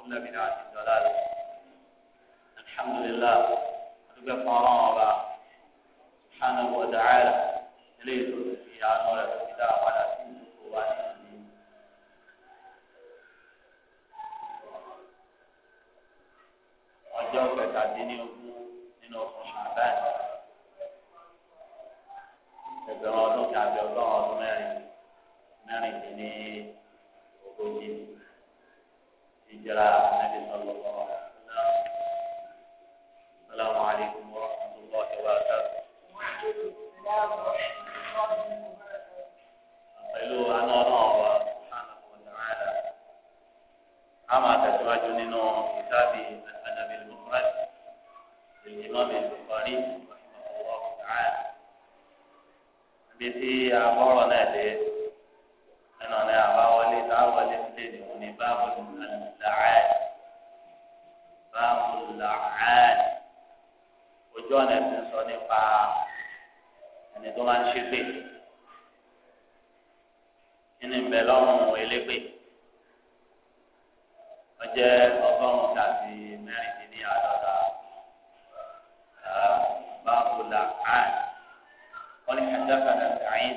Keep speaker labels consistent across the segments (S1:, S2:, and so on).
S1: وكل بدعة ضلالة
S2: الحمد لله
S1: رب فرعون أبا سبحانه وتعالى إليه في
S2: عنور الكتاب
S1: على سنته وعنه ọjọ́ kẹtàdínlógún nínú oṣù ṣàbẹ́ẹ̀ ẹgbẹ̀rún ọdún tàbí ọgọ́rùn-ún ọdún mẹ́rin mẹ́rin dín ní ogójì hijrah Nabi Sallallahu Alaihi Wasallam. Assalamualaikum warahmatullahi wabarakatuh. Pẹ̀lú àná ọlọ́ọ̀wá Subhanahu
S2: wa ta'ala. A máa tẹ̀síwájú nínú kìtàbí Àdàbí Mufrad, Ìmáàmì Bukhari, Rahimahullah Ta'ala.
S3: Ibi tí a bọ́rọ̀ náà dé,
S2: ẹnu ọ̀nà àbáwọlé táwọlé sílé ni ní báwo làálì báwo làálì
S1: ojú ọ̀nà ẹ̀sìn
S2: sọ nípa ẹni tó máa ń ṣe pé nínú ìbẹ̀ lọ́rùn elépè ọjẹ́ ọgọ́rùn-ún
S1: tàbí mẹ́rìndínláàdọ́ta
S2: báwo làálì wọ́n ní ẹ̀dá kan àti àyín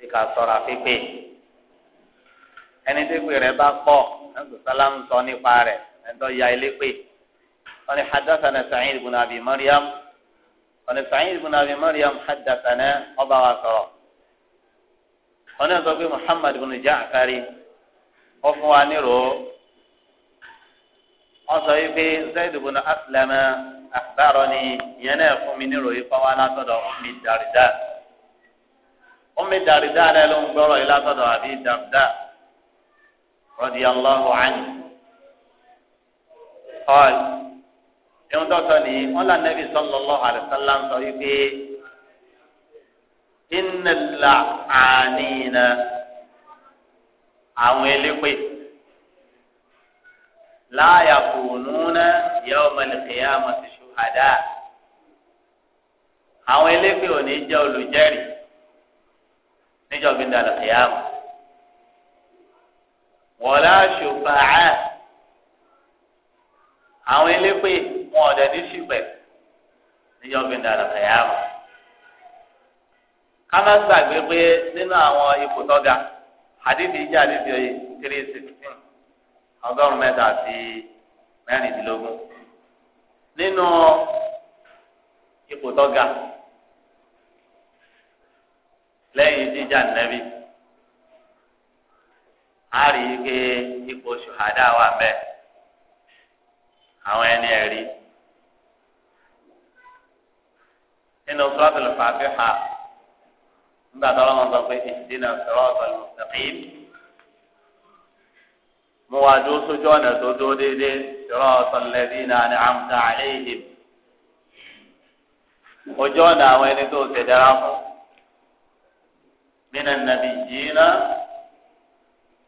S2: tí ká ṣọ́ra pípé ẹni tí pè rẹ̀ bá pọ̀ ẹnso sálámù sọ nípa rẹ̀ ẹ̀ńtọ́ ya ilé pè wọ́n ní hadathana Sa'id ibn Abi Maryam wọ́n ní Sa'id ibn Abi Maryam hadathana ọba wa sọ̀rọ̀ wọ́n ní sọ pé Muhammad ibn Ja'fari wọ́n fún wa nírò wọ́n sọ yìí pé Zaid ibn Aslam akhbarani ìyẹn náà fún mi nírò yìí fọwọ́ alásọ̀dọ̀ ọ̀hún mi dàrídà ọmọ ìdarí dáadáa ló ń gbọ́rọ̀ yìí látọ̀dọ̀ àbí dàbdà radiyallahu anhu qal ìhun tọ́tọ́ ni wọ́n là nẹ́bí sallallahu alaihi wasallam sọ wípé innal la'anina àwọn elépè la yakununa yawmal qiyamati shuhada àwọn elépè ò ní jẹ́ olùjẹ́rìí. níjọ́ gbé dàlọ́ kìyàmù wọ́lá ṣùfàá àwọn elépè wọn ọ̀dẹ̀ ní ṣùpẹ̀ níjọ́ gbé dàlọ́ ndị ká má gbàgbé pé nínú àwọn ipò tọ́ga àdídì ìjà àdídì oyè three sixteen ọgọ́rùn lẹ́yìn jíjà nẹ́bí a rí i pé ipò ṣùhádà wà bẹ́ẹ̀ àwọn ẹni ẹ̀rí nínú sọ́ọ̀tù lùfàfíhà nígbà tó lọ́wọ́ sọ pé ìdínà sọ́ọ̀tù lùfàfíhìm mo wà dúró sójú ọ̀nà tó dúró déédéé sọ́ọ̀tù lẹ́dínà ní àmúta àléhìm ojú ọ̀nà àwọn ẹni tó ṣẹ̀dára fún nínú nàbí yìnyínná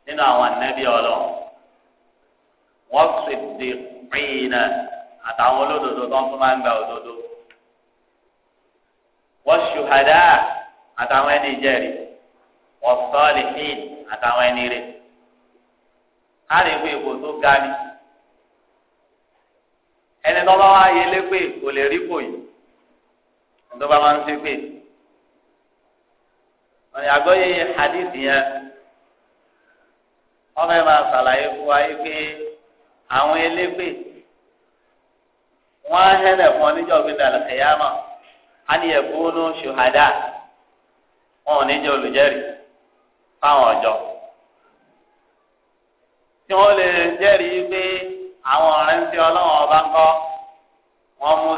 S2: nínú àwọn ànábì ọlọ wọn sì di pínyìnà àtàwọn olódodo tó ń tún máa ń gba òdodo wọn ṣùhàdá àtàwọn ẹni ìjẹ́rìí wọn sọọlì hìn àtàwọn ẹni rè á lè wí ipò tó ga ni ẹni tó bá wá yẹlé pé kò lè rí pò yìí ẹni tó bá máa ń ṣe pé. àgbọ̀ yẹn hadith yẹn ọmọ ẹ̀ máa ṣàlàyé fún wa yìí pé àwọn elégbè wọ́n á hẹ́nẹ̀ fún ọ níjọ́ gbé dàlẹ́ á ní ẹ̀kúnú shuhada wọn ò ní jẹ́ ọjọ fáwọn ọjọ́ tí wọ́n lè jẹ́rìí pé àwọn ọ̀rẹ́ ń ọba ń kọ́ wọ́n mú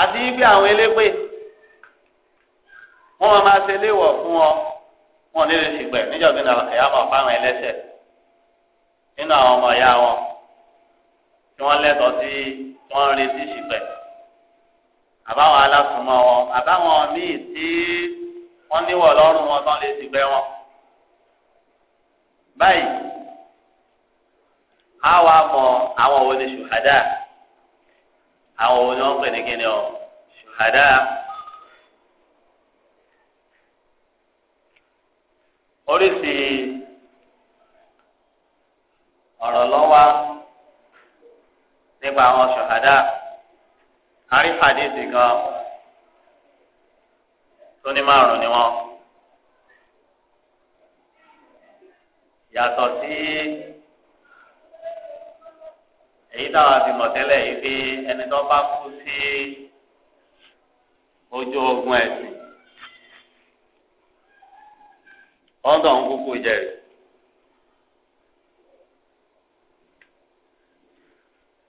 S2: àti bí àwọn elépè wọ́n máa ṣe léwọ̀ fún ọ wọn lè sì níjọba ìnáwó ẹ̀yà máa fáwọn ẹlẹ́sẹ̀ nínú àwọn ọmọ ìyá wọn tí wọ́n lẹ́tọ̀ọ́ sí tí retí ìṣìpẹ̀ àbáwọn alásùnmọ́ wọn àbáwọn míì tí wọ́n níwọ̀ lọ́rùn wọn tán lè ṣìpẹ̀ wọn. báyìí á wàá mọ àwọn wo ni ṣùhádà àwọn òní wọn pè ní kíni ọ ṣùhàdá oríṣi ọ̀rọ̀ lọ́wọ́ nípa àwọn ṣùhàdá àrífàdíìsì kan tó ní márùn ni wọn yàtọ̀ sí. Si, èyí táwọn ti mọ̀ tẹ́lẹ̀ yìí pé ẹni tó bá kú sí ojú ogun ẹ̀sìn wọ́n tọ̀ ń kúkú jẹ̀rì.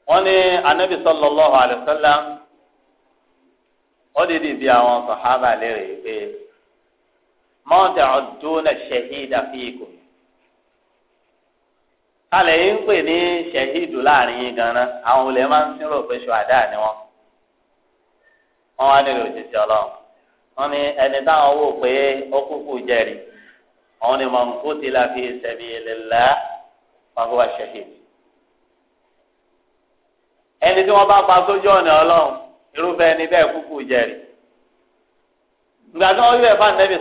S2: wọ́n ní anabi sallallahu alaihi wasallam ó dìde bí àwọn sàhábà lérè pé ṣẹ̀hídà kálẹ̀ e ń pè ní ṣẹ̀hídù láàrin yín gan-an àwọn olè máa ń sínrò pé ṣùhàdá ni wọ́n wọ́n wá nílò òjijì ọlọ́run ẹni táwọn wò pé ó kúkú jẹ̀rì òun ni man qutila fi sabilillah fahuwa ṣẹ̀híd ẹni tí wọ́n bá pa sójú ọ̀nà ọlọ́run irúfẹ́ ẹni bẹ́ẹ̀ kúkú jẹ̀rì gbàdúrà wíwẹ̀ fún anabi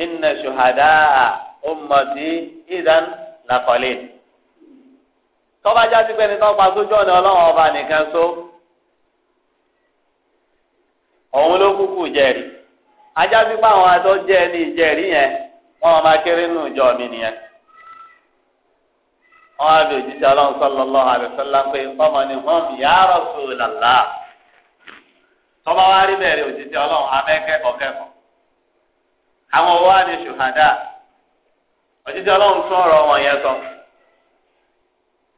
S2: inna suhada ummati idan lakọlẹ tọba jáde pé ní tọpa sójú ọ̀nà ọlọ́run ọba nìkan so òun ló kúkú jeri. ajáde pé àwọn jẹ ní ìjẹ́rìí yẹn wọn máa kéré nù ìjọ mi nìyẹn wọn á fi òjíṣẹ́ ọlọ́run sallallahu pé ọmọ ni àwọn wa ni ṣùhàdá òjijì ọlọ́run tún ọ̀rọ̀ wọn yẹn sọ.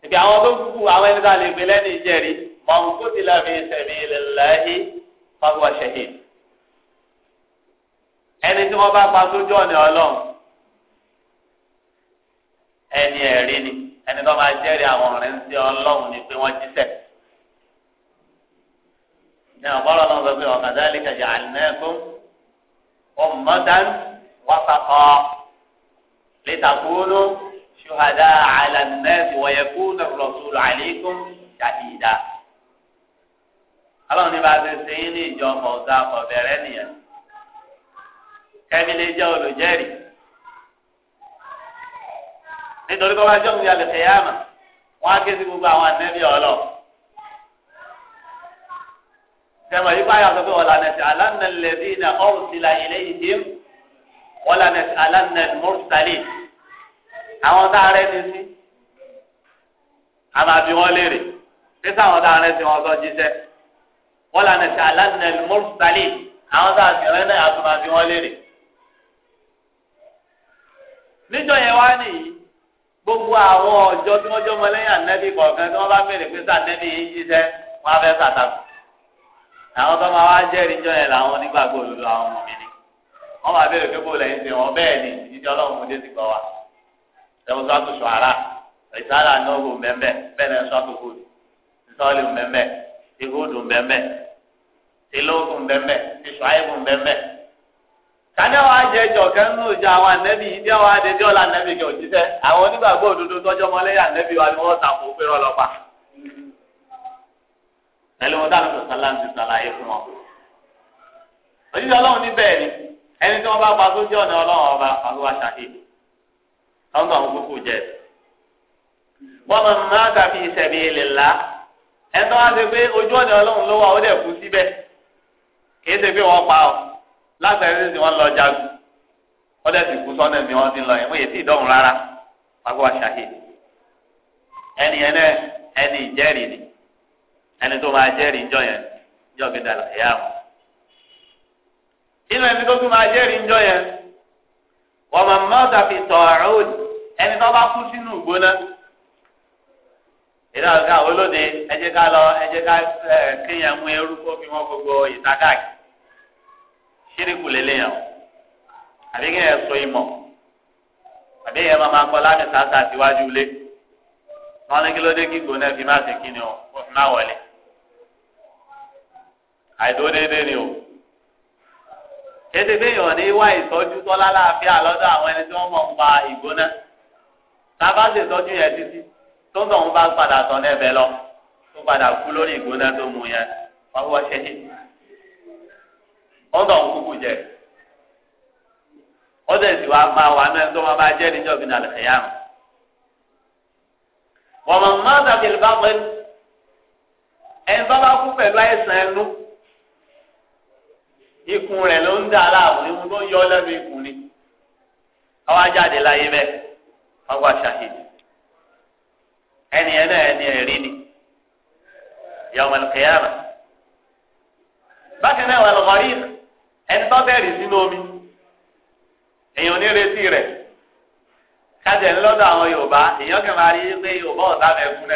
S2: ìgbà àwọn tó kúkú àwọn ẹni tá a lè gbé lẹ́nu ìjẹ́rì mọ̀n kó ti làbí sabilillahi fahuwa shahid. ẹni tí wọ́n bá pa sójú ọ̀nà ọlọ́run ẹni ẹ̀rí ni ẹni tó máa jẹ́rìí àwọn ọ̀rẹ́ sí ọlọ́run ni pé wọ́n jíṣẹ́. ní ọ̀pọ̀lọpọ̀ náà sọ pé wa kadhalika ja'alnakum ummatan wasaqa litakunu shuhada ala an-nas wa yakuna ar-rasulu alaykum shahida. aláwọn ní bá a ti sẹ́yìn ní ìjọ ọmọ ọ̀gá ọ̀bẹ̀rẹ̀ nìyẹn kẹ́mi lè jẹ́ olùjẹ́rìí nítorí kọ́ bá jọ́ mi alẹ́ kẹ́yàmà wọ́n á ké sí gbogbo àwọn ànẹ́bí ọlọ́ọ̀ sẹ́mọ̀ yìí báyọ̀ sọ pé wọ́lá nẹ̀sì alánà lẹ́bí na ọ̀rùsílà ilé ìdím wọ́lá nẹ̀sì alánà mọ́rùsálì àwọn tá a rẹ́ ní sí àmàbí wọn léèrè sísá àwọn tá a rẹ́ sí wọn sọ jíṣẹ́ wọ́lá alánà mọ́rùsálì àwọn tá a sì rẹ́ náà àtùmàbí wọn léèrè. níjọ́ yẹn wá nìyí gbogbo àwọn ọjọ́ tí wọ́n jọ́ mọ́lẹ́yìn ànẹ́bí kọ̀ọ̀kan tí wọ́n bá mèrè pé sànẹ́bí yìí jíṣẹ́ wọ́n á fẹ́ sàtàkùn. àwọn tó máa wá jẹ́rìí jọ yẹn làwọn onígbàgbọ́ òdodo àwọn ọmọ mi ni wọ́n máa béèrè pé bóòlù ẹ̀yìn ṣe wọ́n bẹ́ẹ̀ ni ìdíjọ́ ọlọ́run òde ti gbọ́ wa ẹ̀wọ̀n sọ́tò ṣọ̀hárà ìsáàlà mẹ́mẹ́ bẹ́ẹ̀ náà ìsọ́ọ̀lì mẹ́mẹ́ mẹ́mẹ́ ìlóògùn mẹ́mẹ́ mẹ́mẹ́. wa jẹ pẹ̀lú wọn dáná sàlám ti sàlàyé fún wọn. òjijì ọlọ́run ní bẹ́ẹ̀ ni ẹni tí wọ́n bá pa sójú ọ̀nà ọlọ́run ọba àlùwà ṣàhìn jẹ. wọ́n mọ̀ máa dàbí ìṣẹ̀bí ilẹ̀ ńlá ẹni tó wá ṣe pé ojú ọ̀nà ọlọ́run ló wà ó dẹ̀ kú síbẹ̀ ṣe pé wọ́n pa látàrí tí wọ́n lọ jagun wọ́n dẹ̀ sì kú sọ́nà mi wọ́n ti lọ yẹn wọ́n yẹ ti rárá àlùwà ṣàhìn ẹni ẹni tó máa jẹ́rìí ńjọ́ yẹn ńjọ́ gbé dàlà ẹ̀yà wọn. inú ẹni tó tún máa jẹ́rìí ńjọ́ yẹn wọ́n máa mọ́ tàbí tọ̀ọ̀rọ̀ ẹni tó bá kú sínú ìgbóná. ìlú àgbà olóde ẹ jẹ́ ká lọ ẹ jẹ́ ká kéèyàn mú ẹrú kó fi wọ́n gbogbo ìta káàkiri. ṣíríkù lélẹ́yàn àbí kéèyàn sọ ìmọ̀ àbí èèyàn máa máa kọ́ láti sáà sáà síwájú ilé. wọ́n ní kí ló dé kí gbóná fi má ṣe kí ni ó fi má wọlé. àìdó déédéé ni o ètè béèyàn ní wá ìtọ́jú tọ́lá láàfíà lọ́dọ̀ àwọn ẹni tí wọ́n mọ̀ ń pa ìgbóná tábà ṣe ìtọ́jú yẹn títí tó ń tọ̀hún bá padà tọ̀ ní ẹ̀bẹ̀ lọ tó padà kú lórí ìgbóná tó mú yẹn wọ́n wọ́n ṣe é ó ń tọ̀hún kúkú jẹ ó dẹ̀ sì wá máa wà ní ẹni tó máa bá jẹ́ níjọ́ bí nàlẹ́ ẹ̀yà wọ́n mọ̀ ikùn rẹ̀ ló ń ni láàbù ihun tó yọ lẹ́nu ikùn ni ọwọ́ ajáde láyé bẹ́ẹ̀ ọgbà ṣàhìdì ẹni ẹ náà ẹni ẹ̀rí ni yọmọ kẹyàmà bákan náà wà ẹni tó bẹ̀rì sínú omi èèyàn ní retí rẹ̀ kájẹ̀ ńlọ́dọ̀ àwọn Yorùbá èèyàn máa rí pé Yorùbá ọ̀tá mẹ́kún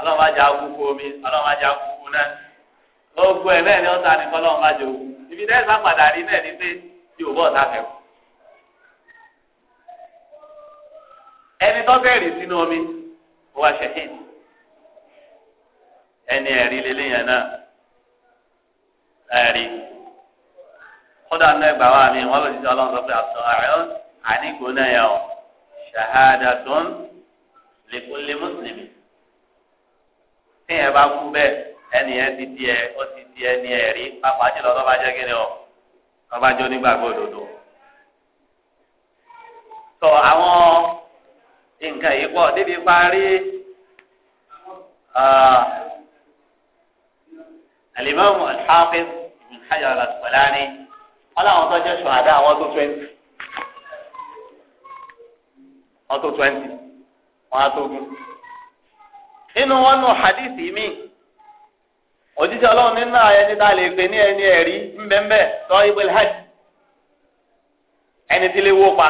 S2: ọlọ́run má jẹ́ akúkú omi ọlọ́run má jẹ́ akúkú náà gbogbo ẹ̀ náà ni ọ̀tá ni kọ́lọ́run má jẹ́ òkú ibi dẹ́ẹ̀ sá padà rí náà ni pé tí ò bọ̀ sáfẹ́ kù. ẹni tó bẹ̀rẹ̀ sínú omi ó wá ṣẹ̀hìn ẹni ẹ̀rí lélẹ́yìn náà ẹ̀rí kódà náà gbà wá mi wọ́n lọ sí ọlọ́run sọ pé àtọ̀ àrùn àníkò náà yà ọ́ ṣàhádà tó ń lè kó lé mùsùlùmí téèyàn bá kú bẹ́ẹ̀ ẹnìyẹn ti di ẹ ó ti di ẹni ẹ̀rí pàápàá jùlọ tó bá jẹ́ kí ni ọ tó bá jẹ́ onígbàgbọ́ òdodo. sọ àwọn nǹkan yìí pọ̀ débi parí ah, alimami alhafiz ibn hajar al wọn làwọn tó jẹ́ ṣùhádà àwọn tó twenty wọn tó twenty wọn á tó gún. nínú wọn nù hadithi mi òjíṣẹ́ ọlọ́run nínú ẹni tá a lè pè ní ẹni ẹ̀rí ńbẹ́ńbẹ́ tọ́ ibùdó hajj ẹni tí lè wó pa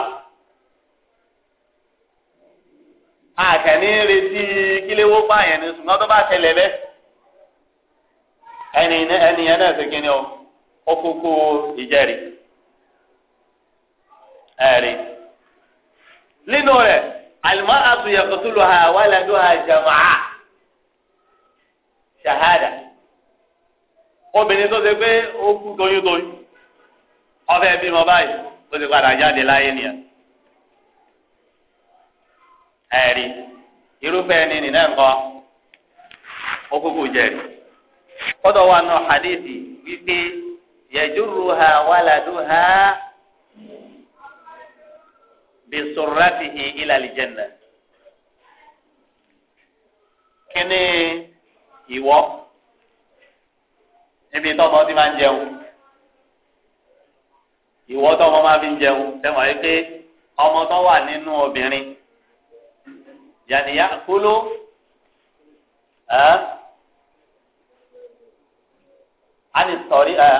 S2: àkànní retí kíléwó pa yẹn ni tó bá ẹni ẹni yẹn náà ṣe kíni ó kókó nínú ha ha jẹ̀mọ́ a. ṣahada obìnrin tó ṣe pé ó kú toyúntoyún ọfẹ bímọ báyìí ó ti padà jáde láyé nìyẹn ẹ̀rí irúfẹ́ ẹni nìyẹn nǹkan ó kúkú jẹ̀rí kọ́dọ̀ wà nù hadithi wípé yẹjúruha wàlàdúha bisurratihi ila aljanna kíni. ìwọ níbi tọ́mọ ti máa ń jẹun ìwọ tọ́mọ máa fi ń jẹun tẹ̀wọ̀n yìí pé ọmọ tó wà nínú obìnrin yàníyà kúló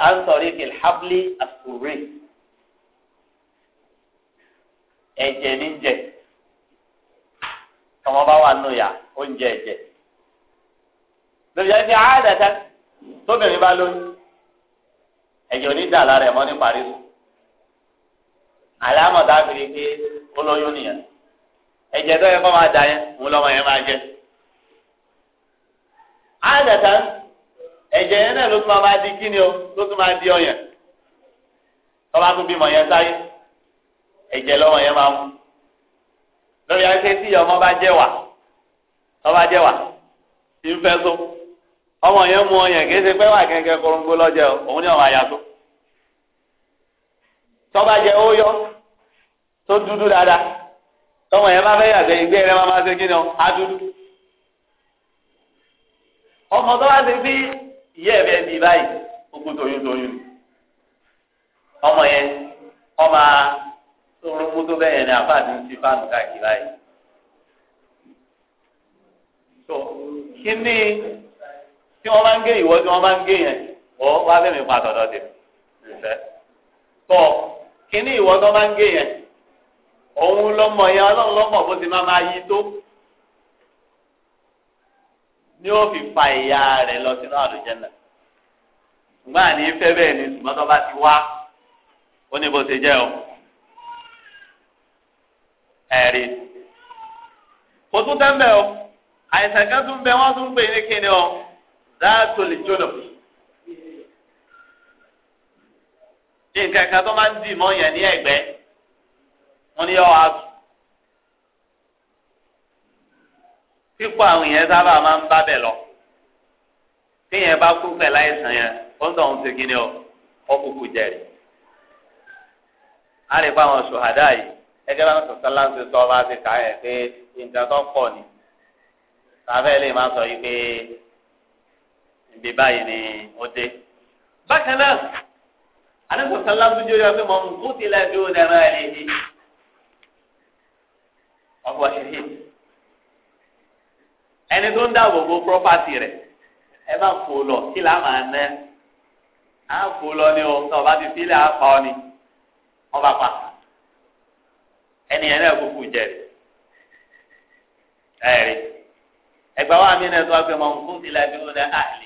S2: ansori filhabli asuri ẹ̀jẹ̀ ní jẹ tọ́mọ bá wà nù yà ó ń jẹ ẹ̀jẹ̀ lórí ẹni àádẹ́tẹ́ tóbìnrin bá lóyún ẹ̀jẹ̀ onídà lára ẹ̀ mọ́ ní parí sùn àlámọ̀ dábìrì pé ó lóyún nìyẹn ẹ̀jẹ̀ tó yẹ kó máa dà yẹn òun lọ́mọ yẹn máa jẹ àádẹ́tẹ́ ẹ̀jẹ̀ yẹn náà ló tún máa di kíni o ló tún máa di ọyàn tọ́ba tún bímọ yẹn sáyé ẹ̀jẹ̀ lọ́mọ yẹn máa mú lórí ẹni tí ọmọ bá jẹ́ wà tọ́ba jẹ́ wà tí ń ọmọ yẹn mú ọyàn kì í ṣe pé wà kẹ̀kẹ́ korongo lọ́jọ́ òun ní ọ̀rọ̀ àyàtọ̀ tọ́ba jẹ ó yọ tó dúdú dáadáa tọmọ yẹn máa fẹ́ yàgbẹ́ ìgbẹ́ rẹ máa máa ṣe kí ni ọ á dúdú ọmọ tọ́ba ṣe bí ìyá ẹ̀ bẹ́ẹ̀ bí báyìí ó kú toyún toyún ọmọ yẹn ọmọ orúkú tó bẹ́ẹ̀ yẹn ni àfáàdì ń ti fáànù káàkiri báyìí. kí ni tí wọ́n bá ń gé ìwọ tí wọ́n bá ń gé yẹn wọ́n wá bẹ̀mí pa tọ̀dọ̀ tèmi ìfẹ́. tọ́ kínní ìwọ tó bá ń gé yẹn òun lọ́mọ yẹn ọlọ́run lọ́mọ bó ti máa máa yí tó ni ó fi fa ìyá rẹ̀ lọ sínú àlùjẹ́nà. ṣùgbọ́n àní fẹ́ bẹ́ẹ̀ ni ṣùgbọ́n bá ti wá ó ní bó ṣe jẹ́ o. ẹ̀rí kò tún tẹ́ ń bẹ̀ o àìsàn kan tún bẹ wọ́n tún pè ní kíni o láàtò lè jóná nǹkan kan tó máa ń dì mọ́ yẹn ní ẹ̀gbẹ́ wọn ni yọ wá tù pípọ̀ àwọn èèyàn sábà máa ń bá bẹ̀ lọ téèyàn bá kú pẹ̀lú àìsàn yẹn ó ń tọ̀ ń segin ni ọ ọkùnkùn jẹ̀rì á lè pa àwọn ṣòhádà yìí ẹgbẹ́ bá ń sọ sọ ọba ti kà á pé nǹkan tó pọ̀ ni tàbí lè má sọ yìí pé ibi báyìí ni ó dé. bákan náà àdéhùn sálá tó jẹ́ ọ̀gbìn mọ́ nǹkó ti la dúró dára ẹ̀ lé ọkọ̀ ṣèṣe ẹni tó ń dáàbò bo pírọ́pátì rẹ̀ ẹ bá fò lọ kí là máa ná à ń fò lọ ní o tó o bá ti fílẹ̀ apá ọ ni wọ́n bá pa ẹni yẹn náà kúkú jẹ̀rì ẹ̀rí ẹgbẹ́ wa mi náà tó wá pé mọ̀ nǹkó ti la dúró dára ẹ̀ lé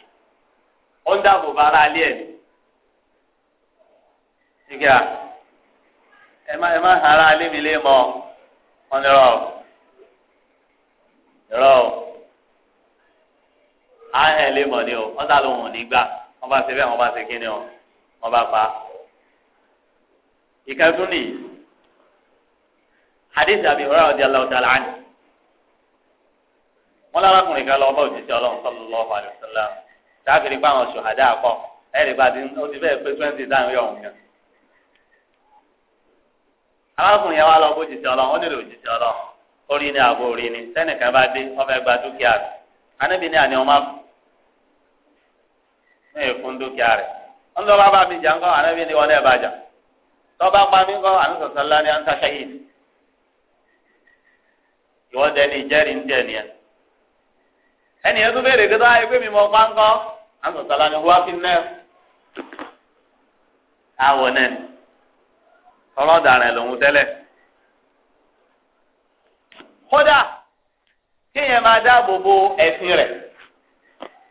S2: ó ń dáàbò bá ara alẹ́ ẹ̀ ní. ìgbà ẹ má ẹ má ara alẹ́ mi lé mọ́ wọn ni rọ rọ ahẹ́ lé mọ́ ni o wọ́n sá lóhùn nígbà wọ́n bá ṣe bẹ́ẹ̀ wọ́n bá ṣe kíni o wọ́n bá pa. ìkẹ́tún nìyí hadith abi hurairah radiyallahu ta'ala anhu wọn lára kùnrin kan lọ ọba òjijì Ọlọ́run sallallahu alaihi táàkiri pa àwọn ṣòhádà pọ̀ ẹ̀rì bá ti ó ti fẹ́ẹ̀ pé twenty dáhùn yọ̀ ọ̀hún yẹn.
S1: arákùnrin yẹn wá lọ
S2: bó jìṣẹ́ ọlọ́run ó nílò ọlọ́run orí ni àbò orí ni sẹ́nìkan bá dé wọ́n fẹ́ gba dúkìá rẹ̀ anábì ní àní ọmọ àbò ní dúkìá rẹ̀ wọ́n bá bá mi jà anábì ní wọn bá jà pa mí ni ni ìjẹ́rìí ń àtọ̀tàlá ni wọ́n á fi náà àwọ̀ náà ọlọ́dàrẹ̀ lòun tẹ́lẹ̀. kódà kéèyàn máa dáàbò bo ẹ̀sìn rẹ̀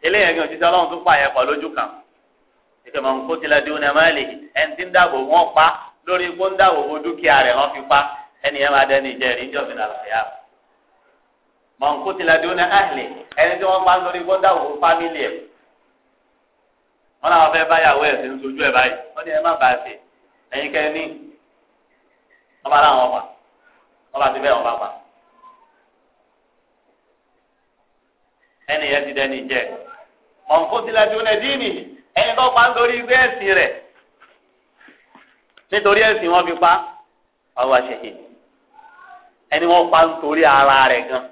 S2: eléyàn ní òtítọ́ ọlọ́run tó pààyàn pọ̀ lójú kan ìfẹ́ mọ̀ nǹkó tilẹ̀ dúró ní ẹ̀mọ́lẹ̀ ẹni tí ń dáàbò wọ́n pa lórí ikú ń dáàbò bo dúkìá rẹ̀ wọ́n fi pa ẹni máa dẹni ìjẹ́rìí ń jọ̀bìn àlàyé mọ̀ nǹkó tilẹ̀ dúró ní ẹ̀hìn ẹni tí wọ́n pa lórí ikú ń dáàbò bo wọn làwọn fẹ́ báyàwó ẹ̀ sí ń sojú ẹ̀ báyìí wọ́n ní ẹ má bàa ṣe ẹ̀yin kẹ́ ní wọ́n bá láwọn pa wọ́n bá ti bẹ́ẹ̀ wọ́n bá pa. ẹnì yẹn ti dẹni jẹ mọ̀nkúndínlájú ní díìnì ẹni tó pa nítorí igbé ẹ̀sìn rẹ̀ nítorí ẹ̀sìn wọn fi pa ọwọ́ àṣẹyìn ẹni wọn pa nítorí ara rẹ̀ gan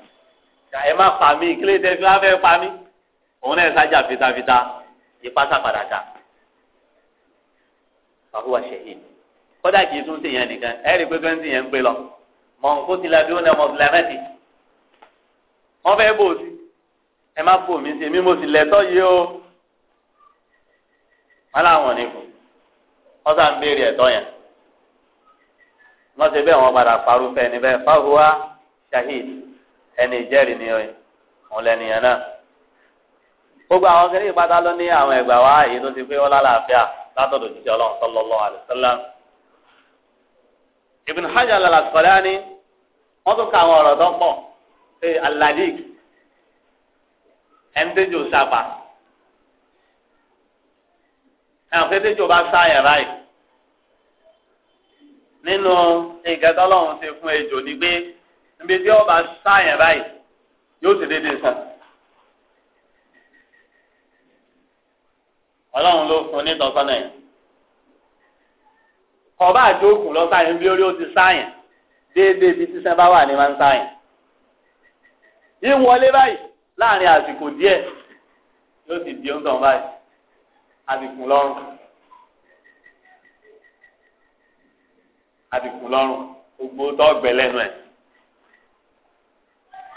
S2: ẹ má pa mí kílẹ̀ tẹ́ fi wá fẹ́ pa mí òun náà ṣájà fitafita ìpásá padà dà àhùwà ṣẹ̀yìn kódà kì tún sí nìkan ẹ rí i pé pé ń sí yẹn ń gbé lọ mọ̀nkótìlá dúró náà mọ̀tìlámẹ́tì wọ́n fẹ́ bò sí ẹ má bò mí sí mi mo sì lẹ́tọ́ yìí o wọ́n láwọn ní kù wọ́n sá ń béèrè ẹ̀tọ́ yẹn wọ́n ṣe bẹ́ẹ̀ wọ́n padà parú fẹ́ níbẹ̀ fáwọn ṣahid ẹni ìjẹ́rìí ni òun lẹ́nìyàn náà gbogbo àwọn kẹlẹ́ ìpátá ló ní àwọn ẹ̀gbà wa èyí tó ti pé ọlá làáfíà látọ̀dọ̀ jíjẹ́ ọlọ́run sallallahu alaihi wasallam. Ibn Hajar al-Asqalani wọ́n tún ka àwọn ọ̀rọ̀ tó pọ̀ ṣe aladik ẹ̀ńdéjò sábà ẹ̀hún kédéjò bá sáyẹ̀ báyìí nínú ìgẹ́tọ́lọ́run ti fún ejò ní gbé níbi tí ọba sáyẹ̀ báyìí yóò ti dédé sàn. ọlọ́run ló fún un ní ìtọ́sọ́nà àjókùn lọ sáyẹn bí orí ó ti sáyẹn déédéé bí sísẹ bá wà ní máa ń sáyẹn yín wọlé báyìí láàrin àsìkò díẹ̀ yóò sì di oúnjẹ báyìí àdìkùn lọ́rùn àdìkùn lọ́rùn gbogbo tọgbẹ lẹ́nu ẹ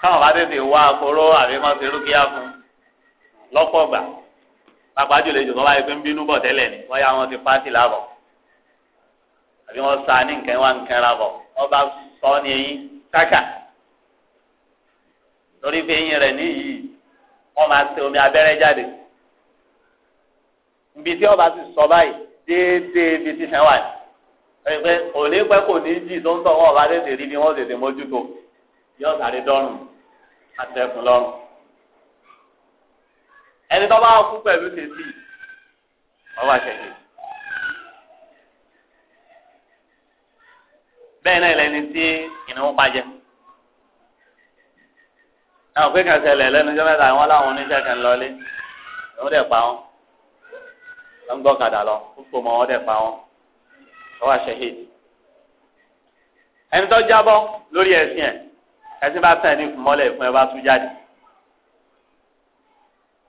S2: káwọn bá tètè wá akóró àbí mọ sí fún lọ́pọ̀ gbà pàápàá jùlọ ìjọba wáyé pé ń bínú bọ̀ tẹ́lẹ̀ ni wọ́n yá wọn ti pàṣẹ làbọ̀ àbí wọ́n sa ní nǹkan wá nǹkan làbọ̀ wọ́n bá sọ ní eyín kákà lórí pé eyín rẹ̀ níyì wọ́n máa ṣe omi abẹ́rẹ́ jáde ibi tí wọ́n bá ti sọ báyìí déédéé ibi tí sẹ́wà ni pẹ̀pẹ́ òní pẹ́ kò ní jì tó ń tọ̀ wọ́n ọ̀bá tètè rí bí wọ́n tètè mójútó yóò sáré dọ́rùn àtẹ̀kùn lọ́rùn ẹni tó bá kú pẹ̀lú tètè ọba ṣẹ̀ṣẹ̀. bẹ́ẹ̀ náà lẹni tí ìnáwó pàjẹ́ àwọn pé kàn ṣẹlẹ̀ lẹ́nu jọ́ mẹ́ta wọn láwọn oníṣẹ́ kan lọlé wọ́n dẹ̀ pa wọn wọ́n ń gbọ́kadà lọ púpọ̀ mọ́ wọ́n dẹ̀ pa wọn wọ́n wà ẹni tó jábọ́ lórí ẹ̀sìn ẹ̀ ẹ̀sìn bá tẹ̀ ní ìfúnmọ́lẹ̀ fún ẹ bá tú jáde.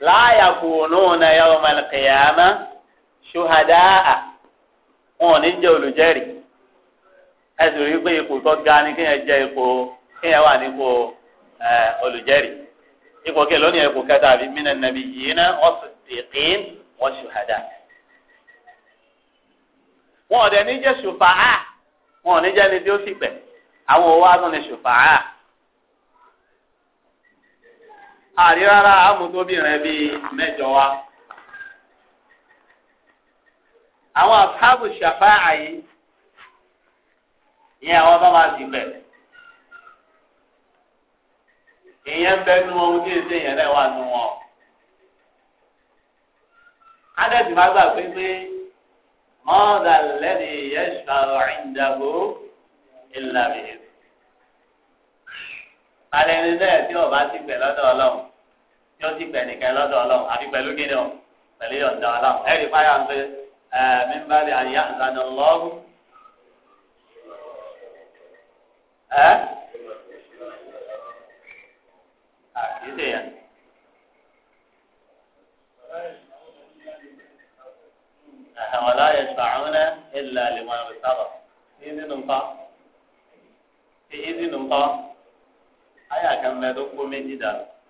S2: láàyà kùnú na yawm al-qiyamah ṣuhadaa wọn ò ẹsùn rí pé ipò tó ga ni kéèyàn jẹ́ ipò kéèyàn wà nípò olùjẹ́rìí ipò kí lónìí ipò kẹta àbí minan nabiyina was-siddiqin wash wọn ò ní ṣùfàá wọn ò ní jẹ́ ni tí ó sì àwọn òwò àtúnni ṣùfàá. àrí rárá amútóbìnrin bíi mẹ́jọ wa. àwọn àfáàbù ṣàfá àyè ìyẹn àwọn bá máa ti bẹ̀. ìyẹn ń bẹ nu ohun tí èsì yẹn náà wà wọn. adẹ́sì máa gbà pé pé mọ́ọ̀dà lẹ́nu ìyẹn ìdàgbò ìlànà. alẹ́ ní bẹ́ẹ̀ tí ọba ti bẹ̀ lọ́dọ̀ ọlọ́run yóò ti gbẹ̀ nìkan lọ́dọ̀ ọlọ́run àfi pẹ̀lú kíni o pẹ̀lú yọ̀ǹda ọlọ́run ẹ̀rí fáyà ń pé ẹ̀ mímbálẹ̀ àyà ìlànà lọ́ọ̀rù
S1: ẹ̀ àkíyèsí yẹn.
S3: ولا
S2: يشفعون إلا لمن ارتضى إذن نقا إذن نقا أيا كم لا تقوم من جدار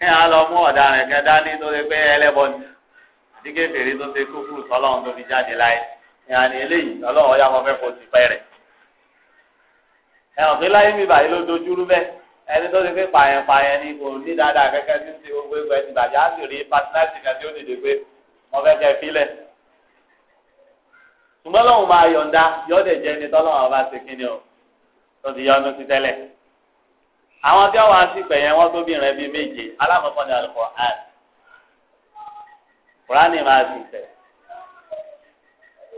S2: kí á lọ mú ọ̀daràn kan dání tó ṣe pé ẹlẹ́bọ ni àti kékeré tó ṣe kúkúrú sọlọ́run tó fi jáde láyé ìhànì eléyìí ọlọ́run ọ̀yà wọn fẹ́ fò sí pẹ́rẹ́ ẹ̀hàn pé láyé mi báyìí ló dojúrú bẹ́ẹ̀ ẹni tó ṣe pé pààyàn pààyàn ni kò ní dáadáa kẹ́kẹ́ tí ń ṣe gbogbo ẹgbẹ́ ti bàjẹ́ á sì rí pàtínàtì kan tí ó dìde pé wọ́n fẹ́ kẹ́ fílẹ̀ ṣùgbọ́n lọ́hùn máa yọ̀ǹda yọ̀ọ́dẹ̀ jẹ́ ẹni tọ́lọ́run ọba ṣe kíni àwọn tí wọn wá sí pẹ̀yẹ wọn tó bí rẹ bí méje alákọ̀ọ́kọ́ ni alùpùpù àn kùránì máa sì tẹ̀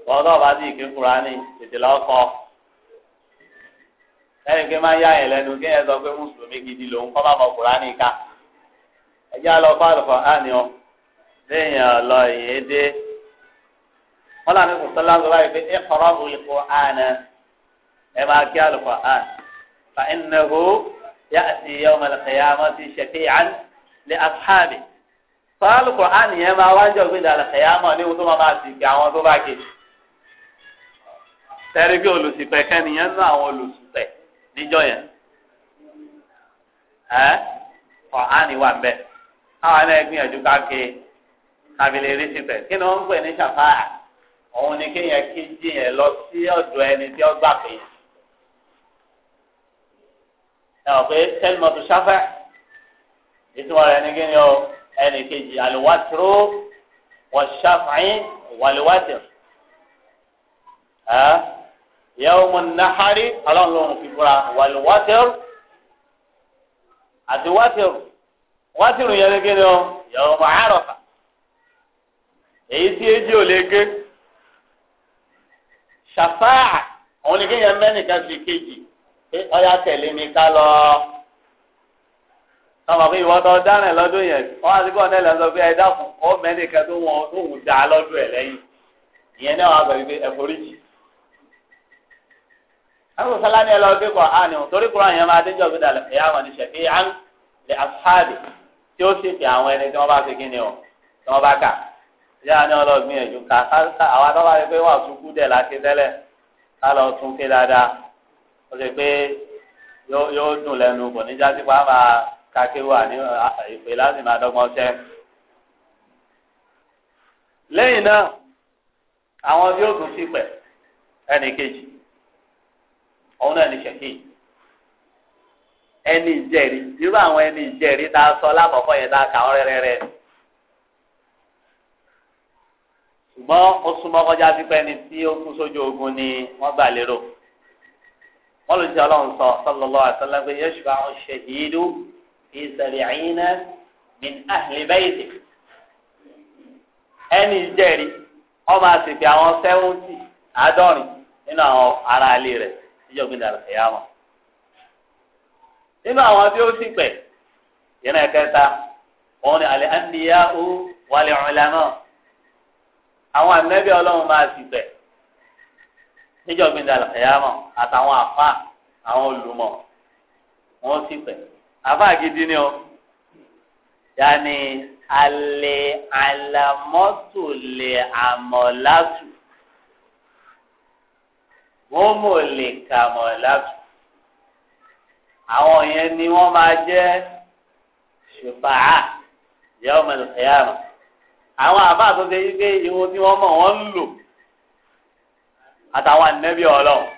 S2: wọn tó bá sì kí kùránì tètè lọ́kọ́ ẹnì pé máa ń yá yẹn lẹ́nu kí ẹ sọ pé mùsùlùmí gidi lòun kọ́ bá mọ kùránì ká ẹ jẹ́ alọ́kọ́ àn ni ọ léèyàn ìyẹn dé wọn làwọn kò sọlá ń sọ pé ẹ kọ́rọ́ bùrù kùránì ẹ máa kí alùpùpù àn fa ẹnìyàn ya'ti yawm al-qiyamati shafi'an li ashabi sọ́ọ́lù kùránì yẹn máa wájọ gbé ìdàlẹ̀ kẹ̀yàmọ̀ ní ohun tó máa máa sì gbé àwọn tó bá ké. Tẹ́rí pé olùsìpẹ̀ kẹ́niyẹn ń ná àwọn olùsìpẹ̀ níjọ yẹn. Ẹ́ kùránì wà mbẹ́. Káwọn náà gbìyànjú ká ké kábílẹ̀ eré sípẹ̀. Kí ni wọ́n ń pè ní ṣàfáà? Òun ni kéèyàn kéjì yẹn lọ sí ọ̀dọ̀ ẹni tí ó gbà pé yẹn ẹ ọ pé tẹlifọtù ṣáfẹ ìtumọ̀ rẹ̀ ní kíni o ẹnì kejì àlùwátìrò wọ ṣáfàáyín wàlúwátìr ẹ yẹwò mu nàhárí ọlọ́run ló ń fi fura wàlúwátìr àti wátìr wátìr yẹn ní kíni o yẹwò mu àárọ̀fà èyí tí ejì ò lè gé ṣàfáà òun ni kéèyàn mẹ́nìkan sí kejì pé ọyá tẹ̀lé mi ká lọ ọmọ pé ìwọ tó dáràn lọ́dún yẹn wọ́n á ti kọ́ ọ̀nà ìlànà pé ẹ dákun ó mẹ́nìkan tó wọn tó wù dá lọ́dún ẹ̀ lẹ́yìn ìyẹn náà wàá gbàgbé ẹ forí jì àwọn sọlá ni ẹ lọ gbé kọ àná torí kúrò àyàn máa déjọ gbé dàlẹ ẹyà wọn ni ṣẹfì án lè asáàdì tí ó sì fi àwọn ẹni tí wọn bá fi kíni o tí wọn bá kà yá ni ọlọgbìn ẹjù ká ká àwọn àtọ́wá rẹ pé wà tún kú dẹ̀ láti tẹ́lẹ̀ ká lọ tún ké dáadáa ó ṣe pé yóò dùn lẹ́nu bọ̀ níjà sí pa máa kakéwà ní ìpè láti máa dọ́gbọ́n ṣẹ́. lẹ́yìn náà àwọn tí tún sí pẹ̀ ẹnì kejì òun náà ní ṣèkì ẹni ìjẹ́rìí irú àwọn ẹni ìjẹ́rìí tá a sọ lákọ̀ọ́kọ́ yẹn tá a kà ọ́ rẹ́rẹ́rẹ́ ṣùgbọ́n ó súnmọ́ kọjá pípẹ́ ni tí ó kú sójú ogun ni wọ́n gbà lérò wọ́n lè jẹ́ ọlọ́run sọ sallallahu alaihi wasallam pé yashfa'u ash-shahidu fi sab'ina min ahli bayti ẹni ìjẹ́rìí wọ́n máa sì fi àwọn sẹ́wọ́ntì àádọ́rin nínú àwọn ará ilé rẹ̀ níjọ́gbìn dàrú ẹ̀yà wọn. nínú àwọn tí ó sì pẹ̀ yẹn náà kẹta òun ni al-anbiya'u wal-ulama àwọn ànábì ọlọ́run máa sì pẹ̀ níjọ́ gbẹ̀ndẹ̀ àlùkẹ́yàmọ̀ àtàwọn àfa àwọn olùmọ̀ wọn sì pẹ̀ àfa gidi ni o yanni alẹ́ alamọ́tò lè àmọ̀látù wọ́n mò lè kàmọ̀látù àwọn yẹn ni wọ́n máa jẹ́ ṣùfàá yawm al-qiyamah àwọn àfa àtúnṣe pé ìwọ tí wọ́n mọ̀ wọ́n ń lò àtàwọn ànẹ́bí ọlọ́run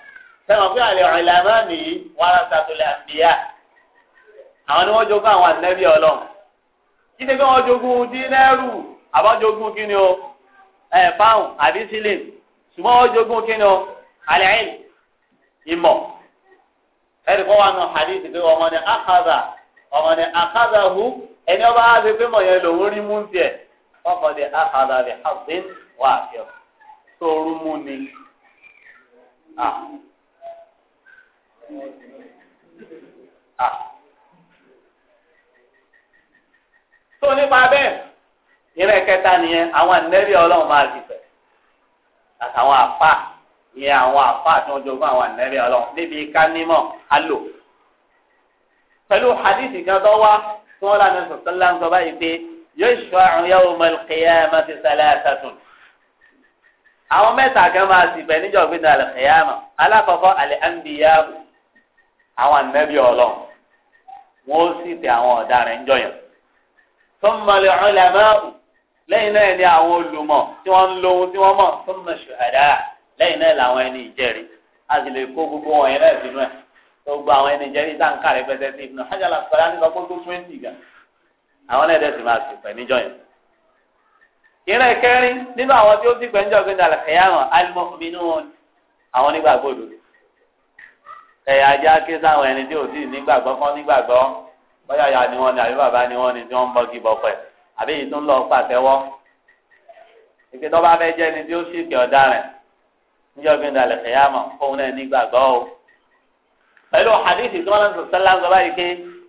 S2: sẹ́wọ̀n pé àlẹ́ ọ̀rìn làmá nìyí wàrà sàtòlẹ̀ àbíyá àwọn ni wọ́n jogún àwọn ànẹ́bí ọlọ́run kí ni pé wọ́n jogún dínẹ́rù àbájogún kí ni o ẹ̀ pound àbí sílẹ̀ ṣùgbọ́n wọ́n jogún kí o àlẹ́ ẹ̀ ìmọ̀ ẹ̀rí kọ́ wa nù hadith pé ọmọ ni akada ọmọ ni akada hu ẹni ọba á ṣe pé mọ̀ yẹn rí mú tiẹ̀ ọkọ̀ di akada rẹ̀ hàbín wà á fi ọ̀ sórú mú ni à à. tó nípa bẹ́ẹ̀ ìrẹ́ kẹta nìyẹn àwọn ànẹ́bí ọlọ́run máa ti fẹ̀ àtàwọn àfa ìyẹn àwọn àfa tí wọ́n jogún àwọn ànẹ́bí ọlọ́run níbi kánímọ̀ alò pẹ̀lú hadithi kan tó wá tí wọ́n lànà sọ̀tún láǹtọ́ báyìí pé yóò ṣọ́ àrùn yawmal qiyamati thalathatun àwọn mẹ́ta kan máa sì bẹ̀ níjọ́ gbé dalẹ̀ ẹ̀yàmọ̀ alákọ̀ọ́kọ́ àlẹ́ àǹbíyá àwọn ànábì ọlọ́run wọn ó sì tẹ àwọn ọ̀daràn ń jọyàn sọmọlẹ ọlẹmọ lẹ́yìn náà ni àwọn olùmọ̀ tí wọ́n ń lo ohun tí wọ́n mọ̀ sọmọ ṣùhàdá lẹ́yìn náà làwọn ẹni ìjẹ́rìí a sì lè kó gbogbo wọn yẹn náà sínú ẹ̀ gbogbo àwọn ẹni ìjẹ́rìí tá n kà rẹpẹtẹ sí ibùdó hajj ìrìn kẹrin nínú àwọn tí ó ti gbẹ̀ǹjọ́ gbé dàlẹ̀ kẹyàmọ̀ alimọ́kùnmínú àwọn nígbàgbọ́ òdodo ẹ̀yà ajá ké sáwọn ẹni tí ò sí nígbàgbọ́ kán nígbàgbọ́ bóyá ìyá ni wọ́n ni àbí bàbá ni wọ́n ni tí wọ́n ń bọ́ kí bọ́pẹ́ àbí èyí tó ń lọ pàtẹ́wọ́ ìpè tó bá fẹ́ jẹ́ ni tí ó sì kẹ́ ọ̀daràn níjọ́ gbé dàlẹ̀ fóun náà nígbàgbọ́ o pẹ̀lú hadithi tí wọ́n lọ sọ sẹ́lá sọ báyìí pé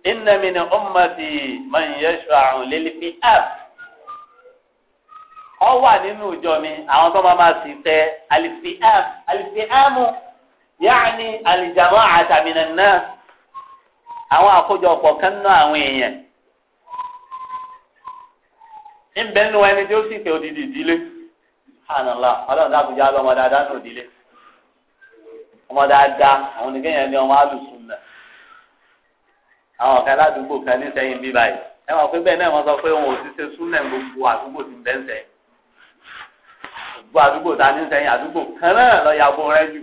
S2: inna min ummati man yashfa'u lil fi'at ọ wà nínú ìjọ mi àwọn tó máa ma sì tẹ àlìfíàm àlìfíàmù yaani àlìjàmọ àtàmìnà náà àwọn àkójọpọ̀ kan náà àwọn èèyàn ńbẹ nínú ẹni tí ó sì pé odidi ìdílé hànàlá Ọlọ́run dàbújá lọmọ dáadáa ní òdílé ọmọ dáadáa àwọn oníkẹyìn ni ọmọ alùsùn náà àwọn ládùúgbò kan ní sẹ́yìn bíbáyìí ẹ bẹ́ẹ̀ náà sọ pé òun ò ti ṣe gbogbo àdúgbò ti sẹ́yìn. gbogbo àdúgbò ta ní sẹ́yìn àdúgbò kan náà lọ yàgò rẹ jù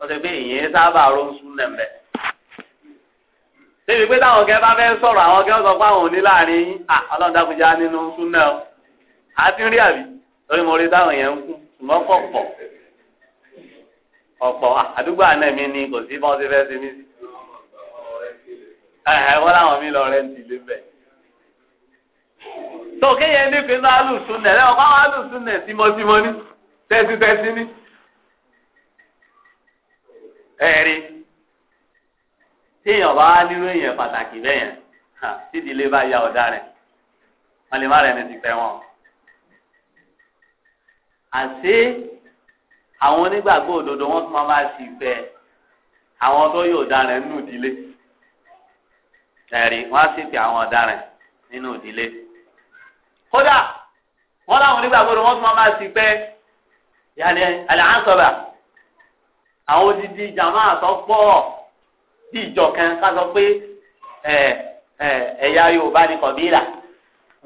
S2: wọ́n pé ìyẹn sábà ronṣu nẹ̀mbẹ̀. débi pé táwọn kẹ́ bá fẹ́ sọ̀rọ̀ àwọn kẹ́ sọ pé àwọn òní láàrin yín à ọlọ́run dákunjá nínú súnà o àti rí àbí lórí mo rí táwọn yẹn ń kú ṣùgbọ́n kọ̀ pọ̀ ọ̀pọ̀ àdúgbò àná mi ni kò sí bọ́n ti fẹ́ ṣe sí. ẹ̀hẹ̀ wọ́n láwọn mi lọ rẹ́ǹtì lébẹ̀ tó kéye nífẹ̀ẹ́ náà lùsùn nẹ̀ lẹ́wọ̀n báwọn alùsùn nẹ̀ tímọ́tímọ́ ní tẹ́sítẹ́sí ní. ẹ̀rí téèyàn bá nírú èèyàn pàtàkì bẹ́yẹn tídìlé bá ya ọ̀dà rẹ̀ wọ́n lè má rẹ̀ ní ti pẹ́ wọn. àti àwọn onígbàgbọ́ òdodo wọ́n tún máa máa sì fẹ́ àwọn tó yóò darẹ̀ nínú ìdílé ẹ̀rí wọ́n á sì fi àwọn ọ̀daràn nínú ìdílé. kódà wọ́n láwọn onígbàgbọ́dọ̀ wọ́n tún máa sì pé yàrá àlàáńsọ̀bà àwọn odidi jàmá àtọ́pọ̀ bí ìjọ kan ká sọ pé ẹ̀yà Yorùbá ni kọ̀bílà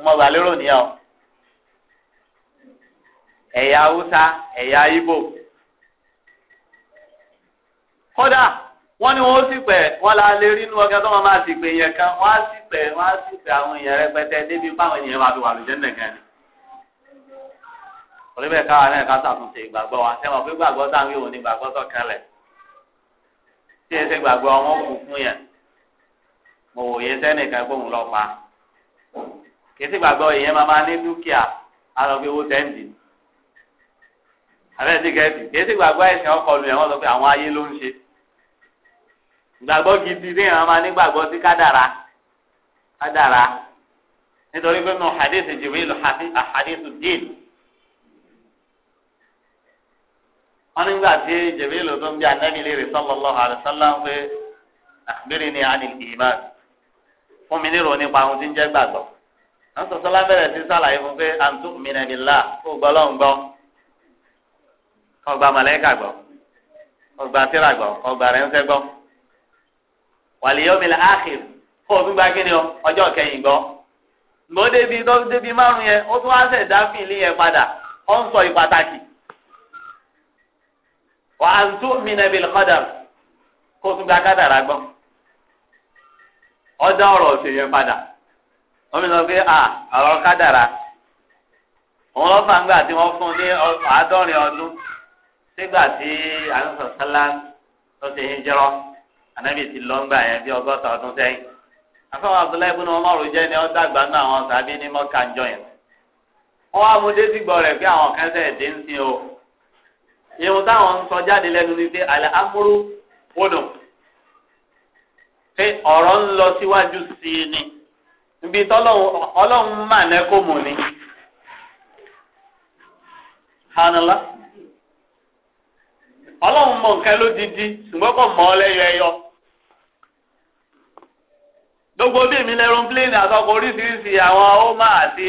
S2: mo gbà lérò o Haúsá wọ́n ní wọ́n sì pẹ̀ wọ́n la lè rí inú ọgá tó wọ́n máa sì pé yẹn kan wọ́n á sì pẹ̀ wọ́n á sì pẹ̀ àwọn èèyàn rẹpẹtẹ débi báwọn èèyàn máa fi wà lójẹ́ nìkan ni. oníbẹ̀ káwa náà ká sàtúnṣe ìgbàgbọ́ wa sẹ́wọ̀n pé gbàgbọ́ sáwọn yòówù ni gbàgbọ́ sọ̀kan lẹ̀ tí ẹ ṣe gbàgbọ́ wọn kú fún yẹn mo wòye sẹ́nìkan pé òun lọ pa kì í sì gbàgbọ́ èèyàn máa máa ní dúkìá á lọ fi owó tẹ́ǹdì àbẹ́ẹ̀ sì kẹ́ẹ̀sì kì í sì gbàgbọ́ ẹ̀sìn ọkọ̀ lu ẹ̀ wọ́n sọ pé àwọn ayé ló ń ṣe ìgbàgbọ́ gidi ní ìran máa nígbàgbọ́ sí kádàrá kádàrá nítorí pé nù hadith Jibril hadith jin. wọn nígbà tí Jibril tó ń bí anábì lè rè sallallahu alaihi wasallam pé akhbirni anil iman fún mi nírò nípa ohun tí ń jẹ́ gbàgbọ́ wọn sọ sọlá bẹ̀rẹ̀ sí sàlàyé fún pé an tu'mina billah kó gbọ́ lọ́n gbọ́ kó gba màlàíkà gbọ́ kó gba tírà gbọ́ kó gba rẹ̀ gbọ́. waliyomila mi là o fún gba kí ni ọ ọjọ́ kẹyìn gbọ́. ǹgbọ́ débi tó débi márùn yẹn ó tún wá sẹ̀ dáfín ilé yẹn padà ó ń sọ ìpàtàkì. wà á tún mi nà bìlì tún gba kádàrá gbọ́. ọjà ọ̀rọ̀ ọ̀sẹ̀ yẹn padà wọ́n mi sọ pé a ọ̀rọ̀ kádàrá òun lọ́fà ńgbà tí wọ́n fún un ní àádọ́rin ọdún sígbà tí àlùfọ̀ ti anabi ti lọ ńgbà yẹn bí ọgọta ọdún sẹ́yìn afọwọ́ abdullahi ibùnú ọmọrù jẹ́ ni ó dàgbà náà àwọn sàbí ní mọ́kànjọ yẹn wọ́n wá mú dédìgbọ́ rẹ̀ pé àwọn o irun táwọn ń sọ jáde ni pé amúrú pé ń lọ ni mà ni hanala kò gbogbo bí mi lẹ́rù pléènì àtọkọ oríṣiríṣi àwọn ọmọ àti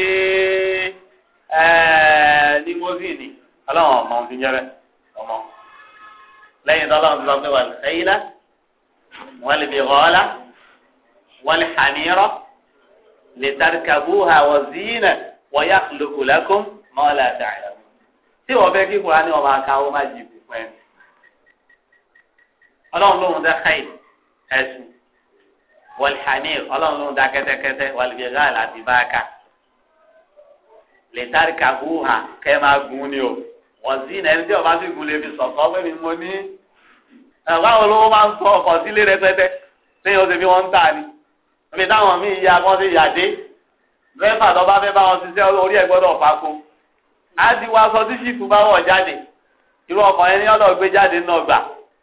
S2: limosini ọlọ́run ọmọ fi jẹ́rẹ́ ọmọ lẹ́yìn tó ọlọ́run ti sọ pé wà lè fẹ́yìlá wà lè bẹ̀rọ̀ ọ́lá wà lè hànírọ́ lè tarkabu ha wà zina wà yá lukulakum mọ́lá dàrẹ́ tí wọ́n fẹ́ kí kura ni wọ́n máa ka ó má fún ẹ ọlọ́run lóhun dá xẹ́yìn wàlìhàní ọlọ́run ló ń da kẹ́tẹ́kẹ́tẹ́ wàlìbíyàgá àti báàkà lẹ́tàrí kàhúhà kẹ́ máa gun ni o wọ́n sí iná ẹni tí ọba sì gun lè fi sọ̀tọ́ pé mi mo ní ẹ̀wá olówó máa ń sọ ọkọ̀ sílé rẹpẹtẹ lẹ́yìn oṣù bí wọ́n ń tà ni omi táwọn míì ya wọ́n ti yà dé tó bá fẹ́ bá wọn ṣiṣẹ́ orí ẹ̀ gbọ́dọ̀ fako á ti wá sọ tí ṣìkú bá wọ̀ jáde irú ọkọ̀ yẹn ni ọlọ́ọ̀ gbé jáde náà gbà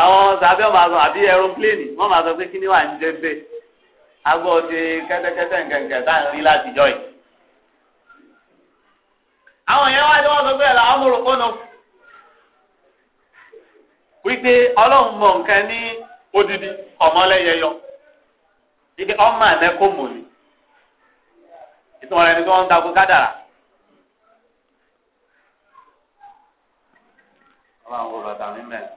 S2: àwọn sàbẹ̀ ọmọ àgbọn àbí aeroplane wọ́n máa sọ pé kí ni wà ń jẹ́ bẹ́ẹ̀ agbọ́ ti kẹ́tẹ́kẹ́tẹ́ nkẹ̀kẹ́ tá à ń rí látijọ́ yìí. àwọn yẹn sọ pé wípé ọlọ́run mọ̀ nǹkan ní odidi ọmọlẹ́yẹyọ wípé ọmọ àmẹ́kọ́ mọ̀ ni ni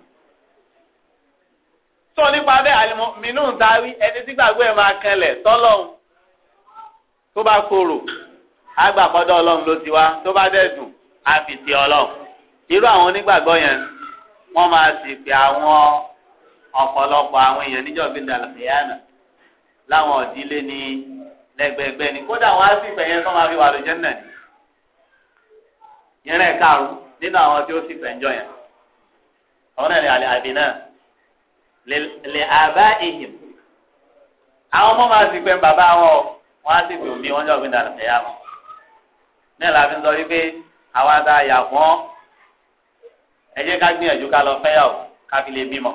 S2: tó nípa bẹ́ẹ̀ àlìmọ́ mínú ń darí ẹni tí gbàgbé ẹ̀ máa kẹlẹ̀ tọ́lọ́hún tó bá korò agbàkọ́dọ̀ ọlọ́run ló ti wá tó bá dẹ̀ dùn á fi ti ọlọ́run irú àwọn onígbàgbọ́ yẹn wọ́n máa sì pé àwọn ọ̀pọ̀lọpọ̀ àwọn èèyàn níjọ́ bí dàlùfẹ́yàna láwọn òdílé ní lẹ́gbẹ̀ẹ́gbẹ́ ni kódà wọ́n á sì pẹ̀ yẹn tó máa fi wà lójẹ́ ni yẹn rẹ̀ kàrú nínú àwọn tí ó sì pẹ̀ ń jọ yẹn àwọn náà àbí náà lè àbá ìhìn àwọn ọmọ máa sìnkú bàbá wọn wọn á sì fi omi wọn jọ gbé dànù ẹ̀yà wọn náà la fi ń sọ wípé àwa dá yà fún ẹ jẹ́ ká gbìyànjú ká lọ fẹ́yàwó ká fi lè bímọ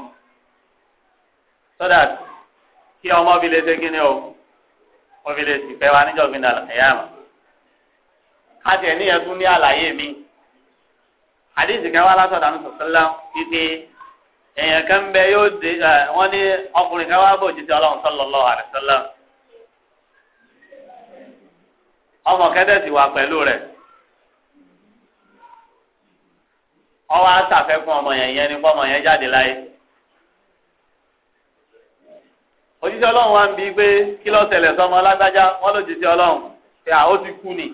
S2: so that kí ọmọ fi lè ṣe kíni o wọn fi lè sì fẹ́ wa níjọ gbé ẹ̀yà wọn ká tiẹ̀ níyẹn tún ní àlàyé mi àdéhùn kan wá látọ̀dá sọ̀tẹ́lá wípé. èèyàn kan bẹ yóò dé wọn ní ọkùnrin kan wá bò jíjẹ Ọlọ́run sallallahu ọmọ wà pẹ̀lú rẹ̀ ọwọ fún ọmọ yẹn yẹn ni ọmọ yẹn jáde láyé wa ń bi pé kí sọmọ wọn ló jíjẹ pé ti kú ni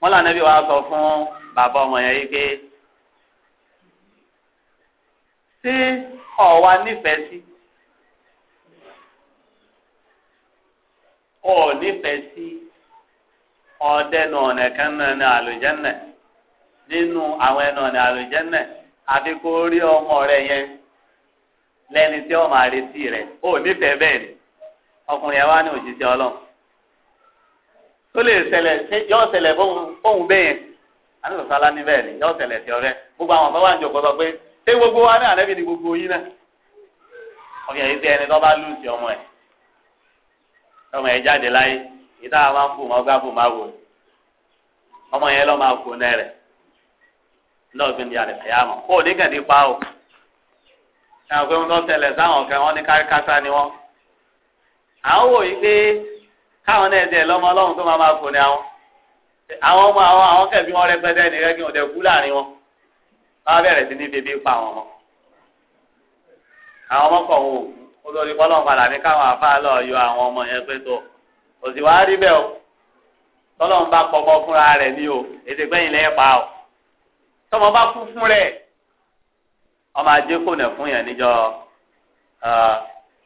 S2: wọn tí ọ̀wá nífẹ̀ẹ́ sí ọ̀ nífẹ̀ẹ́ sí ọ̀dẹ́nu ọ̀nà kan náà ní àlùjẹ́nà nínú àwọn ẹnu ọ̀nà àlùjẹ́nà àfi kó rí ọmọ rẹ yẹn lẹ́ni tí ọmọ àrètí rẹ̀ ò nífẹ̀ẹ́ bẹ́ẹ̀ ni ọkùnrin yẹn wá ní òṣìṣẹ́ ọlọ́run tó lè ṣẹlẹ̀ yọ ṣẹlẹ̀ fóun bẹ́ẹ̀ yẹn àti ni yọ ṣẹlẹ̀ sí gbogbo àwọn sọ pé ṣé gbogbo wa náà ànábì ni gbogbo yín náà ọkẹ yìí tẹ ẹni tó bá lùsì ọmọ ẹ ọmọ ẹ jáde láyé yìí táwa máa ń fò máa gbá fò máa wò ọmọ yẹn lọ máa fò náà rẹ lọ́ọ̀gbìn ní àlẹ́ àyàmọ̀ kó o ní gàdí pa o àwọn ohun tó ṣẹlẹ̀ sáwọn kan wọn ní káríkátá ni wọn àwọn wò yí pé káwọn náà ẹ̀dẹ̀ lọ́mọ ọlọ́run tó máa máa fò ní àwọn àwọn ọmọ àwọn àwọn kẹ̀bí wọn rẹpẹtẹ nìkan kí wọn dẹ̀ kú láàrin wọn wọn bẹ̀rẹ̀ sí ní bèbí pa àwọn ọmọ àwọn ọmọ kọ̀ wò olórí kọ́lọ́n padà ní káwọn afá yọ àwọn ọmọ yẹn pé tó kò sì wáá rí bẹ́ẹ̀ o tọ́lọ́n bá pọ̀pọ̀ fúnra rẹ̀ ní o ètò ìgbẹ́yìn lẹ́yìn pa o tọ́mọ bá kú fún rẹ̀ ọmọ ajé kò nẹ̀ fún yẹn níjọ́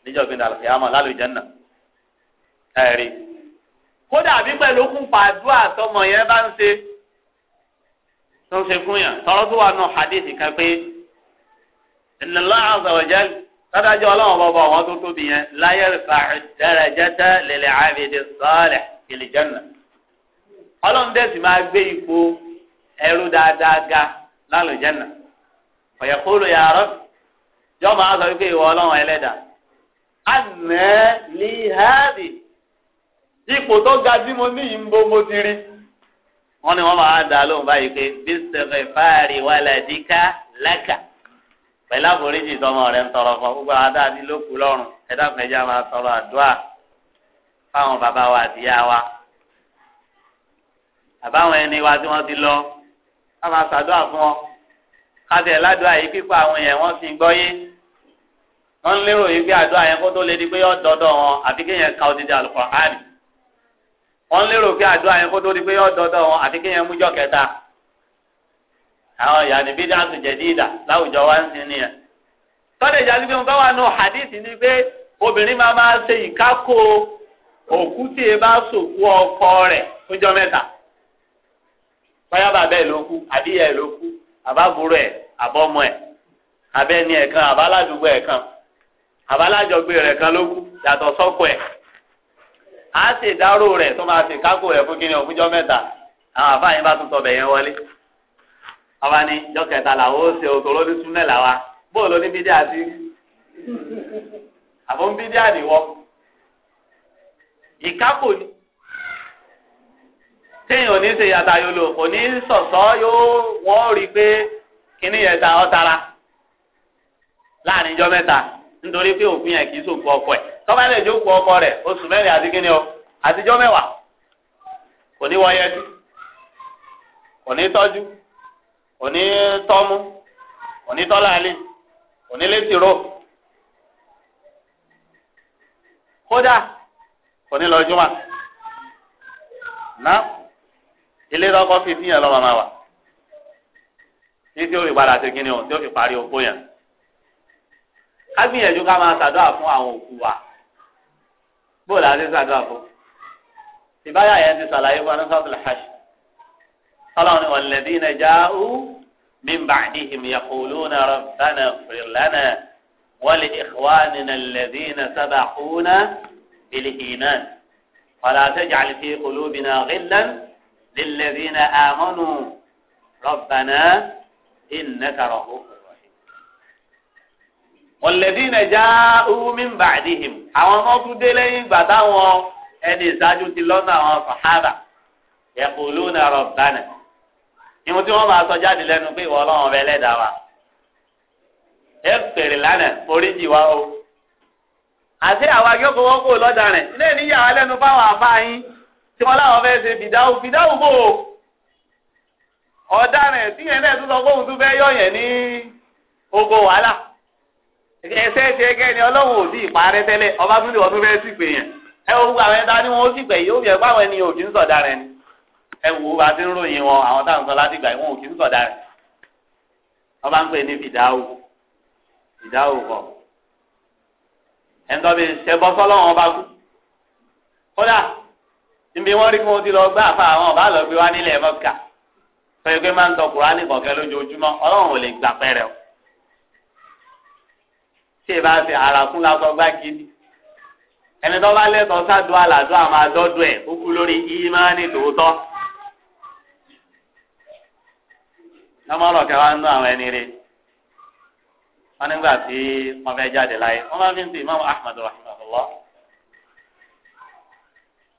S2: níjọ́ gbẹ̀dẹ̀ àlùfíàmọ̀ lálùjẹ́nà ẹ̀rí kódà bí pẹ̀lú kún pàdúrà tọmọ yẹn bá ń ṣe tó ń ṣe fún yàn tọrọ tó wà nù hadithi kan pé inna Allah azza wa jal tádájọ́ ọlọ́run bọ̀ bọ̀ wọ́n tó tóbi yẹn la yarfa'u darajata lil 'abdi salih fil janna ọlọ́run dẹ̀ sì máa gbé ipò ẹrú dáadáa ga lálùjẹ́nà fa yaqulu ya Rabb yọ máa sọ wípé ìwọ ọlọ́run ẹlẹ́dà àmẹ́ lè háàdì ipò tó ga tí mo ní yìí wọ́n ní wọ́n máa dà lóhùn báyìí pé bísẹ̀fẹ̀ fáàrí wà ládìíká lákà pẹ̀lú àforíjì tọmọ rẹ̀ ń tọrọ fún gbogbo àwọn adáàdí ló kù lọ́rùn ẹ̀dá fẹ̀jà máa tọrọ àdúrà fáwọn bàbá wa àti ìyá wa àbáwọn ẹni wa tí wọ́n ti lọ wọ́n máa ṣàdúrà fún wọn kásẹ̀ ládùúrà yìí pípa àwọn èèyàn wọ́n fi gbọ́ yé wọ́n lérò yìí pé àdúrà yẹn kó tó lè di pé yọ dọ́dọ̀ wọn àfi kéèyàn ka odidi àlùkò áàmì wọ́n lérò pé àdúrà yẹn kó tó di pé yọ wọn àti kéèyàn mú kẹta àwọn yàrá bíi dáàtú jẹ̀dí ìdà láwùjọ wa ń sin nìyẹn. tọ́lẹ̀ ìjàdí pé nǹkan wà nù hadith ni pé obìnrin máa máa ṣe ìkákò òkú e bá sòkú ọkọ rẹ̀ fúnjọ́ mẹ́ta. bóyá bàbá ẹ̀ ló kú àbí ẹ̀ ló kú àbábúrò ẹ̀ àbọ́mọ ẹ̀ abẹ́ni ẹ̀ kan ẹ̀ kan kan ló kú a ṣe ìdárò rẹ̀ tó máa ṣe kákò rẹ̀ fún kíni òfúnjọ́ mẹ́ta àwọn àfáà yẹn bá tún tọbẹ̀ yẹn wọlé. àwa ni ìjọ kẹta làwọn ṣe lórí làwa bóòlù ni téèyàn ní ṣe yàtà yóò lò kò ní sọ̀sọ́ yóò wọ́n rí pé kíní yẹn ta ọ́ tara tọ́ba lè jókòó ọkọ rẹ̀ oṣù mẹ́rin àti kíni o àtijọ́ mẹ́wàá kò ní wọ́n kò ní tọ́jú kò ní tọ́mú kò ní tọ́láàlì kò ní létíró kódà kò ní lọ́jú wa ná ilé lọ́kọ́ fi fihàn máa wà ó fi padà sí tí ó fi bóòlù àti sàdúrà fún ìbáyà yẹn ti sàlàyé fún anáfàbìlì hash ọlọ́run walladhina ja'u min ba'dihim yaquluna rabbana ighfir lana wa li ikhwanina alladhina sabaquna bil iman wala taj'al fi qulubina ghillan lilladhina amanu rabbana innaka rahufun. ọ̀lẹ́dí nàìjà umin bàdìhìm àwọn ọmọ tún dé lẹ́yìn gbà táwọn ẹni ìṣáájú ti lọ́nà àwọn sàhábà yaquluna rabbana ìwọ̀n tí wọ́n máa sọ jáde lẹ́nu pé ìwọ ọlọ́run wa ẹ o àti àwọn akẹ́kọ̀ọ́ wọn kò lọ́dà rẹ̀ ilé ìníyàwó lẹ́nu fáwọn tí wọ́n láwọn fẹ́ ṣe bò ó ọ̀daràn tí yẹn náà ẹsẹ̀ ẹsẹ̀ ẹgẹ́ ni ọlọ́wọ́ òdì ìparẹ́ tẹ́lẹ̀ ọba tún lè wọ́n tún fẹ́ sì pé yẹn ẹ wo àwọn ẹ̀dá ni wọ́n sì pẹ̀ yìí ó yẹ báwọn ẹni òkì ń sọ̀dá ẹ wo ròyìn wọn àwọn táwọn sọ láti yìí wọn òkì ń ọba ń pè ní fìdáwò fìdáwò kọ ọba kú kódà tí ìbá fi àràkún lásán gbá gidi ẹni tó bá lẹ́tọ̀ọ́ sádùn àlàdùn àmọ́ àdọ́dún ẹ̀ ó kú lórí ìmánì tòótọ́. lọ́mọ́rọ̀ kẹwàá ń nú àwọn ẹni rẹ̀ wọ́n nígbà tí wọ́n fẹ́ jáde láyé wọ́n máa fi ń ti imáàmù ahmed rahimahullah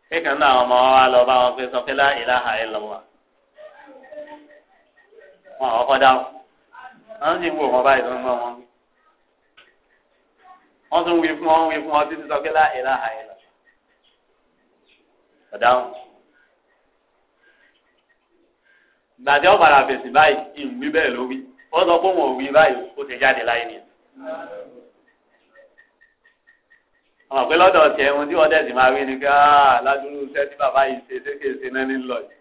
S2: kéèkàn náà àwọn ọmọ wa lọ bá wọn pé sọ pé la ilaha illallah
S1: wọn àwọn kọ́ dáhùn
S2: wọ́n sì ń wò wọ́n báyìí tó ń gbọ́ wọn wọ́n tún wí fún wọn wí fún wọn títí sọ pé láì láhà yìí lọ. ọ̀dáhùn. gbàdé ọ̀bàrà fèsì báyìí ìwí bẹ́ẹ̀ ló wí wọ́n sọ pé wọn ò wí báyìí ó ti jáde láyé ni. ọmọ pé lọ́dọ̀ tiẹ̀ ohun tí wọ́n dẹ̀ sì máa wí ni ká ah, ládùúgbò iṣẹ́ tí bàbá yìí ṣe sékèèṣe náà ní lọ yìí.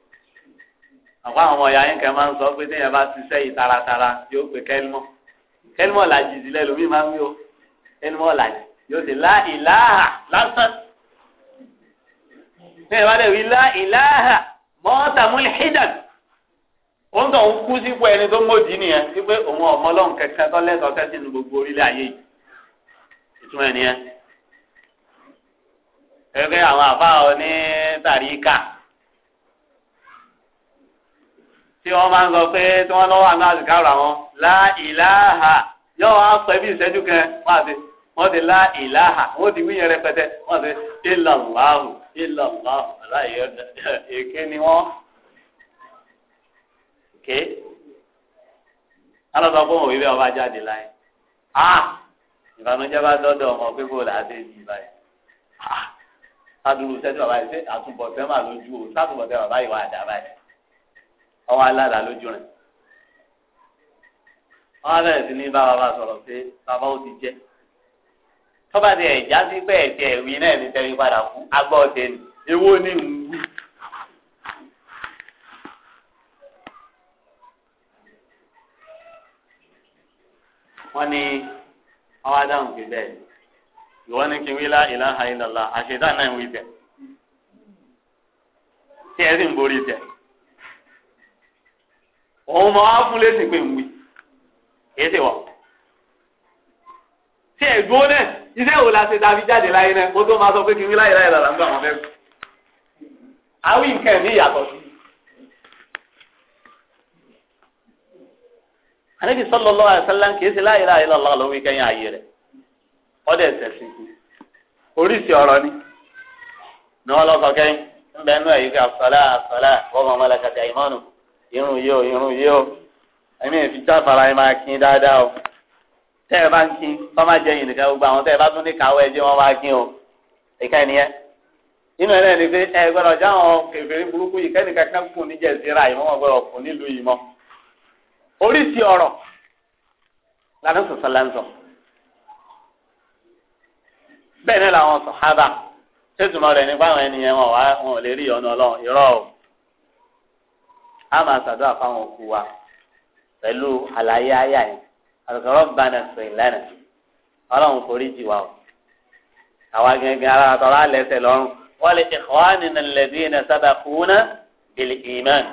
S2: àpá àwọn ọmọ ìyá yín kan máa ń sọ pé téèyàn bá ṣiṣẹ́ yìí taratara yóò pé kẹ́lmọ́ ẹni mọ́ ọ̀la yóò sì lá ìláhà lásán ní ìwà lè wí lá ìláhà mọ́ọ́tà múlẹ̀ hídàn òun tó ń kú sípò ẹni tó mọ̀dí nìyẹn wípé òun ọmọ ọlọ́run kẹkẹ tó lẹ́tọ̀ọ́ tẹ́sí nu gbogbo orílẹ̀ ayé yìí ìtumọ̀ ẹ̀ nìyẹn gẹ́gẹ́ àwọn àbá ní tàríkà tí wọ́n máa ń sọ pé tí wọ́n lọ́wọ́ àná àzìkárò àwọn láìláha yóò wá sọ ibi ìṣẹ́jú kan máa ṣe wọ́n ti la ìlàhà wọ́n ti wíyẹn rẹpẹtẹ wọ́n ti ìlàláhù ìlàláhù aláyọ̀ èké ni wọ́n ké
S1: alọ́sọ fún òwe bí ọba
S2: jáde láyé a ìbànújẹ́ bá dọ́dọ̀ ọmọ pé kò là á dé ní ìbáyé a adúlù sẹ́tì bàbá yìí ṣé àtúbọ̀tẹ́ mà lójú o sátúbọ̀tẹ́ bàbá yìí wà á dà báyìí ọwọ́ aládàá lójú rẹ̀ wọ́n á bẹ̀rẹ̀ sí ní bá bàbá sọ̀rọ̀ pé bàbá ó ti jẹ́ tọ́ba ti ẹ̀já sí pé ẹ̀jẹ̀ ìwé náà ní tẹ́lẹ̀ padà fún agbọ́ ọ̀tẹ̀ ni ewó ní ń wí. wọ́n ní ọwọ́ adáhùn fi bẹ́ẹ̀ ìwọ ní kí n wí lá ìlànà ìlàlá àṣetá náà ń wí bẹ́ẹ̀ tí ẹ sì ń borí tẹ̀ òun mọ áfúnlé sì pé ń wí èyí sì wọ̀ tí ẹ dúró náà iṣẹ́ wo la ṣe ta fi jáde láyé náà kó tó máa sọ pé kí n wí láyé láyé lọ́la ń bá wọn mẹ́rin. àwí nǹkan ní ìyàtọ̀ sí. àníbi sallallahu alaihi wasallam kì í ṣe láyé láyé lọ́la ló wí kẹ́yìn ayé rẹ̀ ọ̀dẹ̀ ẹ̀sẹ̀ sí i. oríṣi ọ̀rọ̀ ni ni wọ́n lọ sọ kẹ́yìn ń bẹ nú ẹ̀yí ká sọlá sọlá wọ́n mọ̀ mọ́lá kàtà ìmọ̀nù irun yìí o irun yìí o ẹ̀mí ìfijáfara ẹ̀ máa kín dáadáa o tẹ́ ẹ bá ń kí wọ́n máa jẹ ìyìnkan gbogbo àwọn tẹ́ ẹ bá tún ní kàwé ẹjẹ́ wọ́n máa kí o ìka ẹnìyẹn nínú ẹ̀rẹ́ ni pé ẹ gbọ́dọ̀ já àwọn kèfèrí burúkú yìí kẹ́nìkan kan kù níjẹ̀ síra yìí wọ́n gbọ́dọ̀ kù nílùú yìí mọ́ oríṣi ọ̀rọ̀ lànà sọ̀sọ̀ láǹtọ̀ bẹ́ẹ̀ náà làwọn sọ̀hábà tẹ́tùmọ̀ rẹ̀ nípa àwọn ènìyàn wọn wọn ò lè rí ọ̀nà ọlọ́run irọ́ o a máa ṣàdúrà fáwọn òkú wa pẹ̀lú àlàyé àyà yìí àlùkọ́rọ́ bana sìn lánàá ọlọ́run forí jì wá o àwa gẹ́gẹ́ ara tọ́lá lẹ́sẹ̀ lọ́rùn wọ́n lè ikhwanina alladhina sabaquna bil iman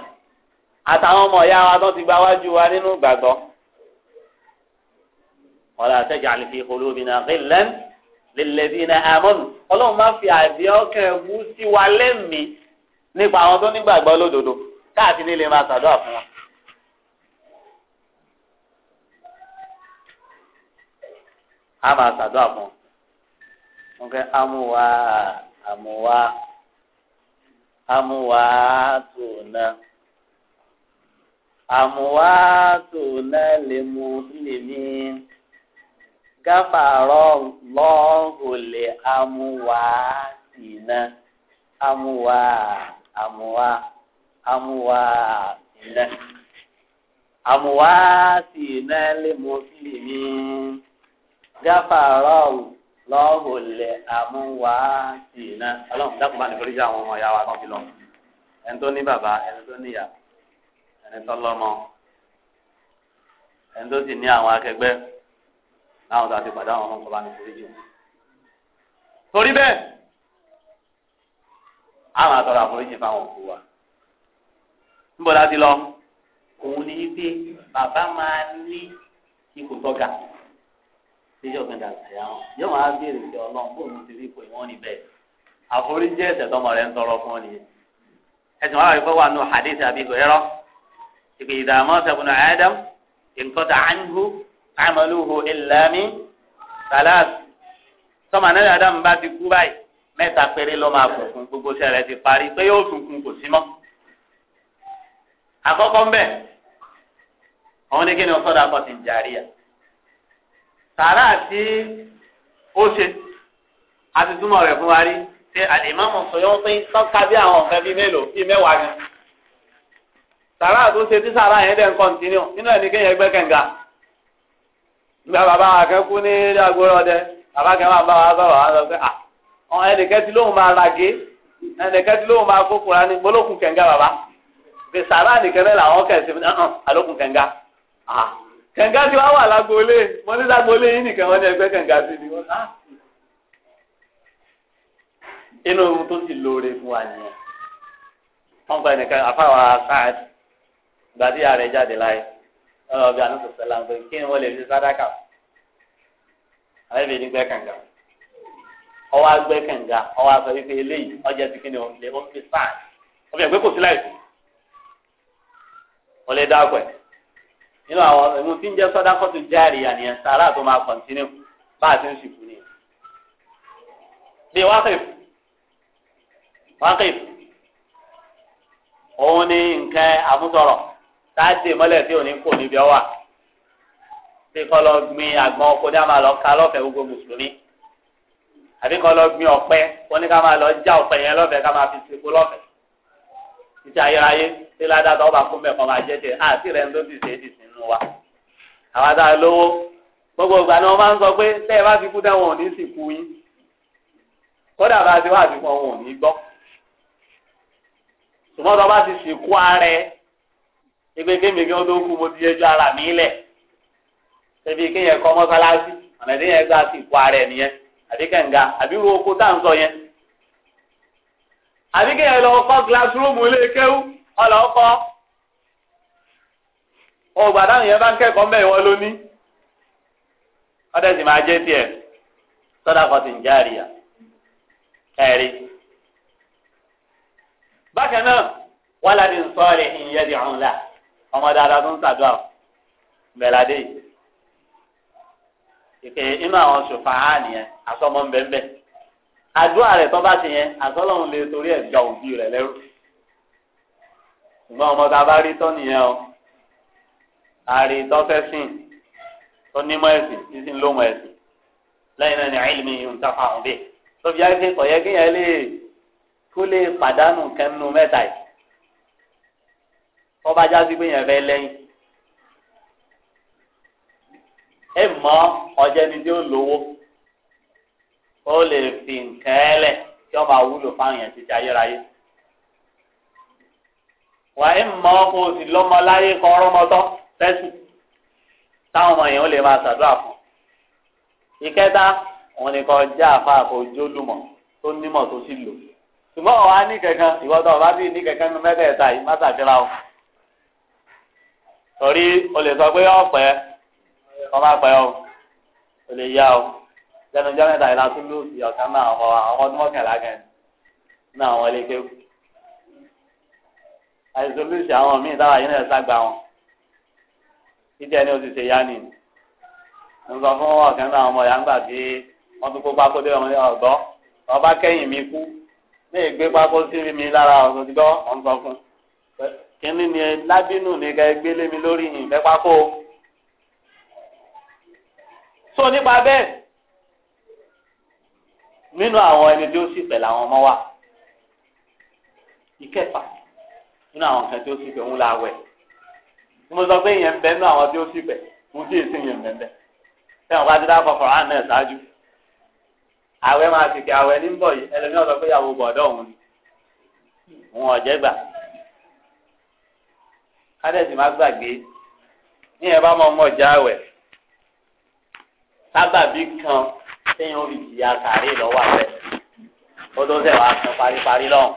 S2: àtàwọn ọmọ ìyá wa tó ti gba wájú wa nínú gbàgbọ́ wọ́n lè àtẹ́jà àlè fi qulubina ghillan lilladhina amanu ọlọ́run má fi àbí ọkàn ẹ̀wú sí wa lẹ́mìí nípa àwọn tó nígbàgbọ́ lódodo káàkiri lè máa ṣàdúrà fún wa. a máa ṣàdúrà fún un wọn kẹ amúwá amúwá amúwá tó ná amúwá tó ná lè mú lè mí gáfàrọ lọ́hùn lè amúwá sí ná amúwá amúwá amúwá sí ná amúwá sí ná lè mú lè mí gáfàrọ́ọ̀ lọ́hùlẹ̀ àmúwáàtìná ọlọ́run dákun bá ní foríjà àwọn ọmọ ìyá wa kan fi lọ ẹni tó ní bàbá ẹni tó níyà ẹni tó lọ́mọ ẹni tó sì ní àwọn akẹgbẹ́ láwọn tó àti pàdé àwọn ọmọ bá ní foríjì torí bẹ́ẹ̀ àwọn àtọ̀rọ̀ àforíjì fáwọn òkú wa níbo láti lọ òun ní pé bàbá máa ní ipò tọ́ga níjọ́ kan dàgbà yà wọn yóò máa béèrè sí ọlọ́run bóun mo ti rí ipò ìwọ́n níbẹ̀ àforíjì ẹ̀ṣẹ̀ tọmọ rẹ̀ ń tọrọ fún ọ nìyẹn ẹ̀sìn wọn àrífọ́ wà nù hadith àbí ìgbẹ́rọ́ ìgbè ìdààmú sẹ́kùnà adam ìǹkọ́tà ánìhù àmàlùhù ìlàmì salat sọmọ anáyà adam bá ti kú báyìí mẹ́ta péré ló máa kù fún gbogbo iṣẹ́ rẹ̀ ti parí pé yóò sunkún kò sí mọ́ àkọ́kọ́ ń bẹ̀ òun ní kí ni ọ̀sọ́dà kọ́ ti jàríyà sàrà tí ó ṣe àti túmọ̀ rẹ̀ fún wa rí ṣe àlèmọ́mù sọ̀yọ́ pín sọ́ka bí àwọn ọ̀fẹ́ bíi mélòó bíi mẹ́wàá ni sàrà tó ṣe tí sàrà yẹn dẹ̀ ń kọ́ntínú nínú ẹ̀ ní kéèyàn gbẹ́ kẹ̀ǹga gba bàbá akẹ́kù ní agbóró ọdẹ bàbá kẹ́ máa bá wa sọ̀rọ̀ wa sọ pé ah, à ọ̀n ẹnìkẹ́ tí lóun máa rage ẹnìkẹ́ tí lóun máa kókòrò ní gbólókùn kẹ̀ǹga bàbá bí sàrà nìkẹ́ náà kànga ti wá wà lágboolé mo ní lágboolé yín nìkan wọn ní ẹgbẹ́ kànga sí ni wọn náà ah. inú ohun tó sì lóore fún wa nìyẹn wọn gba ẹnìkan àfàwà sáàd gbàdí ààrẹ jáde láyé ọlọ́ọ̀bí ànúkò sẹ́lá ń pè kí ni wọ́n lè fi sádàkà àlẹ́bí ní gbẹ́ kànga ọwọ́ agbẹ́ kànga ọwọ́ aṣọ wípé eléyìí ọjà ti kí ni òun lè ó fi sáàd ọbẹ̀ pé kò sí láì fún un lè dá ọ̀pẹ̀ nínú àwọn ẹ̀mú tí ń jẹ́ sọ́dákọ́tù jáàrí àníyàn sàrà tó máa kọ̀ǹtínú bá a ti ń sìnkú ni. bí wákìf wákìf òun ni nǹkan àmútọ̀rọ̀ táàdì mọ́lẹ̀ tí ò ní kò níbi ọwà bí kọ́ lọ gbin àgbọn ọkọ dá máa lọ ká lọ́fẹ̀ẹ́ gbogbo mùsùlùmí àbí kọ́ lọ gbin ọ̀pẹ wọ́n ní ká máa lọ já ọ̀pẹ yẹn lọ́fẹ̀ẹ́ ká máa fi ṣe epo lọ́fẹ̀ẹ́ títí ayérayé tí ládàá tó bá kún bẹ̀ máa jẹ́ tẹ̀ àti rẹ̀ ń tó ṣe é ti sìn Awa wa àwa wo lówó gbogbo ìgbà náà máa ń sọ pé tẹ́ ẹ bá kú dáwọn ò sì kú yín kódà bá a ti wá àbíkọ wọn ní gbọ́ tòmọ́tò bá ti sìnkú ara ẹ ẹgbẹ́ kí wọ́n tó kú mo ti ara mi lẹ̀ kéèyàn kọ́ mọ́sálásí ọ̀nà ìdíyẹn nìyẹn àbí àbí ọgbà táwọn yẹn bá ń kẹ́kọ̀ọ́ mẹ́ wọn ló ní ọdẹsì máa jẹ́ tiẹ̀ sọ́dà kọ́tì ń jáàríyà ẹ̀rí. bákan náà wọ́n láti ń sọ ọ́rẹ́ ìyẹn di ọ̀hún là ọmọ dáadáa tó ń sàdúrà mẹ́ládé yìí. ìpè inú àwọn ṣòfà á nìyẹn àsọmọ ńbẹ́ńbẹ́ àdúrà rẹ̀ ti yẹn lè torí ẹ̀ gba òbí rẹ̀ lẹ́rù ṣùgbọ́n ọmọ tá a bá rí tọ́ nìyẹn o. àrí tọ́fẹ́ sìn tó nímọ̀ ẹ̀sìn sísìn lóhùn ẹ̀sìn lẹ́yìn náà ni àìlùmí yìí ń tàfà àwọn bẹ́ẹ̀ lọ́bi yára pé ọ̀yẹ́ kí yẹn lè kó lè pàdánù kẹ́nu mẹ́ta yìí wọ́n bá já sí pé yẹn fẹ́ lẹ́yìn ẹ mọ ọjẹ́ ni tí ó lówó ó lè fi nǹkan ẹ lẹ̀ tí wọ́n wúlò fáwọn yẹn títí ayérayé wàá ẹ mọ kó o sì lọ́mọ láyé tẹ́sì táwọn ọmọ yẹn ó lè máa ṣàdúrà fún ìkẹta òun nìkan jẹ́ àfa àfojúlùmọ̀ tó nímọ̀ tó sì lò ṣùgbọ́n ọ̀wá ní kankan ìwọ́dọ̀ ọ̀bá sì ní kankan nínú mẹ́tẹ̀ẹ̀ta yìí má ṣàfihàn o torí o lè sọ pé ọ̀pẹ kọ́ má pẹ́ o o lè yá o lẹ́nu ọjọ́ mẹ́ta ìlà tún lù sí ọ̀kan náà àwọn àwọn ọdún mọ́kànlá gan ní àwọn ilé kéwù àìsàn lùsì àwọn míì táwọn yìí náà sá gba wọn títí ẹni o ti ṣe yanni n sọ fún ọ̀kẹ́ náà ọmọ ìyá ńgbà tí wọ́n tún kó pákó dé ọmọ ìyá ọba kẹ́yìn mi kú ní ìgbé pákó sí mi lára ọ̀gbọ́n ti gbọ́ ń sọ fún kínní ni lábínú ni ká gbé lé mi lórí ìfẹ́ pákó. so nípa bẹ́ẹ̀ nínú àwọn ẹni tí ó sì pẹ̀ làwọn ọmọ wa ìkẹfà nínú àwọn kan tí ó sì pẹ̀ ń la mo sọ pé ìyẹn bẹ́ẹ̀ náà àwọn tí ó sì bẹ̀ mo sì èsì ìyẹn bẹ́ẹ̀ bẹ́ẹ̀ fẹ́ràn bá ti dá fọ fọ̀rọ̀ àná ṣáájú àwẹ̀ máa kìkì àwẹ̀ ní bọ̀ yìí ẹlòmíràn sọ pé ìyàwó bọ̀dọ̀ òun ni òun ọ̀jẹ́ gbà kádẹ́sì má gbàgbé ní ẹ bá mọ ọmọ ọjà àwẹ̀ sábàbí kan téèyàn fi jìyà kàrí lọ́wọ́ àwẹ̀ ó tó sẹ̀ wá kan paríparí lọ́hùn.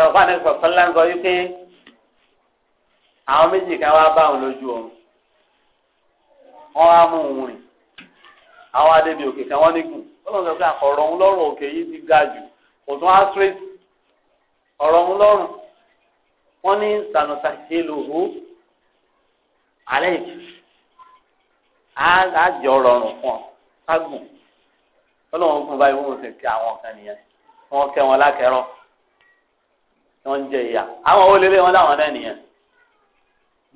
S2: ẹ̀rọ fáwọn àwọn méjì kan wá bá òun lójú ọrùn wọn wá mú òun rìn àwọn adébí òkè kan wọn nígùn wọn lọ sọ pé ah, ọ̀rọ̀ òun lọ́rùn òkè yìí ti ga jù kò tún á straight ọ̀rọ̀ òun lọ́rùn wọn ní sànùsà ìlòhó alẹ́ yìí á jẹ́ ọ̀rọ̀ ọ̀rùn fún ọ ságùn wọn lọ́wọ́ fún báyìí wọn sì kí àwọn kan nìyẹn wọn kẹ́ wọn lákẹ́rọ́ wọn jẹ ìyà àwọn olè lé wọn láwọn náà nìyẹn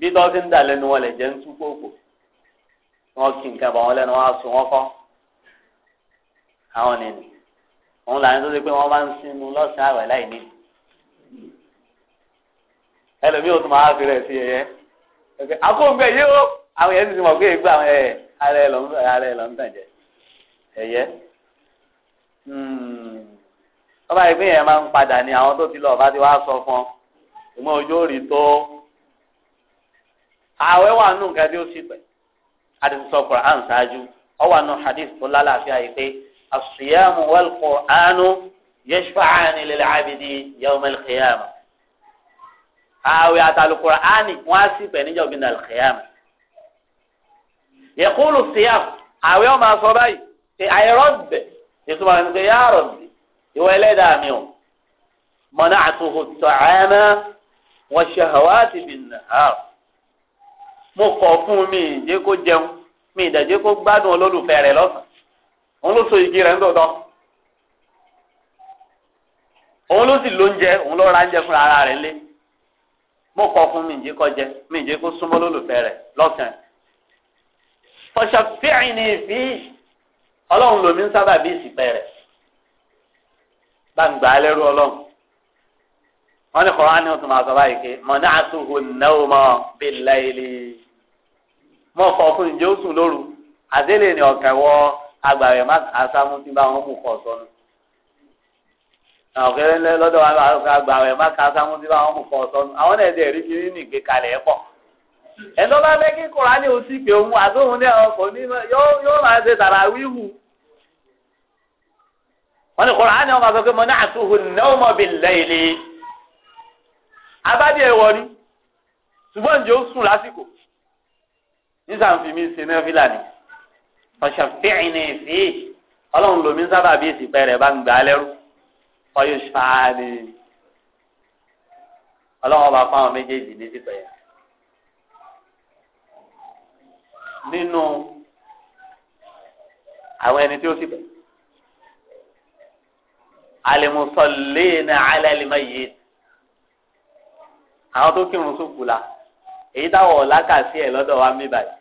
S2: bí tọ́ ti ń dà lẹ́nu wọn lè jẹ́ ń tú kókò wọn kì nǹkan bọ̀ wọn lẹ́nu wọn á sun wọn kọ́ àwọn nìyí òun làwọn tó ṣe pé wọ́n máa ń sinú lọ́sàn-án àwẹ̀ láì ní ẹlòmíì ò tún máa fi rẹ̀ sí ẹ̀yẹ ẹ̀fẹ̀ akóńgbẹ yìí ó àwọn yẹn ti mọ̀ pé ìgbà àwọn ẹ̀ ara ẹ̀ lọ́ ń tàn jẹ ẹ̀yẹ ọba hmm. ìpín yẹn máa ń padà ní àwọn tó ti lọ ọba ti wá sọ fún ọ ìmọ̀ ojú ò rí tó ààwẹ̀ wà nù nǹkan tí ó sì pẹ̀ àdìsọ Qur'an ṣáájú ọ wà nù hadith tó lálàáfíà yìí pé as-siyamu wal-Qur'anu yashfa'ani lil-'abdi yawm al-qiyamah ààwẹ̀ àtàlù-Qur'ani wọ́n á sì pẹ̀ níjọ́ bí al-qiyamah yaqulu as-siyam ààwẹ̀ ọ̀ máa sọ báyìí pé àìrọ́bẹ̀ ètò àwọn ènìyàn yà rọ̀bì ìwọ ẹlẹ́dàá mi ò mọ̀nà àtúhù tọ̀ àyàmẹ́ wọ́n ṣe hàwá nà áàrùn mo kọ̀ fún mi ìjẹ́ kó jẹun mi ìdàjẹ́ kó gbádùn olólùfẹ́ rẹ̀ lọ́sàn-án òun ló so igi rẹ̀ ń dọ̀dọ̀ òun ló sì lóúnjẹ òun ló ra oúnjẹ fúnra ara rẹ̀ lé mo kọ̀ fún mi ìjẹ́ kó jẹ mi ìjẹ́ kó súnmọ́ olólùfẹ́ rẹ̀ lọ́sàn-án fọṣọfíìn ni ìfì ọlọ́run lòmí ń sábà bí ìsìpẹ́ rẹ̀ bá ń gbà á lẹ́rú ọlọ́run wọ́n ní kọ́ra ni wọ́n tún máa sọ báyìí pé mọ̀nà àtúhùn náà mọ̀ bí láìlì. mọ́ kọ́ fún ìjẹ́ oṣù lóru àdélé ni ọ̀kẹ́ wọ agbàrẹ̀ asámú ti bá wọn mú kọ́ sọnù. ọ̀kẹ́rẹ́ ńlẹ́ lọ́dọ̀ wa wọn mú sọnù àwọn ẹ̀dẹ̀ rí mi nínú ìgbékalẹ̀ ẹ̀ pọ̀. ẹ̀dọ́ bá kí oṣù pé òun ní ní yóò máa ṣe tàrà wíwù. wọ́n ní kùránì ọmọ sọ pé ní àtúhùn bí nígbà fi mi sin náà fílàní ọ̀sẹ̀ fíìnì fi ọlọ́run lomi sábà bí èsì pẹ̀rẹ̀ bá ń gbà á lẹ́rú ọyọ ṣáàlì ọlọ́run ọba fáwọn méjèèjì ní sípẹ̀ yẹn. nínú àwọn ẹni tí ó sípẹ̀ alimusọ̀lẹ́ẹ̀nà alẹ́ lè má yé àwọn tó kírun sókùlà èyí táwọn ọ̀la kà sí ẹ̀ lọ́dọ̀ wa mí báyìí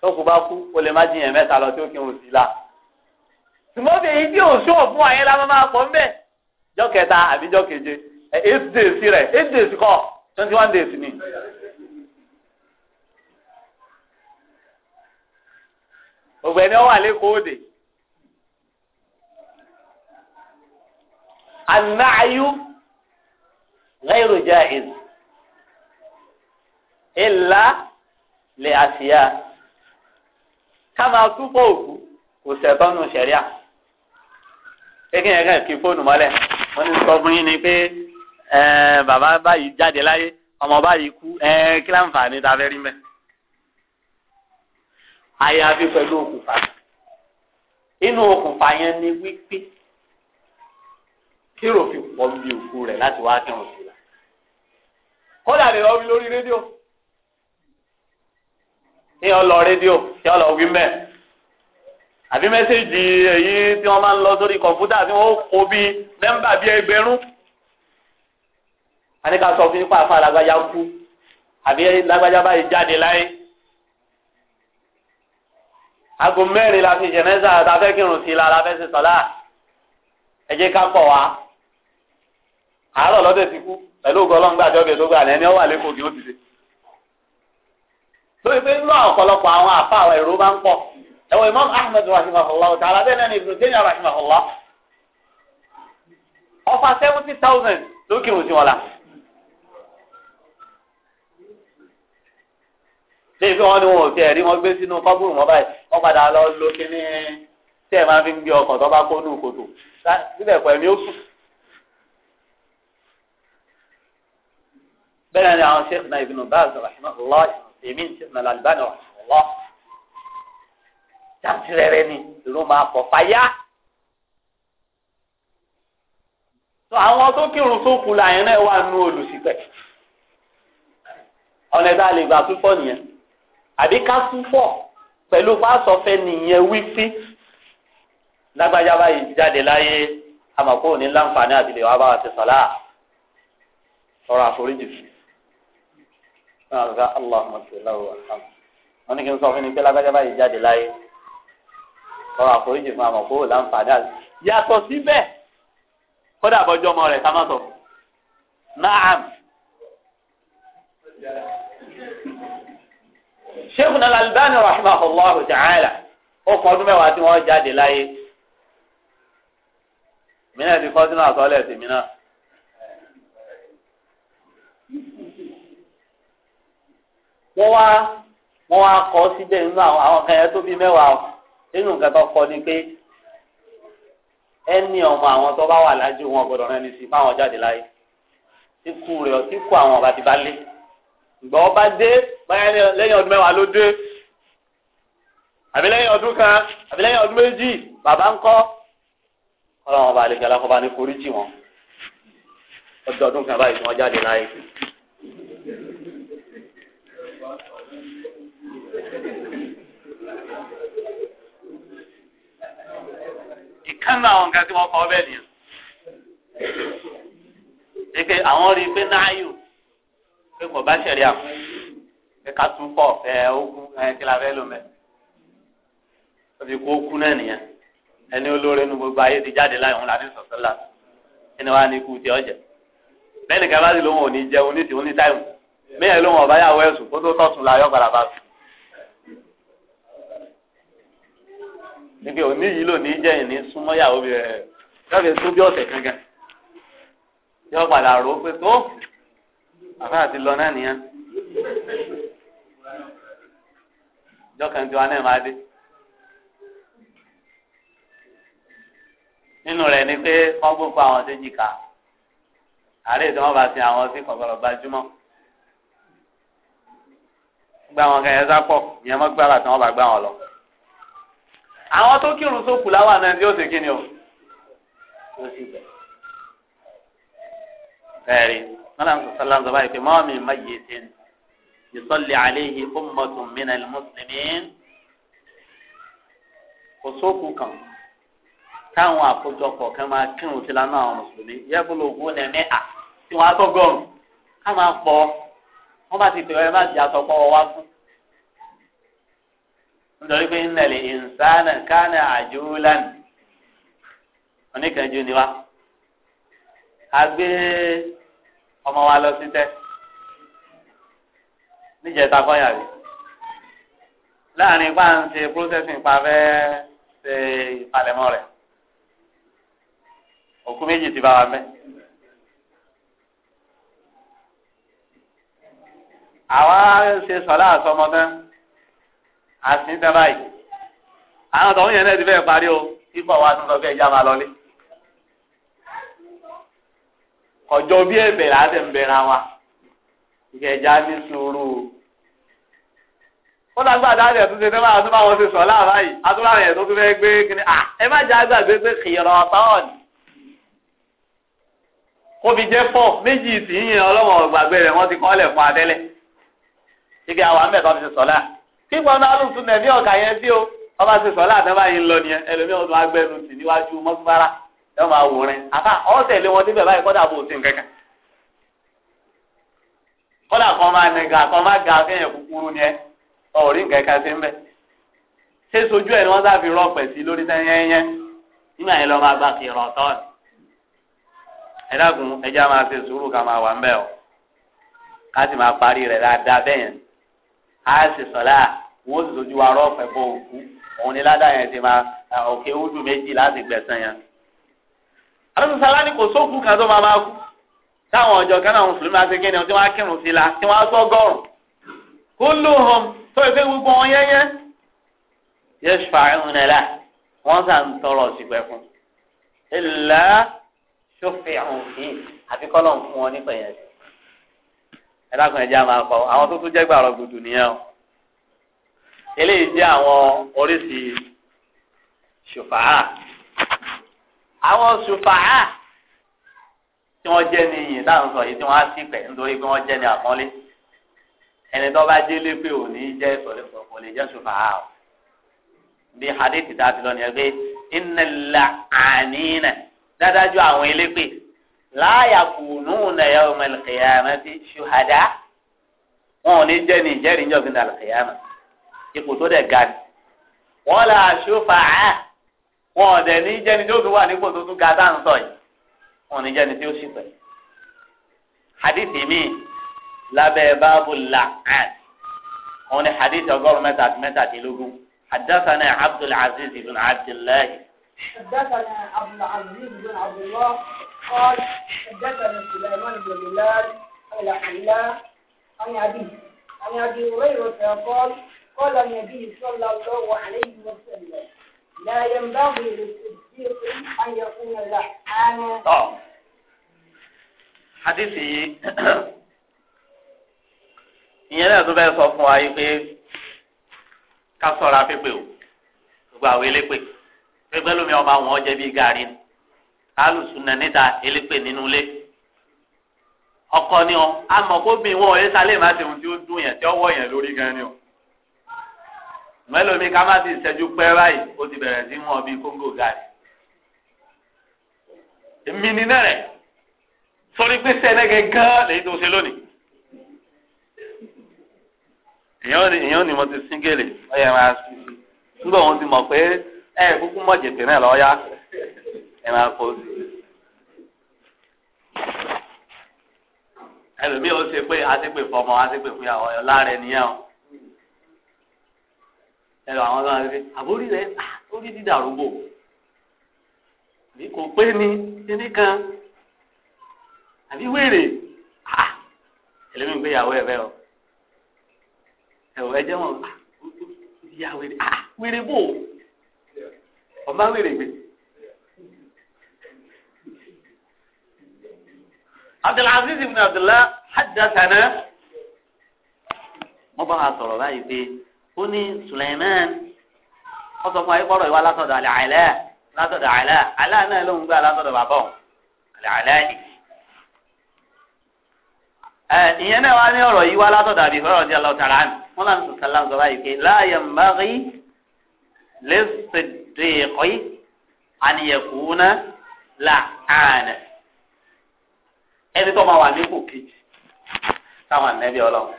S2: tó kù bá kú o lè má jiyàn mẹ́ta lọ tí ó kí n ò sí la tùmọ́bì èyí tí ò sún ọ̀fun àyè la máa pọ̀ ń bẹ̀ jọ kẹta àbí jọ keje eight days rẹ̀ eight days kọ́ twenty one days ni. gbogbo ẹni ọwọ alẹ kò de anaayu ghairu jaiz ìlà lè àṣìyà ká máa túbọ̀ òkú kò sẹ̀tọ́nu sẹ̀ríà kékeré yẹn kàn kí fóònù mọ́lẹ̀ wọ́n ní sọ yín ni pé bàbá báyìí jáde láyé ọmọ báyìí kú kí láǹfààní ta fẹ́ rí mẹ́. àyàfi pẹ̀lú òkùnfà inú òkùnfà yẹn ni wípé kí rò fi pọ̀ bí òkú rẹ̀ láti wá kírun sí i. kódà lè lọ rí lórí rédíò tí wọ́n lọ rédíò tí wọ́n lọ wí mẹ́ àbí mẹ́sẹ̀gì èyí tí wọ́n máa ń lọ sórí kọ̀ǹpútà tí wọ́n kó bí nẹ́mbà bíi ẹgbẹ̀rún àníkà sọ fún yín pàfà lágbájá kú àbí lágbájá báyìí jáde láyé aago mẹ́rin la fi jẹ̀nẹ́sà la fẹ́ kírun sí la la fẹ́ ṣe sọ́lá ẹ jẹ́ ká pọ̀ wá àárọ̀ lọ́dẹ̀ ti kú pẹ̀lú ògùn ọlọ́ngbàjọ́ bẹ̀ ní ẹni ọ wà kí ó ti ṣe. lórí pé nínú ọ̀pọ̀lọpọ̀ àwọn àfa àwọn ẹ̀rọ bá ń pọ̀ ẹ̀wọ̀ imam ahmed rahimahullah ta'ala bẹ́ẹ̀ náà ibùdó jẹ́yìn rahimahullah ọfà seventy thousand lókè òsì wọn ni wọn ò wọn gbé sínú báyìí padà lọ máa fi ń gbé tó bá kó síbẹ̀ pẹ̀lú èmi ń sèmọ làlùbáni ọ̀wọ́ jàǹtìrẹrẹ ni ìró máa pọ̀ fàyà. tó àwọn tó kírun tó kù láyìn náà wà nù olùsìpẹ̀ ọ̀nà ìdá lè gbà púpọ̀ nìyẹn àbí ká púpọ̀ pẹ̀lú fásọfẹ́ nìyẹn wípé lágbájá báyìí jáde láyé àmọ́ kò ní láǹfààní àti lè wá bá wa ti sọ̀lá ọ̀rọ̀ àforíjì fún un. náà ká Allahumma ṣe sọ fún ni pé lágbájá báyìí jáde láyé ọ̀rọ̀ àforíjì fún àmọ̀ kówó láǹfààní àti yàtọ̀ síbẹ̀ kódà bọ́jọ́ naam albani ta'ala ó ọdún mẹ́wàá tí wọ́n jáde láyé ti kọ́ sínú wọ́n wá wọ́n wá kọ́ síbẹ̀ nínú àwọn kan yẹn tó bí mẹ́wàá nínú nǹkan tó kọ́ ni pé ẹni ọmọ àwọn tó bá wà lájú wọn gbọdọ̀ rán ẹni sí fáwọn jáde láyé ikú rẹ̀ ọtí kú àwọn ọba ti bá lé ìgbà ọba dé báyẹn lẹ́yìn ọdún mẹ́wàá ló dé àbí lẹ́yìn ọdún kan àbí lẹ́yìn ọdún méjì bàbá ń kọ́ ọlọ́run ọba àlejò alákọ̀ọ́bá ní foríjì wọn ọdún ọdún kan báyìí tí wọ́n jáde láyé. ìkànnì àwọn nǹkan tí wọ́n kọ́ bẹ́ẹ̀ nìyẹn. pé àwọn rí i pé náàyò pé kò bá ṣẹ̀rí àpò pé ká tún pọ̀ fẹ́ ogun ẹ̀ kí la fẹ́ lò mẹ́. ó ti kó kú náà nìyẹn ẹni olóore nu gbogbo ayé ti jáde láì òun láti sọ̀tọ́ là ẹni wàá ní ikú ti ọ̀jẹ̀ bẹ́ẹ̀ nìkan bá sì lóun ò ní jẹun ní tìun ní táìmù mí ẹ̀ lóun ọ̀báyàwó ẹ̀sùn kó tó tọ̀sùn la yọ̀ sùn. níbi òní yìí lónìí jẹ́ ìní súnmọ́ yàwó rẹ̀ lọ́ọ̀fẹ́ tó bí ọ̀sẹ̀ kankan yọ padà rò ó pé tó àfa àti lọ náà nìyẹn jọkàn tí wa náà máa dé nínú rẹ̀ ni pé wọ́n gbogbo àwọn tó jìkà àárẹ̀ tí wọ́n bá sin àwọn sí kọ̀ọ̀kan gbajúmọ̀ gba àwọn kan yẹn sápọ̀ ìyẹn mọ́ gbára tí wọ́n bá gbá wọn lọ àwọn tó kírun sókù láwọn àná tí ó ṣe kí ni o ó sì bẹ̀. bẹ́ẹ̀ni mọ́làn sọ sọ́lá sọ báyìí pé mọ́ọ̀mí máyé ti ń yusalli alayhi ummatun minal muslimin kò sókù kan táwọn àkójọpọ̀ kan máa kírun sí lánàá àwọn mùsùlùmí yẹ́bùlù ògùn ní mẹ́à tí wọ́n á tọ́gọ́rùn-ún ká máa pọ̀ wọ́n bá ti tẹ̀wé bá ti àtọ́pọ̀ wọ́n wá fún nítorí pé innal insana kana ajulan oníkanjú ni wa a gbé ọmọ wa lọ sí tẹ́ níjẹta kọ́yà rẹ̀ láàrin ipá ń ṣe processing pa fẹ́ ṣe ìpalẹ̀mọ́ rẹ̀ òkú méjì ti bá wa mẹ́. àwa ṣe sọ̀lá àsọmọ tán àsìn tẹ́ báyìí àwọn tọ̀hún yẹn náà ti fẹ́ parí o kíkọ̀ wa tún sọ fẹ́ já máa lọlé ọjọ́ bí ẹ̀bẹ̀ láti ń bẹ̀rẹ̀ wa ìkẹjà ní sùúrù ó lágbà dáadẹ̀ tó ṣe tẹ́lá àtúbà wọn ti sọ láàbá yìí àtúbà yẹn tó tún fẹ́ gbé kíni à ẹ má jẹ́ àgbàgbé pé kìrọ̀ ọ̀tọ́ọ̀ ni kó fi jẹ́ pọ̀ méjì tì í yẹn ọlọ́wọ̀n gbàgbé rẹ̀ wọ́n ti kọ́ lẹ̀ fún adẹ́lẹ̀ kíkẹ́ àwọn àmì ẹ̀tọ́ ti sọ láà. kí wọn náà lùsùn nẹ̀mí ọ̀gá yẹn sí o ọba ṣe sọ̀lá yìí ń lọ nìyẹn ẹlòmí ọdún níwájú mọ́sùmára ẹ máa wò rẹ àbá ọ̀sẹ̀ wọn síbẹ̀ báyìí kọ́dà bò sí nǹkan kọ́dà kan máa ga fẹ́yìn kúkúrú sí ṣé sojú ni wọ́n sáfi sí lórí sẹ́yẹ́yẹ́ nígbà yẹn gba dákun á sì sọ̀lá wọ́n sì sojú wa rọ́ọ̀fẹ́ bọ òkú òun ni ládàá yẹn ti máa òkè údù méjì láti gbẹ̀sán yẹn. alásùsálá ni kò sóòkú kan tó máa máa kú táwọn ọjọ́ kan náà mùsùlùmí máa ṣe tí wọ́n á kírun sí la tí wọ́n á sọ gọ́rùn kó ló hàn tó ìfẹ́ gbogbo wọn yẹ́yẹ́ yẹ́sù fàáhùn náà là wọ́n sà tọrọ sípẹ́ fún ilà ṣòfin àwọn òfin àfikọ́ fún wọn nípa ìyẹn sí ẹlẹ́kùn ẹ̀jẹ̀ máa kọ àwọn tó tún jẹ́ gbàrọ̀ gbùdù nìyẹn o eléyìí jẹ́ àwọn oríṣi ṣùfàá àwọn ṣùfàá tí wọ́n jẹ́ ní iyì táwọn sọ yìí tí wọ́n á sì pẹ̀ nítorí pé wọ́n jẹ́ ní àpọ́nlé ẹni tó bá jẹ́ lépè ò jẹ́ ìsọ̀lẹ́sọ̀ lè jẹ́ ṣùfàá o bí hadith tá ti lọ nìyẹn pé innal la'anina dáadájú àwọn elépè láàyà kùnú na yawma al-qiyamati ṣùhàdá wọn ò ní jẹ́ ní ìjẹ́rìí ní ọ̀gbìn al-qiyama ipò tó dẹ̀ ga ni wọn là ṣùfàá wọn ò dẹ̀ ní jẹ́ ní tí ó tún wà nípò tó tún ga tá yìí wọn ò ní jẹ́ ní tí ó sì pẹ̀. hadithi mi lábẹ́ báàbù làkàn wọn ni hadithi ọgọ́rùn-ún mẹ́ta àti mẹ́tàdínlógún haddathana abdul ibn abdullahi.
S4: haddathana abdul ibn abdullahi. قال حدثنا سليمان بن بلال قال حلا عن أبي عن أبي هريرة قال قال النبي صلى الله عليه وسلم لا ينبغي للصديق أن يكون لحانا
S2: حديث ìyẹn náà tó bẹ́ẹ̀ sọ fún wa yìí pé ká sọ̀rọ̀ afẹ́pẹ́ o gbogbo àwọn elépè pé pẹ́lú ọmọ àwọn ọjẹ́ bíi gàrí ni alùsùnà níta elépè nínú ilé ọkọ ni ọ àmọ́ kóbi wọn ọyẹ sálẹ má ti ohun tí ó dùn yẹn tí ó wọ yẹn lórí gan ni o mẹlòmí ká má ti ṣẹ́jú pẹ́ báyìí ó ti bẹ̀rẹ̀ sí mú ọ bíi kóńgò gàrí èmi ni náà rẹ sọrí pé sẹlẹgẹ gán lèyí tó ṣe lónìí èèyàn ni mo ti síngèlè ọyẹ máa sí nígbà wọn ti mọ̀ pé ẹ kúkú mọ jèpè náà lọ yá ẹ máa kó sí ẹlòmíì ó ṣe pé àtìpè fọmọ àtìpè fún ọyọ láàrẹ nìyẹn o ẹlò àwọn ọlọ́run àti àbórí rẹ orí ah, dídà rúgbò kò pé ni kíní kan àbí wèrè ah, ẹlòmíì gbéyàwó ẹ bẹ́ẹ̀ o ẹ̀wọ̀ ẹ jẹ́ ìyá wèrè ah, wèrè bò ọba wèrè gbé. عبد العزيز بن عبد الله حدثنا مبارك طلبائي في هني سليمان قصف ما يقول ولا تدع لعلاء لا تدع علاء علاء آه، إيه أنا لهم قال لا تدع بابهم لعلاء إينا وأنا يروي إيه ولا تدع بفر رضي الله تعالى عنه مولا الله سلام طلبائي لا ينبغي للصديق أن يكون لعانا ẹni tó máa wà nípò kejì táwọn ànábì ọlọ́run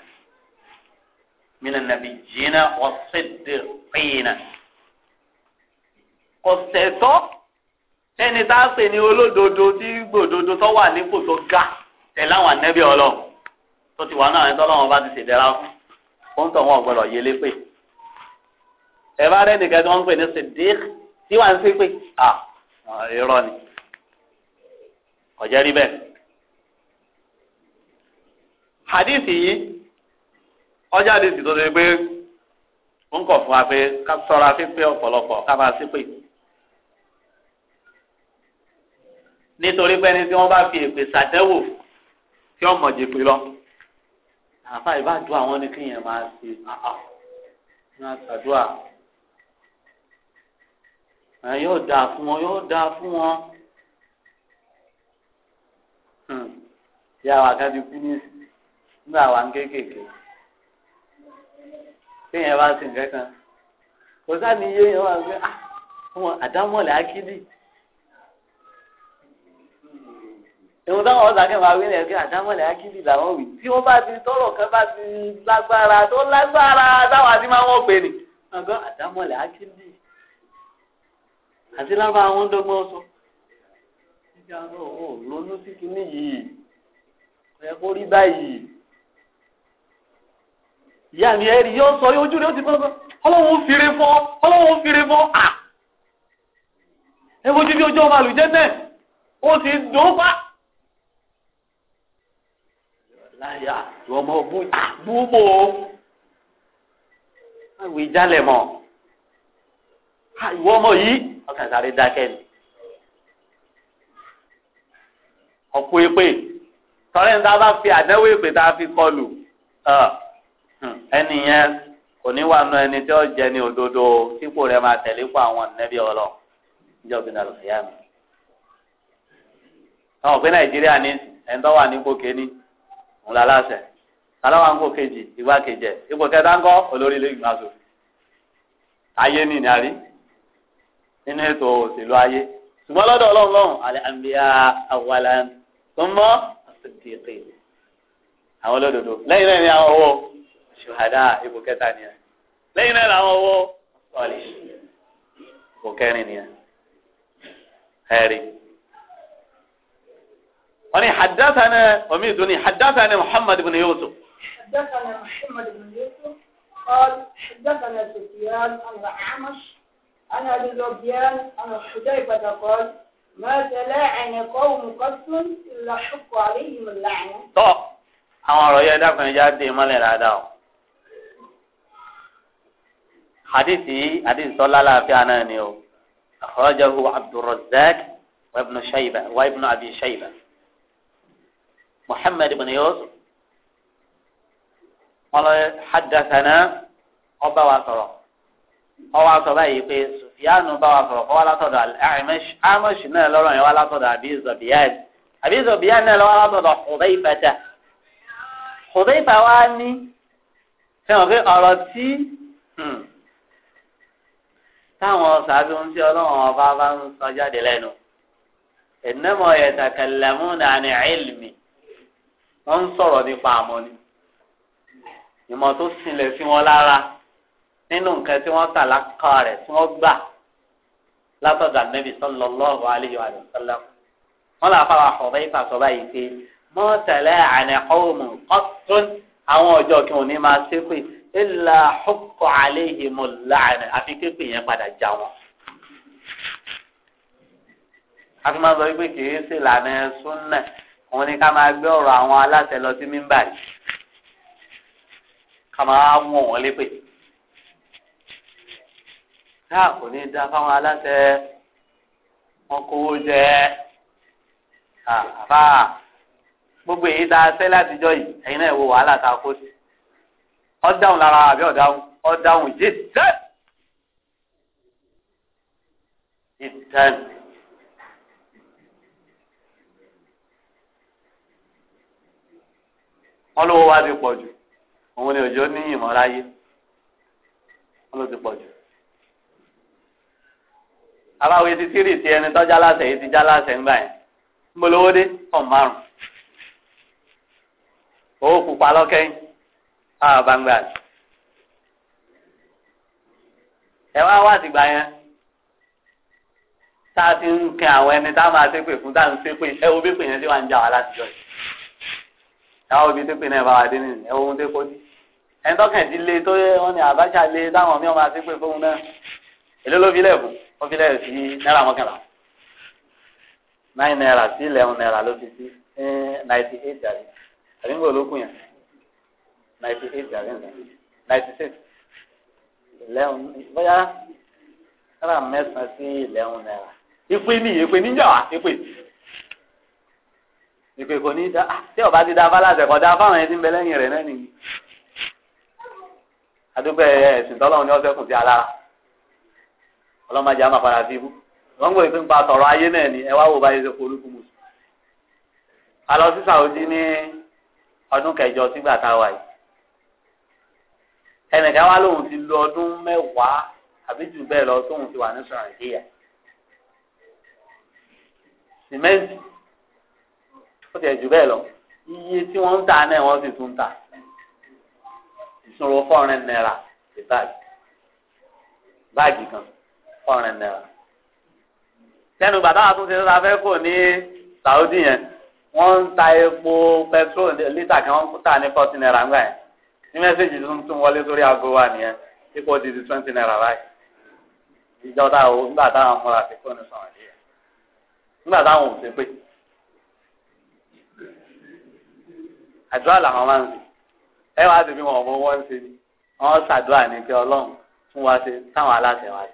S2: mina nàbí jìnnà ọ̀sẹ̀dẹ̀ pìnnà kò sẹ̀tọ́ ẹni tá a pè ní olódodo tí gbòdodo tó wà nípò tó ga tẹ̀lé àwọn ànábì ọlọ́run tó ti wà náà ẹni tó ọlọ́run bá ti ṣèdẹ́ra ó ń tọ̀ wọ́n ọ̀gbọ́dọ̀ yẹlé pé ẹ bá rẹ nìkan tí wọ́n ń pè ní sèdèk tí wọ́n ń sèpè à irọ́ ni kò rí bẹ́ẹ̀ hadithi yìí ọjà hadithi tó ṣe pé ń kọ̀ fún wa pé ká sọ́ra pípé ọ̀pọ̀lọpọ̀ ká máa sí pé nítorí pé ẹni tí wọ́n bá fi èpè ṣàtẹ́wò tí wọ́n mọ̀jì pé lọ àfa ìbádùn àwọn ni kí yẹn máa ṣe máa ṣàdúrà yóò dáa fún wọn yóò dáa fún wọn hmm. yàrá kan ti kú ní ìsìn nígbà wà ń kéékèèké téèyàn bá sì nǹkan kan kò sáni yé yẹn wà pé àwọn ah, àdámọ̀lẹ̀ akídì èwo táwọn ọ̀sán kan máa wí ni ẹ̀kẹ́ àdámọ̀lẹ̀ akídì làwọn wì tí wọ́n bá ti tọrọ kan bá ti lágbára tó lágbára táwọn àti máa wọ́n pè ní ọgọ́ àdámọ̀lẹ̀ akíndì àti lábá àwọn dọ́gbọ́n sọ
S1: níbi àwọn òun sí
S2: kinní yìí ẹ kó rí báyìí ìyá mi ẹ̀rí yóò sọ ojú rẹ̀ ó ti pọ́npọ́n ọlọ́run fìrè fọ́ ọlọ́run fìrè fọ́ à ẹ wojú bí ojú ọmọ àlùjẹ́ náà ó ti dùn pa. láyà ọmọ gbúgbò àwọn ìjálẹ̀ mọ́ ìwọ ọmọ yìí ọkàn sáré dákẹ́ ni ọ̀pọ̀ èpè tọ́lẹ̀ bá fi àdẹ́wò èpè tá a fi kọlù. ẹni yẹn kò ní wà nù ẹni tí ó jẹ ní òdodo sípò rẹ̀ máa tẹ̀lé kó àwọn nẹ́bí ọlọ níjọba ìdàlù fìyà mi. àwọn òpin nàìjíríà ní ẹni wà ní ipò kéní òun aláwa ń kó kejì igbákejì ipò kẹta ń kọ olórí ilé ìgbìmọ̀ àṣọ ayé ní ìnárí nínú ètò òṣèlú ayé ṣùgbọ́n lọ́dọ̀ ọlọ́run lọ́run àlẹ́ tó mọ́ àwọn olódodo lẹ́yìn lẹ́yìn àwọn owó. شهداء يبقى ثانية لين العمو صالح وكانين هاري وني حدثنا وميدني حدثنا محمد بن يوسف
S4: حدثنا محمد بن يوسف قال حدثنا سفيان عن عمش أنا للوبيان أنا الحديبة قال ما تلاعن قوم قص إلا حق عليهم اللعنة
S2: طب أنا رأيه دفن جاد دي مالي العداو حديثي حديث صلى الله عليه وسلم أخرجه عبد الرزاق وابن شيبة وابن أبي شيبة محمد بن يوسف قال حدثنا أبا وصرا أبا وصرا يقول سفيان أبا وصرا قال صدى الأعمش أعمش نا لرن يوالا صدى أبي زبيان أبي زبيان نا لرن صدى حذيفة حذيفة واني كان غير أرادتي táwọn sàbí ń tí ọlọ́run ọba bá ń sọ jáde lẹ́nu ìnáwó ẹ̀tàkàlẹ́mú nàní ẹ̀lmì wọ́n ń sọ̀rọ̀ nípa àmọ́ ni ìmọ̀ tó sinlẹ̀ sí wọn lára nínú nǹkan tí wọ́n tà lákà rẹ̀ tí wọ́n gbà látọ̀dọ̀ ànábì sallallahu alayhi wa sallam wọ́n là fara ọ̀rẹ́ ìfàsọ́ba yìí pé mọ́tẹ̀lẹ́ àná ọ̀hún kọ́tún àwọn ọjọ́ kí wọ́n ní máa ṣépè ìlà ọkọ̀ àléhìmọ̀ láàrin àfi kéèpé yẹn padà já wọn. a fi máa sọ wípé kì í ṣe ìlànà ẹ̀sùn náà òun ni ká máa gbé ọ̀rọ̀ àwọn aláṣẹ lọ sí mímbàrí ká máa wọ̀n wọ́n lépè. ká kò ní dá fáwọn aláṣẹ wọn kówó jẹ àbá gbogbo èyí tá a fẹ́ látijọ́ yìí ẹ̀yin náà wo wàhálà tá kó sí. ọdáhùn lára àbí ọdáhùn ọdáhùn jìtẹ́n jìtẹ́n. wọ́n lówó wá ti pọ̀ jù òun ni òjò ní ìmọ̀ láyé ti pọ̀ jù. aláwo ti tírì ti ẹni tọ́jà láṣẹ yìí ti já láṣẹ ńgbà yẹn ń bolówó dé ọ̀ márùn-ún owó pupa lọ́kẹ́yìn. àbá ń gbà sí. ẹ wá wá àtìgbà yẹn tá a ti ń kẹ àwọn ẹni tá a máa ṣépè fún tá a ń ṣépè ẹ wo bí pè yẹn tí wàá ń jà wá látijọ́ yìí táwọn òbí ṣépè náà bá wà dé nìyí ohun tó kó ẹni tọkàn ti lé tó yẹ wọn ni Abacha lé táwọn míì máa ṣépè fóun náà èlé ló fi lẹ́ẹ̀kú ó fi lẹ́ẹ̀ sí náírà mọ́kànlá nine naira sí eleven naira ló fi sí eh, ninety eight àbí àbí ń gbọ́ lókun yẹn ninety eight àbí nǹkan ninety six eleven bóyá náírà mẹ́sàn-án sí eleven náírà ìpè ní ìpè níjà wá ìpè ìpè kò ní dá tí ọba ti dá balàṣẹ kọ dá fáwọn ẹni bẹ lẹ́yìn rẹ̀ náà nìyí adúgbò ẹ̀sìn tọ́lọ́run ní ọ̀sẹ̀ kù sí alára ọlọ́mọdé àmà padà sí ibú wọ́n gbọ́ ìpínpá sọ̀rọ̀ ayé náà ni ẹ wá wò báyìí ṣe kó olúkú mu alọ sí Saudi ní ọdún kẹjọ sígbà tá a wà yìí ẹnìkan wá lóun ti lo ọdún mẹ́wàá àbí jù bẹ́ẹ̀ lọ tóun ti wà ní sọ̀rọ̀ǹkìyà sìmẹ́ǹtì ó tiẹ̀ jù bẹ́ẹ̀ lọ iye tí wọ́n ń tà náà wọ́n sì tún ń tà ìṣòro fọ́ọ̀rẹ́ náírà ti báàgì báàgì kan fọ́ọ̀rẹ́ náírà tẹnu bàbá àtúnṣe tó ta fẹ́ kò ní Saudi yẹn wọ́n ń ta epo pẹtrol lítà kan wọ́n ń tà ní fọ́tí náírà ńgbà yẹn ní mẹ́sẹ̀gì tó ń tún wọlé sórí aago wa nìyẹn ipò di di twenty naira báyìí ìjọba o nígbà táwọn múra sí fóònù sọ̀rọ̀ yìí nígbà táwọn ò ṣe pé àdúrà làwọn máa ń sè ẹ wá sí bí wọn bó wọn ṣe ni wọn ṣàdúrà ní pé Ọlọ́run fún wa ṣe táwọn aláṣẹ wa ṣe.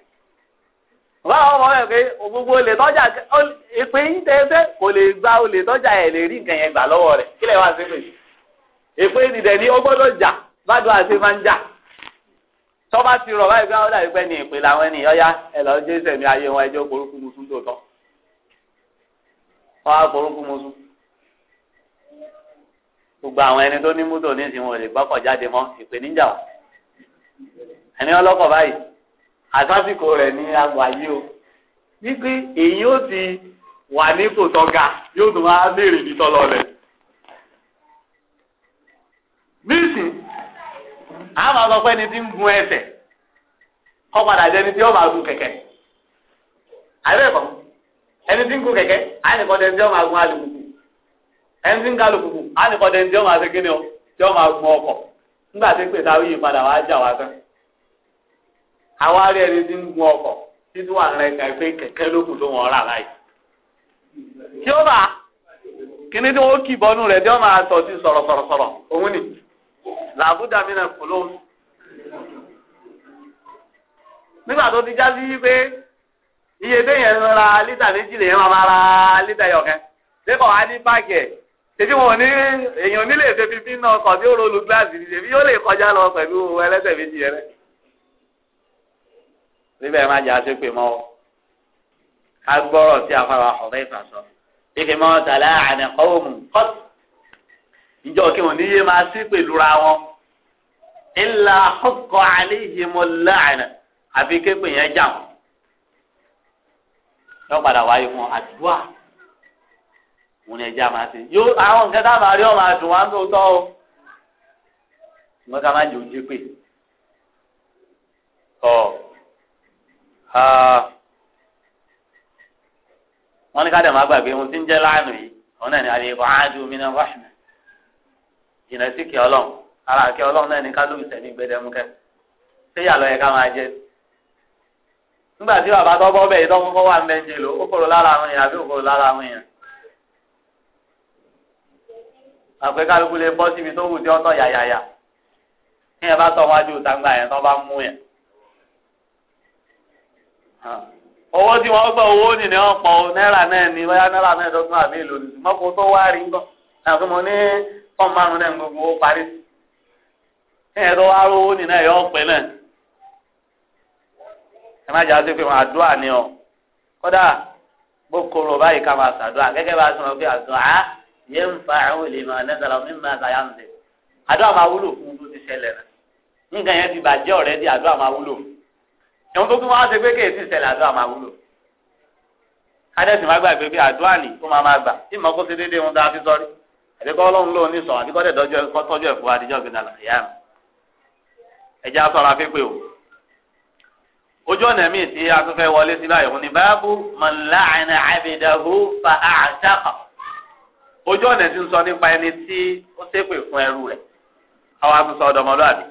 S2: bàbá àwọn ọmọ rẹ pé gbogbo olè tọ́jà ìpè tẹ́tẹ́ kò lè gba olè tọ́jà ẹ̀ lè rí nǹkan yẹn gbà lọ́wọ́ rẹ̀ kílẹ̀ wá sí pé ìpè ìdìdẹ̀ ni ó gbọ́dọ̀ jà bàdó àti máa ń jà tọ́ba ti rọ̀ báyìí pé àwọn dàbí pé ní ìpìlẹ̀ àwọn ènìyàn yá ẹ lọ jẹ́ sẹ̀mí ayé wọn ẹjọ́ korúkú musu tó tọ́ wọ́n á korúkú musu gbogbo àwọn ẹni tó ní mọ́tò ní ìsìn wọn ò lè gbọ́kọ̀ jáde mọ́ ìpèníjà o ẹni ọlọ́kọ̀ báyìí àtàsìkò rẹ̀ ní agbo ayé o wípé èyí ó ti wà ní kòtọ́ga yóò tún máa béèrè nítọ́lọ́ rẹ̀. a ma sọ pé ẹni tí ń gun ẹsẹ̀ kọ́ ma ẹni tí ó máa gun kẹ̀kẹ́ àbẹ́ẹ̀kọ́ ẹni tí ń gun kẹ̀kẹ́ á nìkan tí ó máa gun alùpùpù ẹni tí ń ga alùpùpù tí ọ máa ṣe kíni o tí ó máa gun ọkọ̀ nígbà tí pèsè àwọn yìí padà wàá jà wá tán àwa rí ẹni tí ń gun ọkọ̀ títí wà ló kù tó wọn rà sọ sí sọ̀rọ̀ làbúdà mi náà kò nígbà tó ti já sí wípé
S1: iye béèyàn ń ra
S2: lítà méjì lèyàn máa ra lítà yọ̀kẹ́ lẹ́kọ̀ọ́ á ní páàkì ẹ̀ tètè wọn ní èèyàn nílé ètò fífi ń nà ọkọ̀ tí ó rolu gíláàsì ní tèmi yóò lè kọjá lọ pẹ̀lú ẹlẹ́sẹ̀ méjì rẹ̀. níbẹ̀ má jà sí pé mọ́ agbọ́rọ̀ sí afárá ọ̀rẹ́ ìfàsọ. ìfìmọ̀ tàlẹ́ àdìkọ́wọ́mù kọ́tù ìjọ kí wọn níyé máa sí pẹ̀lú ra wọn ilà ọkọ̀ àlehìmọ̀ láàrin àfi képe yẹn jà wọn yóò padà wáyé fún àdúrà wọn ẹja máa ṣe yóò àwọn nǹkan tá a máa rí ọ máa dùn wá ń tó tọ́ o wọn ká máa jẹ oúnjẹ pé ọ wọn ní ká dẹ̀ máa gbàgbé ohun tí ń jẹ́ láàánú yìí wọn náà ní alẹ́ ìbọn ájú mi náà wáṣùmẹ́. jìnnà sí kí ọlọ́run ara àkẹ ọlọ́run náà ní kálómi sẹ̀mí gbẹdẹmukẹ́ séyà lọ yẹ ká máa jẹ nígbà tí bàbá tó bọ́ bẹ́ẹ̀ yìí tó kọ́kọ́ wà ń bẹ́ẹ̀ jẹ lò ó kòrò lára àwọn èèyàn àbí òkòrò lára àwọn èèyàn àpẹ kálukú lè bọ́ síbi tó wù tí ọtọ̀ yàyàyà ní ẹ bá tọ̀ wájú ìtàgbà yẹn tó bá mú yẹn. owó tí wọ́n gbọ́ owó náírà náà bóyá náírà náà tọ́ márùn náà gbogbo ó parí ẹ̀rọ arówó nínú ẹ̀yọ́ ọ̀pẹ náà ẹ má jà sí pé wọn àdúrà ni ọ kódà bó koro báyìí ká máa sàdúrà gẹ́gẹ́ bá a sọ̀rọ̀ pé àdúrà yẹn ń fa àwọn olè máa nẹ́sàlá mi máa sàyà ń sè àdúrà máa wúlò fún un tó ti ṣẹlẹ̀ náà nǹkan yẹn ti bàjẹ́ ọ̀rẹ́ di àdúrà máa wúlò ẹ̀wọ̀n tó kí wọ́n á ṣe pé kéèsì ṣẹlẹ̀ àdúrà máa wúlò adẹ́sìn má gbàgbé pé àdúrà ni ó máa máa gbà tí mọ́kó ṣe déédéé wọn tó a fi sọ́rí àdékọ́ ọlọ́run ló ní sọ àdékọ́ dẹ̀ dọ́jọ́ kọ́ tọ́jú ẹ̀fọ́ àdéjọ́ gbẹ̀dà làyà mi ẹ̀jẹ̀ asọ̀rọ̀ afẹ́pẹ́ o ojú ọ̀nà míì tí a tún fẹ́ wọlé sí báyìí òun ni báàbù man la'ana 'abdahu fa a'taqa ojú ọ̀nà tí ń sọ nípa ẹni tí ó ṣépè fún ẹrú rẹ̀ àwọn àtúnṣe ọ̀dọ́mọlúwàbí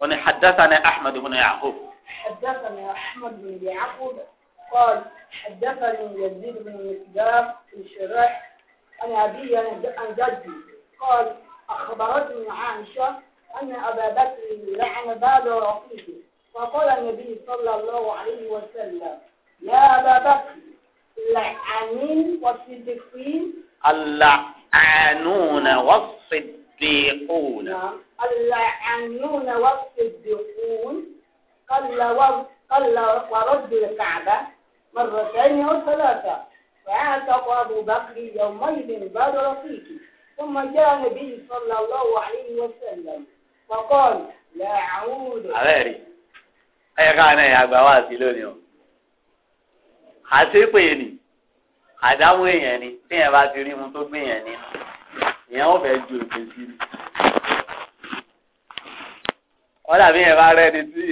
S2: òun ni haddathana ahmed ibn ya'qub.
S4: haddathana ahmed ibn ya'qub أن أبي عن جدي قال أخبرتني عائشة أن أبا بكر لعن بعد رقيقه فقال النبي صلى الله عليه وسلم يا أبا بكر اللعانين والصديقين
S2: اللعانون والصديقون
S4: نعم اللعانون والصديقون قل ورد الكعبة مرتين أو ثلاثة فعاتق أبو بكر يومين بعد رفيقه ثم جاء النبي صلى الله عليه وسلم فقال لا
S1: أعود عليه
S2: ẹ ká náà àgbà wá sí lónìí o àṣepè ni àdámú èèyàn ni téèyàn bá ti rí mu tó gbé èèyàn ni èèyàn ò fẹ́ ju òkè sí i wọ́n dàbí èèyàn bá rẹ́ni tí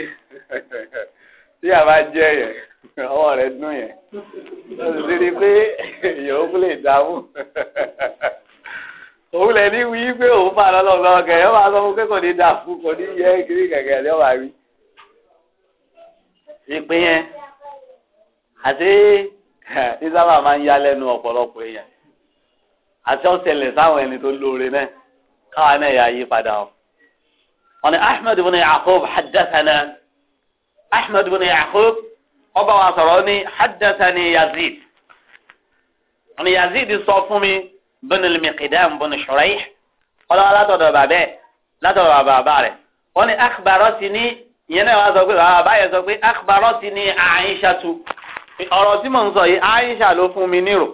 S2: tí bá jẹ́ yẹn ọwọ́ rẹ̀ dùn yẹn ó sì ti di pé èèyàn ó lè dáhùn òun lè ní wí pé òun bá lọ lọ́wọ́ kẹ̀ yọ́ máa sọ fún pé kò ní dà fún kò ní yẹ kiri kẹ̀kẹ́ ni wọ́n máa rí. ìpín yẹn àti ìsábà eh, máa ń yá lẹ́nu ọ̀pọ̀lọpọ̀ èèyàn àti ọ̀sẹ̀lẹ̀ sáwọn ẹni tó lóore náà káwa náà yà yí padà o. wọ́n ní Ahmed bin Yaqub haddathana Ahmed bin Yaqub ọba wa sọ̀rọ̀ ní haddathani yazid ọ̀nà yazid sọ fún mi bẹ́ẹ̀ni mikidam bẹ́ẹ̀ni ṣọ̀rẹ́yì ọlọ́wọ́ látọ̀dọ̀ bàbẹ́ látọ̀dọ̀ bàbá rẹ̀ wọ́n ní akhbarotini ìyẹn náà wá sọ pé bàbá yẹn sọ pé akhbarotini àyíṣà tu ọ̀rọ̀ tí mò ń sọ yìí àyíṣà ló fún mi nírò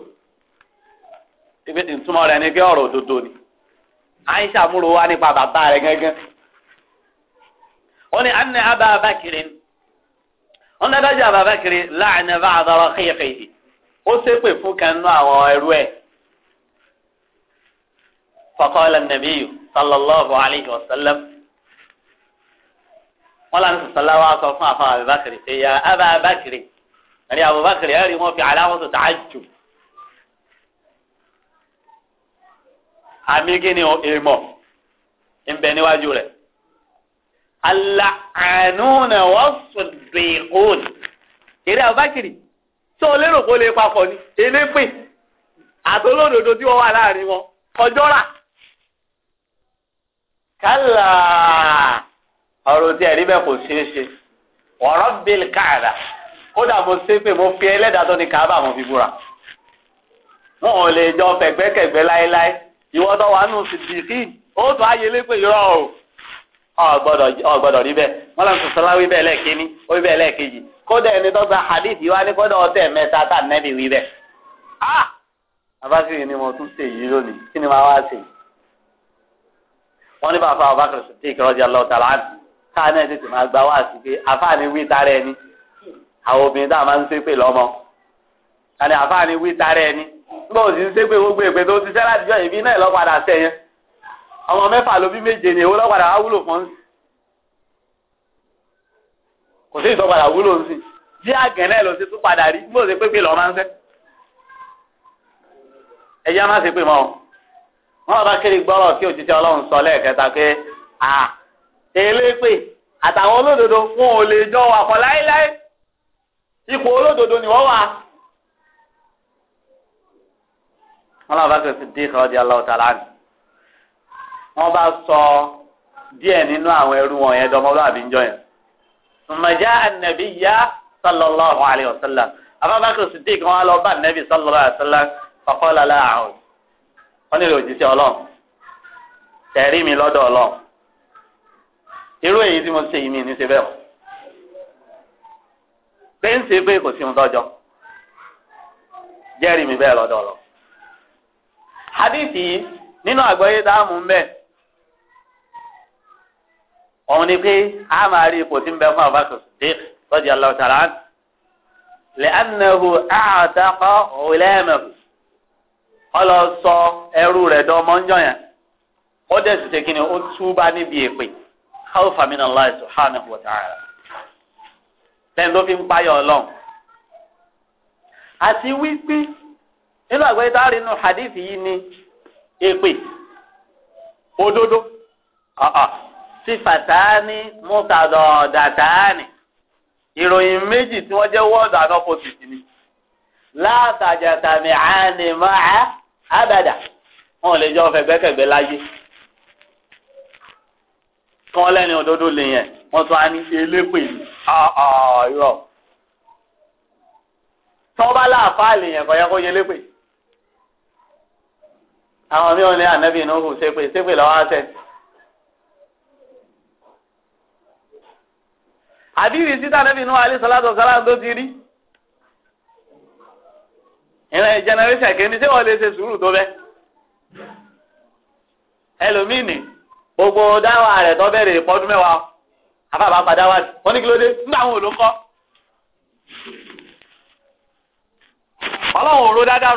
S2: ìtumọ̀ rẹ̀ ni pé ọ̀rọ̀ òdodo ni àyíṣà múro wá nípa bàbá rẹ̀ gángan wọ́n ní anna abba bakirin wọn dájọ́ àbàbà kiri láàánú bá àdọ́rọ̀ kéèkéèké ó ṣépè fún kanú àwọn ẹrú ẹ̀ faqala an-nabiyyu sallallahu alayhi wa sallam wọn lànà sọ̀sọ́lá wa sọ fún àfọwọ́ àbàbà kiri pé ya àbàbà kiri àrí àbàbà kiri ẹ̀rí wọn fi alamatu ta'ajjub àmì kí ni èèmọ̀ níwájú rẹ̀. Àlàánú na wọ́n sùn fèèkún eré abubakar tó o lérò kó lè papọ̀ ni elépè àtolódodo tí wọ́n wà láàrin wọn ọjọ́ rà kálá ọ̀rọ̀ tí ẹ̀rí bẹ́ẹ̀ kò ṣeé ṣe ọ̀rọ̀ bíl káàdà kódà mo ṣe pé mo fi ẹlẹ́dàá tó ní káàbà mo fi búra wọn ò lè jọ fẹ̀gbẹ́kẹ̀gbẹ́ láéláé ìwọ́n wà nù sí dìkì ó tún ayé lépè yọ ọ́ ọgbọ́dọ̀ rí bẹ́ẹ̀ wọ́n lọ́n sọ̀sọ́ láwí bẹ́ẹ̀ lẹ́ẹ̀kíní ó wí bẹ́ẹ̀ lẹ́ẹ̀kejì kódà ẹni tó gba hadith yìí wá ní kódà ọtẹ mẹ́ta tá nẹ́bì wí bẹ́ẹ̀. abákiri ni mo tún ṣe èyí lónìí kí ni màá wá ṣe yìí. wọ́n ní bàbá abákiri sọ̀tì ìkọ́jà lọ tààlà àti káà náà tètè máa gba wá sí pé àfáàní wí tààrẹ ẹni àwọn obìnrin tá a máa ń ṣépè lọ́mọ. àní àfáàní wí tààrẹ ẹni nígbà òsì ń ṣépè gbogbo èpè tó ti ṣẹ́ láti jọ ìbí náà lọ́ padà sẹ́yìn ọmọ mẹ́fà ló bí méje ni èwo lọ́padà á wúlò fún sí kò sí ìtọ́padà wúlò sí bí àgẹ̀nẹ́ lọ sí tún padà rí bí ó ṣe pépè lọ́ọ́ máa ń sẹ́ ẹ̀yà má ṣe pé mọ́ wọn bá kiri gbọ́rọ̀ kí òjijì ọlọ́run sọ lẹ́ẹ̀kẹta pé à elépè àtàwọn olódodo wọn ò jọ wà pọ̀ láéláé ipò olódodo ni wọ́n wà. wọn làwọn bá kiri sí dèkà ọdí aláwọ̀ tàlá ni wọ́n bá sọ díẹ̀ nínú àwọn ẹrú wọn yẹn dọmọlúwàbí ń jọ yẹn. mọ̀já ànàbí yá sallallahu alayhi wa sallam ababakar sidik wọn lọ bá ànàbí sallallahu alayhi wa sallam fàkọ́lá láàrún wọn nílò òjíṣẹ́ ọlọ́run tẹ̀rí mi lọ́dọ̀ ọlọ́run irú èyí tí mo ṣe yìí mi ní ṣe bẹ́ẹ̀ pé ń ṣe pé kò sí ohun tọ́jọ́ jẹ́rìí mi bẹ́ẹ̀ lọ́dọ̀ ọlọ́run hadith yìí nínú àgbọ́yé dáàmú ń bẹ́ẹ̀ òun ni pé a máa rí ipò tí ń bẹ fún abakar siddiq radiyallahu ta'ala anhu lẹ́ẹ̀nẹ́hu àtàkọ́ ọ̀lẹ́mẹ̀kù ọlọ́sọ ẹrú rẹ̀ dọ́mọ́njọ́ yẹn ó dẹ̀ sì ṣe kí ni ó túbá níbi èpè khawfa min Allah subhanahu wa lẹ́yìn tó fi ń payọ̀ ọlọ́run àti wípé nínú àgbẹ̀ dárí inú hadith yìí ni èpè òdodo. Ah ah sífàtàánì mùtàdọ̀dàtàánì ìròyìn méjì tí wọ́n jẹ́ wọ́ọ̀dù àná pọ̀sìtì ni látàjàtàmì àánì máa àbàdà wọn ò lè jọ fẹ̀gbẹ́kẹ̀gbẹ́ láyé kán lẹ́ni òdodo lè yẹn wọ́n tún á ní elépè ní ọ̀ọ́ tọ́ba láàfáà lè yẹn kọ́yá kó yẹ lépè àwọn mí ò ní ànábì inú kù ṣépè ṣépè lọ́wọ́ á tẹ̀. àdìrí sí tànẹ́bí inú alẹ́ sọlá tọ̀sọ́lá tó ti rí ìrìn jẹnẹrẹsẹ̀ kìíní tí wọ́n lè ṣe sùúrù gbogbo dáwà rẹ̀ tó bẹ̀rẹ̀ ìpọ́dún mẹ́wàá afábà padà wá wọn ní kí ló dé nígbà àwọn òòlù ń kọ́ ọlọ́run òru dáadáa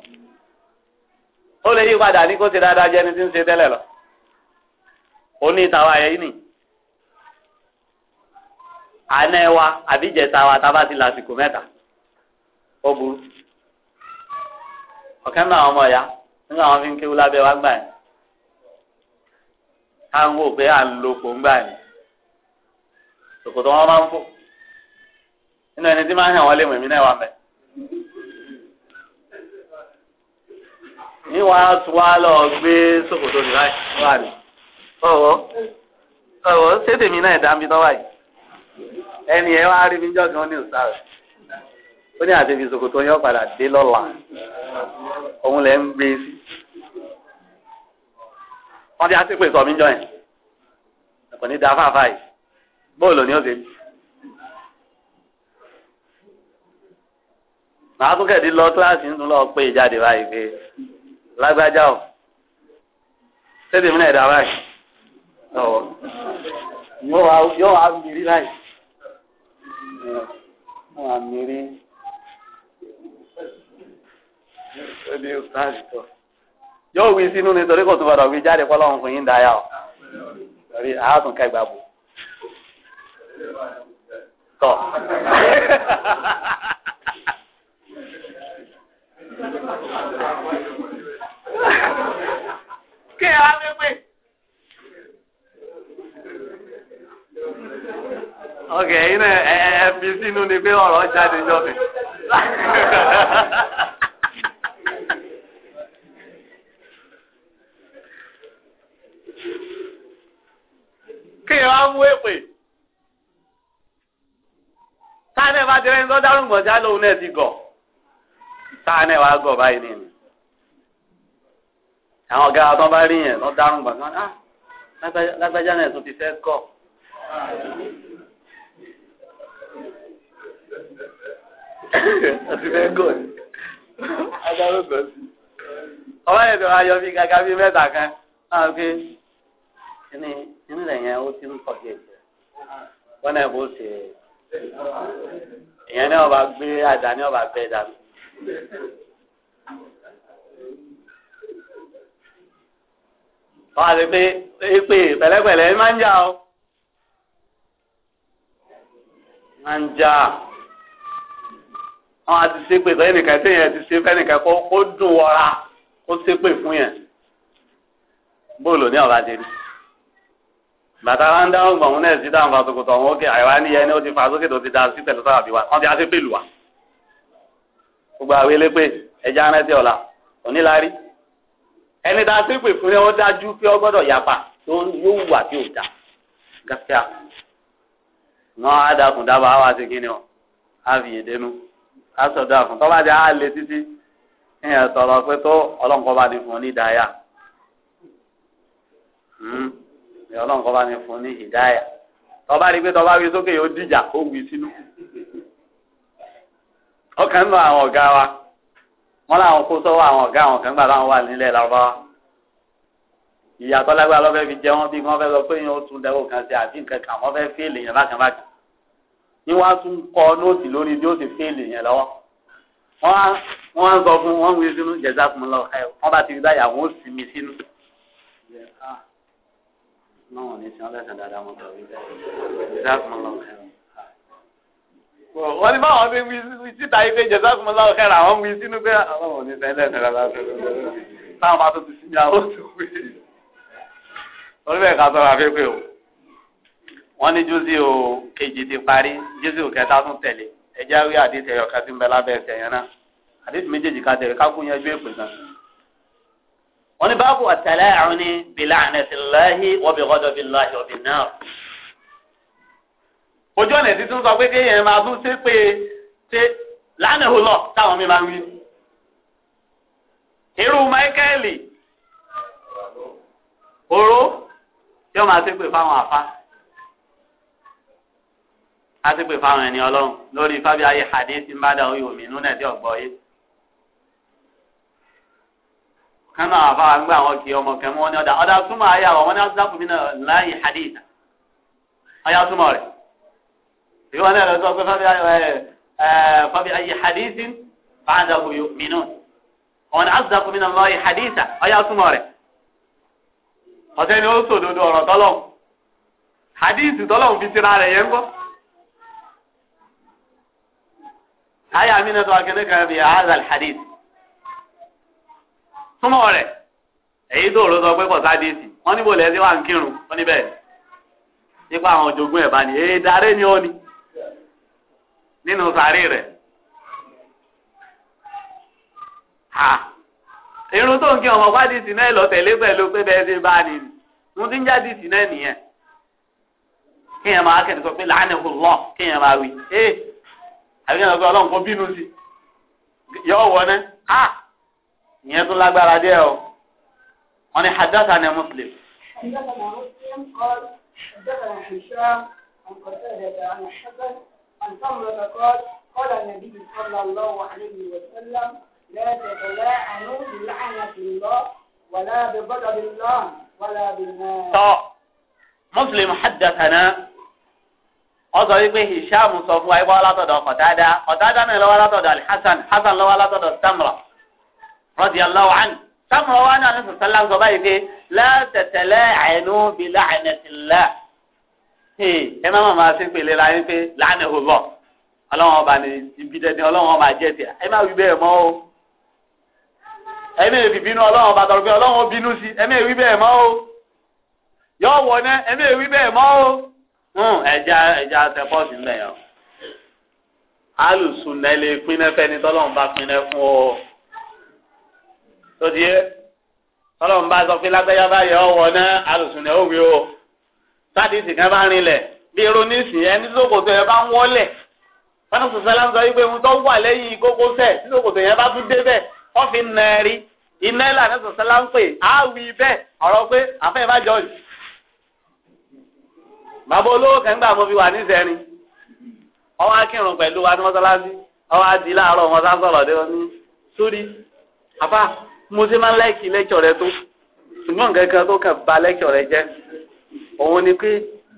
S2: ó lè yí padà ní kó ṣe dáadáa jẹ́ ẹni tí ń ṣe tẹ́lẹ̀ lọ ó ní ìtawà yẹn nì àná ẹ wa àbí ìjẹta wa tá a bá ti lásìkò mẹ́ta ó burú ọ̀kẹ́ náà ọmọ ìyá nígbà wọn fi ń kéwú lábẹ́ wa gbà yẹn ká ń wò pé à ń lo pò ń gbà yẹn ṣòkòtò wọn máa ń fò nínú ẹni tí máa ń hàn wọn lè mọ̀ èmi náà wà mẹ́. ní wàá tún wá lọ gbé sòkòtò rẹ láì wà ní. ọ̀wọ́ ọ̀wọ́ ṣé tèmi náà dá mi lọ́wọ́ yìí ẹni ẹ wá rí mi jọ́ gan ní òsà rẹ̀ ó ní àti ibi sòkòtò yẹn padà dé lọ́la òun lẹ̀ ń gbé sí. wọ́n ti àti pé sọ mí jọ yẹn kò ní da fáfá yìí bóòlù ni ó ṣe. màá tún kẹ̀dí lọ kíláàsì ń tún lọ pé ìjáde báyìí pé lágbájá o ṣé tèmi náà dá báyìí
S1: ọwọ́ yóò
S2: wá mìírí láì yóò wá mìírí ó ní tó yóò wí sínú nítorí kò tún padà wí jáde pọ́ lọ́wọ́ fún yín dáyà o torí àátún ká ìgbà bò tọ́. kí ẹ wá pépè. ok iná ẹ ẹ fi sínú ni pé ọ̀rọ̀ jáde jọ mi. kí ẹ wá mú èpè. táwọn ẹ bá ti rẹ́ni tó dárúgbọ̀n já lóun náà ti gọ̀ táwọn ẹ wá gọ̀ báyìí nìyẹn àwọn ọ̀gá àtọ́ bá rí yẹn lọ́ọ́ dárùn gbàgbọ́ ah lágbájá náà tún ti fẹ́ kọ́. àti fẹ́ gọ̀ bí gàgà bí mẹ́ta kan náà pé kíni kíni ó ti ń pọ̀ kí
S1: èso
S2: náà bó ṣe ìyẹn náà ọba gbé àdá ní ọba gbẹ dànù wọ́n á lè pé èpè pẹ̀lẹ́pẹ̀lẹ́ máa ń jà o máa ń jà wọ́n á ti ṣépè tó ẹnìkan tí èèyàn ti ṣe fẹ́nìkan kó kó dùn wọra kó ṣépè fún yẹn bóòlù ní ọ̀la dé ní bàtà wa ń dáhùn gbọ̀n náà sí dáhùn fàtòkòtò ọ̀hún òkè àìwá níyẹn ni ó ti fà sókè tó ti da sí tẹ̀lé sábà wa wọ́n ti á ṣépè lù wá gbogbo àwọn elépè ẹja rántí ọ̀la òní la ẹni tá a ti pè fún ó dájú pé ó gbọ́dọ̀ yapa tó yóò wù àti òdà gàfíà wọn á sí kíni á fi yèdénú á sọdọ àfún tọ́ bá á lé títí ìyẹn pé tó ọlọ́nkọ́ bá ní fún ní ìdáyà hmm. ọlọ́nkọ́ bá ní fún ní ìdáyà tọ́ bá rí pé tọ́ bá sókè yóò ó wí sínú wọn làwọn kó sọ́wọ́ àwọn ọ̀gá àwọn kan gbà láwọn wà nílẹ̀ lárúbáwá ìyàtọ̀ lágbára lọ́fẹ́ fi jẹ wọ́n bí wọ́n fẹ́ sọ pé yẹn ó tún dẹ́wọ́ kan sí àbí nǹkan kan wọ́n fẹ́ fèèlì yẹn bákan bákan ni wọ́n tún kọ nóòtì lórí bí ó sì fèèlì yẹn lọ́wọ́ wọ́n á sọ fún wọ́n wí sínú jẹ̀dá fún lọ ẹ wọ́n bá ti rí báyà wọ́n ó sì mí sínú. náà ní sinú lẹ́sẹ̀ dáadáa mo sọ wí bẹ́ẹ̀ fún lọ ẹ wọ́n ní báwọn ṣe wí síta yìí pé jẹ̀sán kùmọ̀ láwọn kẹ́ra àwọn wí sínú pé àwọn ò ní sẹ́lẹ̀ ní rárá táwọn bá tó ti sí ní àwọn tó wí. torí bẹ́ẹ̀ ká sọ̀rọ̀ afẹ́fẹ́ o wọ́n ní jósì o kejì ti parí jósì o kẹta tún tẹ̀lé ẹjẹ́ àwí àdìsẹ̀ ọ̀kẹ́ tí ń bẹ lábẹ́ ẹsẹ̀ yẹn náà àdìsẹ̀ méjèèjì ká tẹ̀lé kákún yẹn gbé ìpè kan. wọ́n ní ojú ọ̀nà títún sọ pé kéèyàn máa tún ṣe pé ṣe lánàá lọ táwọn mi máa ń wí. irú Máíkẹ́lì oró yóò máa ṣe pé fáwọn àfa á ṣe pé fáwọn ẹni ọlọ́run lórí fábíà ayé hadé tí ń bá oyè òmìnú náà tí ọ̀gbọ́ yé. kánú àwọn àfa àwọn kì í ọmọ kẹmú wọn súnmọ́ ayé àwọn wọn ti dákùnmí náà láàyè hadé ìta ìwọ náà lọ sọ pé fábí ẹ ẹ fábí ayé hadithi báńdàkù mìíràn ọ̀n àzàkù mìíràn lọ́ọ́ yìí haditha ọ̀yà súnmọ́ rẹ̀ ọ̀sẹ̀ ni ó sòdodo ọrọ tọ́lọ́hùn hadithi tọ́lọ́hùn fi tira rẹ̀ yẹn ń gbọ́. ayé amínà tó akéde kan bí azal hadith súnmọ́ rẹ̀ èyí tó rọ ni nínú sàárè rẹ̀ ha irun tó ń kí ọmọ wá dìtì náà lọ tẹ̀lé pẹ̀lú pé bẹ́ẹ̀ ṣe bá ní mo ti ń já dìtì náà nìyẹn kéèyàn máa kẹ́ni sọ pé láàánú kò lọ kéèyàn máa wí ee àbí kéèyàn sọ ọlọ́run kò bínú sí yọ wọ ní ha ìyẹn tó lágbára díẹ̀ o wọn ni hadassah ni muslim.
S4: hadassah ni muslim kọ́ hadassah ni hisham àkọsílẹ̀ dàda àmì hadassah. أن سمرة قال قال النبي صلى الله عليه وسلم لا تتلاعنوا بلعنة الله ولا بغضب الله ولا بالنار.
S2: طب مسلم حدثنا ọsọ wípé hisham sọ fún wa ibà látọ̀dọ̀ Qatada Qatada náà lọ́wọ́ látọ̀dọ̀ alhassan hassan lọ́wọ́ látọ̀dọ̀ samra radiyallahu anhu samra wa náà ní sọ̀tàn láǹzọ̀ báyìí pé la tatalaa'anu bi la'natillah ẹ má má máa ṣe pèlè la yín pé lánàá ò lọ ọlọ́wọ́n ọba ni ibi dẹ́ni ọlọ́wọ́n ọba jẹ́ tiẹ̀ ẹ má wí bẹ́ẹ̀ mọ́ o ẹ má fi bínú ọlọ́wọ́n ọba tọ̀rọ̀ pé ọlọ́wọ́n bínú sí ẹ má wí bẹ́ẹ̀ mọ́ o yọ wọ ná ẹ má wí bẹ́ẹ̀ mọ́ o hmm, ẹja ẹja tẹ pọ́ọ̀sì ńlẹ̀ yẹn alùsùn náà lè pinẹ́ fẹ́ni tọ́lọ́wọ́n bá pinẹ́ fún o tó di yẹ tọ́lọ́wọ́n bá sọ pé lágbẹ́yà báyẹ̀ ọ̀wọ́ ná alùsùn náà ó wí o sádìsì kan bá rinlẹ̀ bí ironísì ẹni sókòtò yẹn bá ń wọlé wọn sọ sọlá ń sọ wípé ohun tó wà lẹ́yìn kókósẹ̀ tí sókòtò yẹn bá tún débẹ̀ wọn fi nà ẹ rí iná ẹ̀ lànà sọ sọlá ń pè á wí bẹ́ẹ̀ ọ̀rọ̀ pé àfẹ́ bá jọ yìí. bàbá olówó kan gbà mo fi wà ní sẹ́rin ọwọ́ akírun pẹ̀lú wa ní mọ́sálásí ọwọ́ adi láàárọ̀ wọn sá sọ̀rọ̀ dé wọn ní sórí àbá mo ti máa ń láìkì lẹ́kọ̀ọ́ rẹ tó ṣùgbọ́n nǹkan kan tó kàn ba lẹ́kọ̀ọ́ rẹ jẹ́ òun ni pé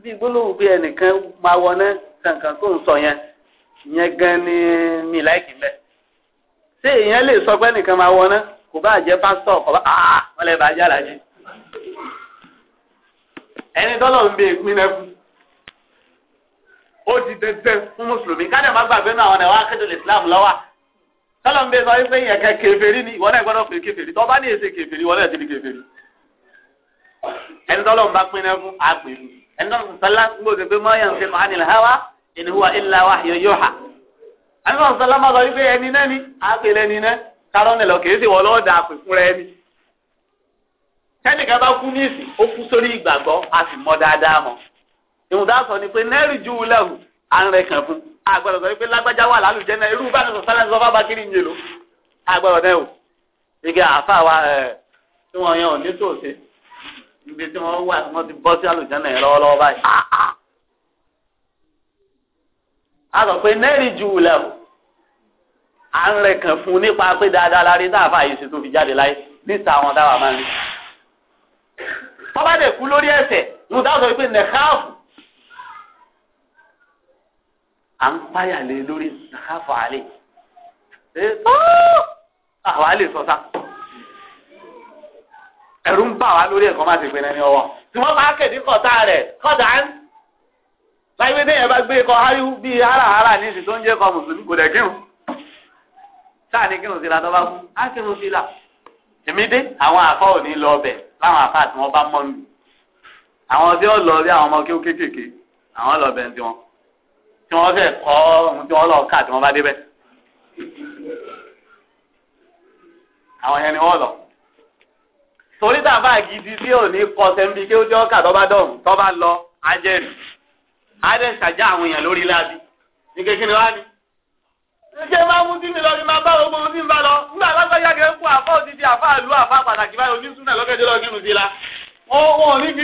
S2: bí gbólóhùn bí ẹnìkan máa wọ náà kankan tó ń sọ yẹn yẹn gan ni mi láìkì mbẹ ṣé èèyàn lè sọ pé ẹnìkan máa wọ náà kò bá jẹ pásítọ̀ kò bá aa ah, wọn lè bá ajá làjẹ ẹni tọ́lọ̀ ń bẹ ìpín náà fún ó di dandan fún mùsùlùmí ká dẹ̀ má gbàgbé náà àwọn ẹ̀wọ̀n akéde Islam lọ́wọ́ tọ́lọ̀ ń bẹ sọ wípé ìyẹn kẹ kèfèrí ni ìwọ náà gbọ́dọ̀ pè kèfèrí tọ́ bá ní èsè kèfèrí ìwọ náà ti di kèfèrí. ẹni tọ́lọ́ ń bá pín náà fún àpè fún ẹni tọ́lọ́ ń sọlá gbọ́dọ̀ pé mọ́yà ń sẹ́kọ̀ọ́ ànil hawa in huwa illa wahyu yuha. ẹni tọ́lọ́ ń sọlá máa sọ wípé ẹni náà ni àpè lẹ́ni náà kárọ́ kìí sì wọ́n da àpè fún rẹ ni. bá kú ní ìsìn ó kú sórí ìgbàgbọ́ a sì mọ dáadáa mọ́. sọ ni pé nẹ́rì ju lẹ́hùn à ń kàn fún. àgbẹ̀rọ̀ sọ lágbájá wà níbi tí wọ́n wà wọ́n ti bọ́ sí àlùjáná yẹn lọ́wọ́lọ́wọ́ báyìí. a sọ pé nẹ́ẹ̀rì ju wùlẹ̀ o à ń rẹ̀ kàn fún un nípa pé dáadáa la rí táàfà yìí ṣe tó fi jáde láyé níta àwọn táwa máa ń rí. wọ́n bá dẹ̀ kú lórí ẹ̀ṣẹ̀ ní wọ́n sọ pé nẹ̀káàfù à ń páyà lé lórí nẹ̀káàfù àlè. àwọn àlè sọ sáà ẹ̀rù ń bà wá lórí ẹ̀kọ́ má ti pinnu ẹni ọwọ́ tí wọ́n bá kẹ̀dí kọ̀tà rẹ̀ kọ̀tà ń láyé pé téèyàn bá gbé kọ háyú bíi háràhárà ní ìsìn tó ń jẹ́ kọ mùsùlùmí kò dẹ̀ kírun táà ní kírun síra tó bá kú á kírun síra èmi dé àwọn àfọ ò ní lọ ọbẹ̀ láwọn àfọ àti wọn bá mọ́ mi àwọn tí ó lọ bí àwọn ọmọ kí ó kéékèèké àwọn lọ bẹ̀ tiwọn tí wọ́n fẹ́ kọ́ ohun tí wọ́n lọ ká tí wọ́n bá débẹ̀ àwọn yẹn ni wọ́n lọ torí tàbá gidi tí ò ní kọ sẹ́ńbí kí ó jọ́ kà tọ́ba dọ̀hùn tọ́ba lọ ajẹ́rì adẹ́ ṣàjá àwọn èèyàn lórí láti ní kékeré wá ní. ṣé máa mú sí mi lọ ni máa bá gbogbo ohun tí ń bá lọ nígbà lọ́sọ̀ọ́yà kẹ́ ń kó àfọ́ òdìdí àfọ́ àlú àfọ́ pàtàkì báyìí onísùn náà lọ́kẹ́jọ́ la. wọn ò ní fi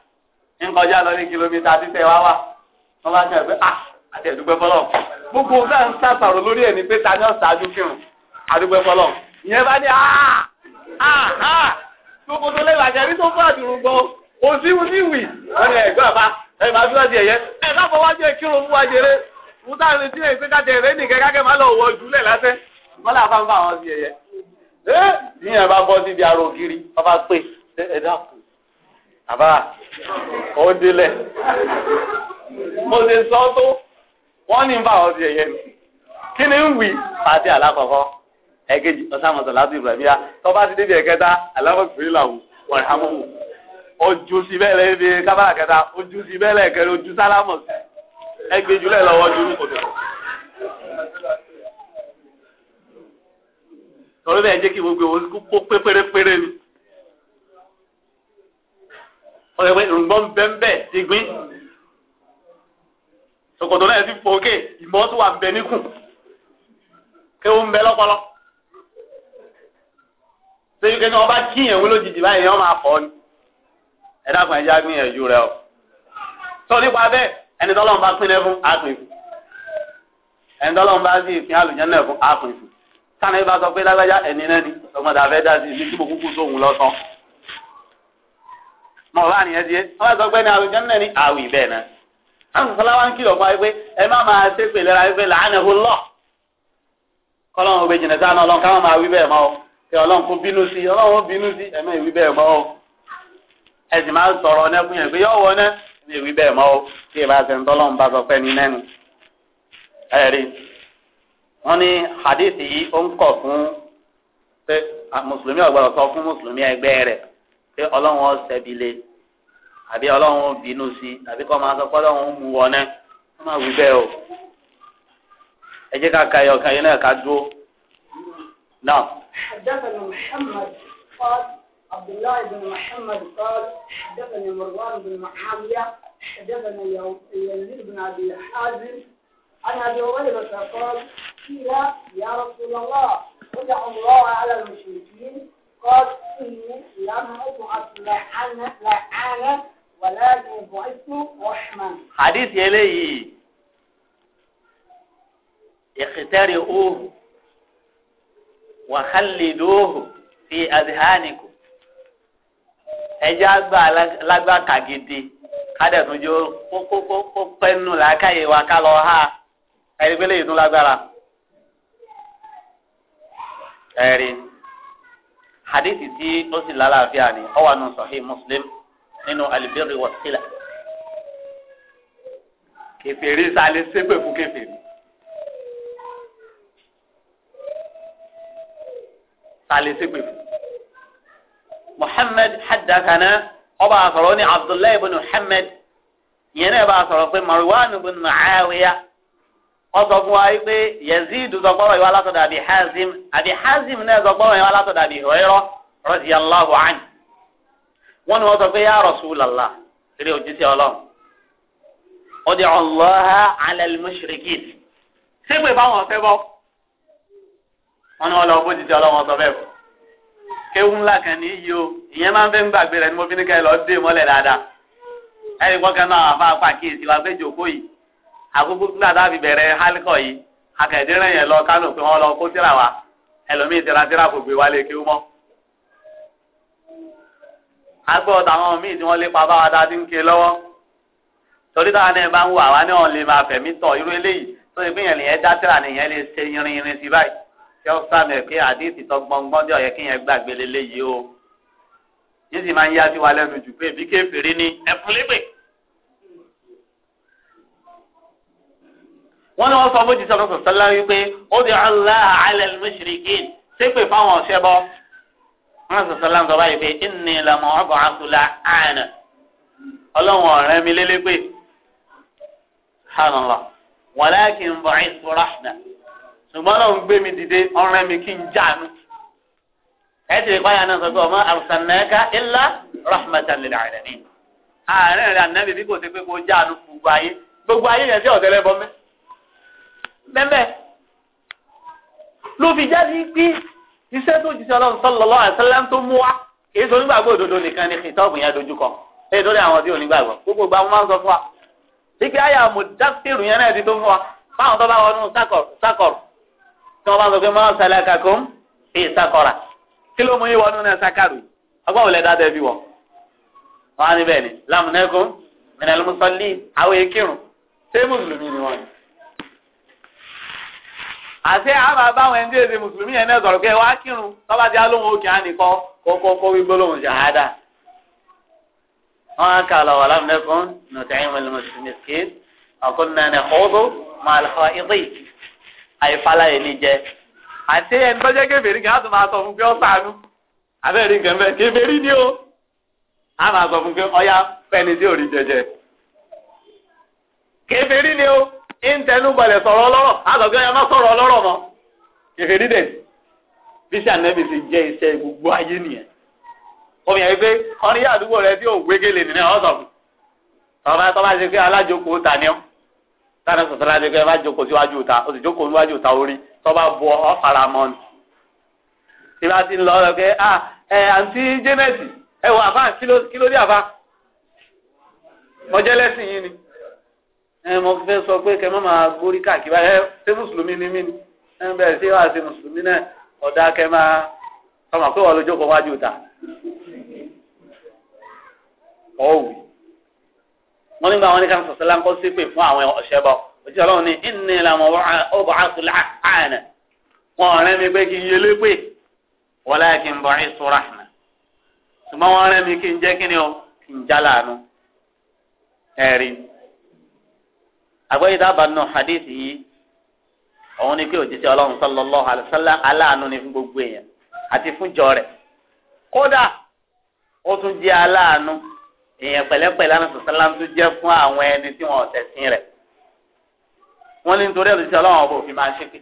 S2: nkọjá lọ ní kìlómítà títẹ wá wà wọn bá tẹ pé ah àtẹ̀dúgbẹ́ fọlọ́ gbogbo ọgá ń sàṣàrò lórí ẹni pé ta ni ọ̀ṣáájú kírun àdúgbẹ́ fọlọ́ ìyẹn bá ní ah ah ah gbogbo tó lẹ́yìn àjẹrí tó fún àdùrù gbọ́ òsínwó ní ìwì wọn ẹ̀ gbọ́ àbá ẹ̀ máa fi wájú ẹ̀yẹ ẹ̀ káfọ́ wájú ẹ̀ kírun fún wájú eré mo tá à ń retí ẹ̀ pé kájẹ eré nìkẹ́ kákẹ́ máa lọ wọ ojúlẹ̀ lásẹ̀ wọn là fáwọn fáwọn sí ẹ̀yẹ ẹ̀ ó délẹ̀ mo ṣe sọ tó wọ́n ní bá ọ ti ẹ̀yẹ mi kí ni ń wí pàtí alákọ̀ọ́kọ́ ẹ̀kejì ọ̀sàmọ̀sọ̀ láti ibrahima tó bá ti débi ẹ̀kẹta alámọ̀kùnrin làwù wọ̀rẹ̀hámọ́mù ojú sí bẹ́ẹ̀lẹ̀ ibi kábàlà kẹta ojú sí bẹ́ẹ̀lẹ̀ kẹrin ojú sálámọ̀ sí ẹgbẹ́jú lẹ́ lọ́wọ́ ojú ní kòtò. torí bẹ́ẹ̀ jẹ́ kí gbogbo owó kó pé pérépéré ni ọ̀rẹ́ pé ǹgbọ́n bẹ́ńbẹ́ ti gbín ṣòkòtò náà ti fòókè ìmọ̀ tó wà bẹ níkùn kéwù ń bẹ lọ́pọlọ. ṣé ike ni ọba kíyàn wí lójijì báyìí yẹn máa fọ́ ni ẹ dákun ẹ já gbìyànjú rẹ o. sọ nípa bẹ́ẹ̀ ẹni tọ́lọ́run bá pín ẹfún àpín fún ẹni tọ́lọ́run bá sì fi àlùjànnà ẹ̀fún àpín fún. sáni bá sọ pé lágbájá ẹni náà ni mọ bá ni ti yẹ wọn bá sọ pé ní àlùjànnà ní àwì bẹ́ẹ̀ náà àwọn fúláwá ń kìlọ̀ fún wa pé ẹ má máa ṣe pè lẹ́ra lọ kọlọ́run òbí jìnnà sáà náà ọlọ́run káwọn máa wí bẹ́ẹ̀ mọ́ o pé ọlọ́run kò bínú sí ọlọ́run ó bínú sí ìwí bẹ́ẹ̀ mọ́ sọ̀rọ̀ yẹn pé yọ̀ náà ìwí pé pé ọlọ́run ọ̀sẹ̀bi le àbí ọlọ́run bínú sí àbí kọ́ máa sọ pé ọlọ́run mú wọn náà wọ́n máa wí bẹ́ẹ̀ o ẹ jẹ́ ká ka ẹyọ kan yẹn náà ká dúró náà.
S4: حدثنا محمد قال عبد الله بن محمد قال حدثني مروان بن معاوية حدثنا يزيد بن أبي حازم عن أبي هريرة قال قيل يا رسول الله ودع الله على المشركين قاتل يموت لعنة لعنة ولا يبعث رحمة
S2: حديث يليه اخترئوه وخلدوه في أذهانكم ẹjẹ àgbà lágbàkà gidi kádẹ̀túnjó kó pẹ́nu làákàyè wa ká lọ ha ẹ̀rí pé lè ẹ̀rí hadithi tí ó sì lálàáfíà ni ó wà nù sahih muslim nínú alibiri wasila kèfèrí sálẹ sépè fún kèfèrí sálẹ sépè fún muhammed hadakana ọba àsọ̀rọ̀ ni abdullahi bin muhammed yẹn náà bá a pé marwan bin muawiya. wọ́n sọ fún wa pé yazid zọgbọ́n ìwà látọ̀dọ̀ àbí hazim àbí hazim náà zọgbọ́n ìwà látọ̀dọ̀ àbí ìhòòrọ́ radiyallahu anhu ya rasulallah eré ojisi ọlọ́run ó di ọlọ́ha alal mushrikin ṣépè báwọn fẹ́ bọ́ wọ́n ní wọ́n lọ bó jíjẹ kéwù ńlá kan ní ìyẹn máa ń ń gbàgbé mo fi ní lọ dé dáadáa náà àfa apá àkókò tí ládàá fi bẹ̀rẹ̀ hálíkọ̀ yìí akẹ̀dẹ́rẹ́ yẹn lọ kánò pé wọ́n lọ kó tíra wa ẹlòmíì tíra tíra kò gbé wálé kí ó mọ́. agbọ́ táwọn míì tí wọ́n lé pa báwa dáa ti ń ké lọ́wọ́ torí táwọn náà bá ń wo àwa náà lè máa fẹ̀mí tọ̀ irú eléyìí tó ti gbìyànjú yẹn dá tíra nìyẹn lè ṣe irin irin sí báyìí kí ó pé àdéhìí tó gbọngbọ́n dé ọ̀yẹ́ kí yẹn gbàgbé lélẹ́yìí o yìí sì máa ń yá sí wa lẹ́nu jù pé bí kéfèrè ni ẹ̀fúnlẹ́gbẹ̀ẹ́ wọ́n ní wọ́n sọ fún jísọ̀ lọ́sọ̀ sọ́lá wípé ó di allah ala al-mushrikin ṣépè fáwọn ọ̀ṣẹ́ bọ́ wọ́n sọ sọ́lá ń sọ báyìí pé inni lamọ ọ̀bọ̀ àkùlà àná ọlọ́run ọ̀rẹ́ mi lélẹ́ pé hànàlá walakin bọ̀ ẹ̀ sọ̀rọ̀ àná ṣùgbọ́n ọlọ́run gbé mi dìde ọ̀rẹ́ mi kí n jáàánú ẹtì ìpáyà náà sọ pé ọmọ àrùsànnáka ilá rahmatan lil gbogbo ayé yẹn sí ọ̀tẹ́lẹ̀ mẹ́ bẹ́ẹ̀ ló fi jáde pé iṣẹ́ tó jíṣẹ́ ọlọ́run sallallahu alaihi wasallam tó mú wa kìí sọ onígbàgbọ́ òdodo nìkan ni ìtọ́ọ̀bù yẹn dojú kọ èyí tó dé àwọn tí onígbàgbọ́ gbogbo ìgbà wọn máa ń sọ fún wa ike àyà mùdásírù yẹn náà ti tó fún wa fáwọn tó bá wọnú sákọ̀rù tí wọ́n bá sọ pé máa ń sẹlẹ̀ kakó fi sákọ̀rà kí ló mú yín wọnú náà sákàrù ọgbọ́n òlẹ̀ dáadáa bí wọ. wọn á ní bẹ́ẹ̀ ni lámùnẹ́kùn mìnàlùmùsọ̀lì àwọn èkìrùn ṣé mùsùlùmí ni wọ́n ni. àti àbá báwọn ẹni tí èdè mùsùlùmí yẹn náà sọ̀rọ̀ pé wàá kírun tọ́ba ti alóhùn òkè ànìkọ́ kókókó wí gbólóhùn ṣàhádà. wọ́n á kà lọ́wọ́ lámẹ́kùn nùtẹ́yìn mùsùlùmí kì í ọ̀kúnnà ní ọ̀dọ́ màlúfà ìdí àìfàlà jẹ. àti ẹni tó jẹ́ kébèrè kí tún máa sọ fún pé ó sànú abẹ́rẹ́ kébèrè ni ó á máa sọ fún pé ń tẹnubalẹ̀ sọ̀rọ̀ ọlọ́rọ̀ àgbàgbé ya má sọ̀rọ̀ ọlọ́rọ̀ mọ́ ìfẹ́ dídẹ̀ bí sí ànẹ́bí ti jẹ́ iṣẹ́ gbogbo ayé nìyẹn omi ẹ̀ pé ọ̀rìn yá àdúgbò tí ò wégele nìyẹn ọ̀sọ̀ fún ṣe pé ta ni ọ́ láti pé síwájú ta o sì jókòó níwájú ta orí ọ fara mọ́ ni tí bá ti lọ pé ah àǹtí wọ àfa kí ló dé àfa ẹ mo fẹ́ sọ pé kẹ́ mọ́ máa gorí káàkiri ẹ ṣé mùsùlùmí ni mí ni ẹ bẹ̀rẹ̀ wàá ṣe mùsùlùmí náà ọ̀dà kẹ́ máa pé wọ́n wájú wọ́n nígbà wọn ní ká sọ̀sẹ̀ láńkọ́ sí pé fún àwọn ọ̀ṣẹ́ bọ̀ ọlọ́run ní ìní làwọn ọ̀bọ̀ àtúlẹ̀ wọn ọ̀rẹ́ mi pé kí n yẹlé pé wọ́n láyé kí n bọ̀ ẹ́ àná ṣùgbọ́n wọn ọ̀rẹ́ mi kí n jẹ́ kí ni o kí n àgbẹ̀yìn dábàá nù hadith yìí òun ni pé òjíṣẹ́ ọlọ́run sallallahu alaihi wasallam aláàánú ni fún gbogbo èèyàn àti fúnjọ rẹ̀ kódà ó tún jẹ́ aláàánú èèyàn pẹ̀lẹ́pẹ̀lẹ́ àná sọ̀sálà tún jẹ́ fún àwọn ẹni tí wọ́n ọ̀sẹ̀ sí rẹ̀ wọ́n ní nítorí òjíṣẹ́ ọlọ́run ọba òfin máa ṣépè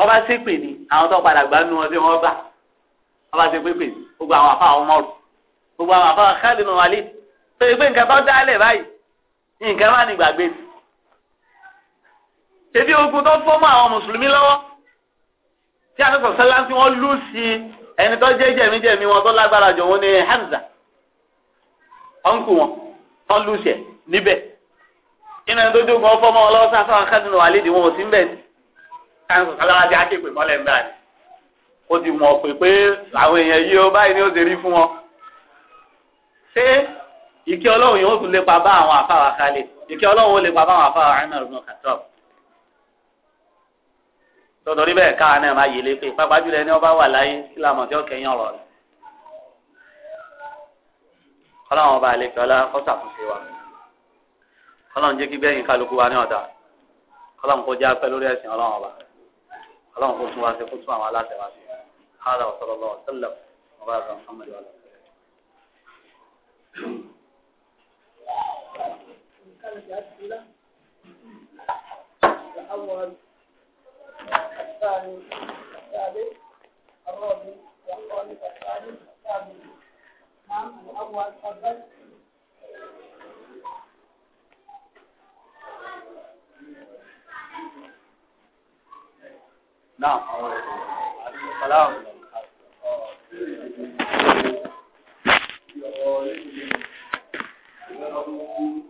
S2: ọba ṣépè ni àwọn tó padà gbà nù ọdẹ wọn bá ọba ti pépè gbogbo àwọn àfa àwọn mọ́rù gbogbo àwọn àfa Khalid ibn nǹkan má ní gbàgbé mi ṣebí ogun tó fọ́ mọ́ àwọn mùsùlùmí lọ́wọ́ tí àtúntò sẹ́lá tí wọ́n lù sí ẹni tó jẹ́ jẹ̀míjẹ̀mí wọn tó lágbára jọ wọn ní Hamza ọ̀nkù wọn tó lù sí ẹ̀ níbẹ̀ inú ẹni tó dé ogun ọfọ́ mọ́ wọn lọ́wọ́ sáfà kádùn wàlídìí wọn ò sí níbẹ̀ ní káńsọ̀ sálára di akéèpé mọ́lẹ̀ ń bẹ̀rẹ̀ ó ti mọ̀ pé ìkẹ́ ọlọ́run yóò tún lépa bá àwọn afáwà kálẹ̀ ìkẹ́ ọlọ́run ó lépa bá àwọn afáwà ẹ̀mẹ́rin ọdún kàtọ́. tọ́tọ́ níbẹ̀ káà náà máa yẹlé pé pápá jùlọ ẹni ọba wà láyé sílámọ̀ tí ó kẹyìn ọ̀rọ̀ rẹ̀. ọlọ́run ọba àlejò ọlá kó ṣàtúnṣe wa ọlọ́run jẹ́ kí bẹ́yìn kálukú wa ní ọ̀dà ọlọ́run kó jẹ́ apẹ́ lórí ẹ̀sìn ọlọ́run ọba ọlọ́run kó tún wa ṣe kó tún àwọn aláṣẹ هذا وصلى الله وسلم وبارك على محمد
S1: كانت أسئلة الأول الثاني الثالث الرابع الخامس السادس السابع نعم الأول تفضل
S3: نعم السلام
S1: Thank you.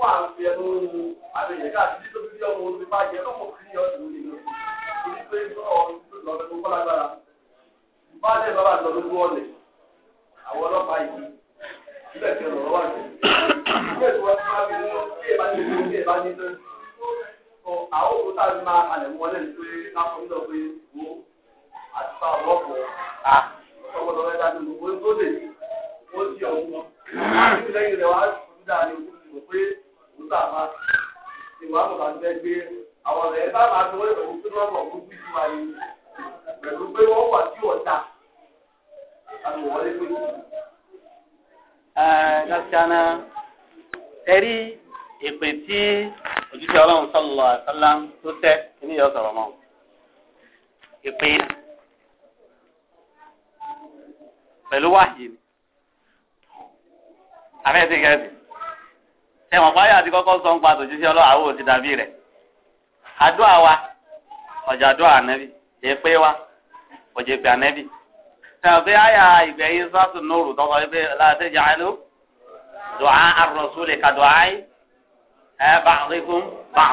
S1: wà ń fi ẹnu àbẹ̀yẹ káàkiri tó fi ọmọ omi bá jẹ lọ́mọ kiri ọ̀sẹ̀ òní lọ. Orí pé ọ̀rọ̀ lọ fẹ́ kó lágbára. Báyọ̀ bàbá lọ ló gbọ́ ọ̀lẹ̀. Àwọn ọlọ́pàá yìí ilé ìfẹ́ lọ́wọ́ wà Ilé ìfẹ́ wọn máa fi mú bí ìbá ní ìlú bí ìbá ní ìlú. Àwọn òkúta mi máa kalẹ̀ mú wọlé pé lápò nílò pé wo àti fa ọ̀pọ̀ ọ̀pọ̀lọpọ̀ rẹ̀ dájú lò ó tó lè ó sì ọ̀hún òwúta máa ìwà àbùkà ti fẹ́ gbé àwọn ọ̀rẹ́ ẹ̀ bá máa tó ẹ̀rọ tó lọ́wọ́ fún bíbí wa ni pẹ̀lú pé wọ́n wà sí ọ̀tá
S2: àti wọlé pé. Gàtìkànà ẹ̀rí ìpè tí òjijì ọlọ́run sọ̀lọ̀ àṣálá tó tẹ́ kí ni yọ mọ́ ìpè pẹ̀lú wáyé ni. Àmì ẹ̀ ti tẹ̀wọ̀n fáyà àti kọ́kọ́ sọ ń pa tòjúṣe ọlọ́wọ́ àwọn dàbí rẹ̀ àdúrà wa ọ̀jà àdúrà ànẹ́bí èpè wa ọ̀jà èpè ànẹ́bí tẹ̀wọ̀n pé àyà ìgbẹ̀yìn sátù nóòrù tọ́kọ pé láti jà ló dùn á lè ka dùn ẹ bá rí fún bá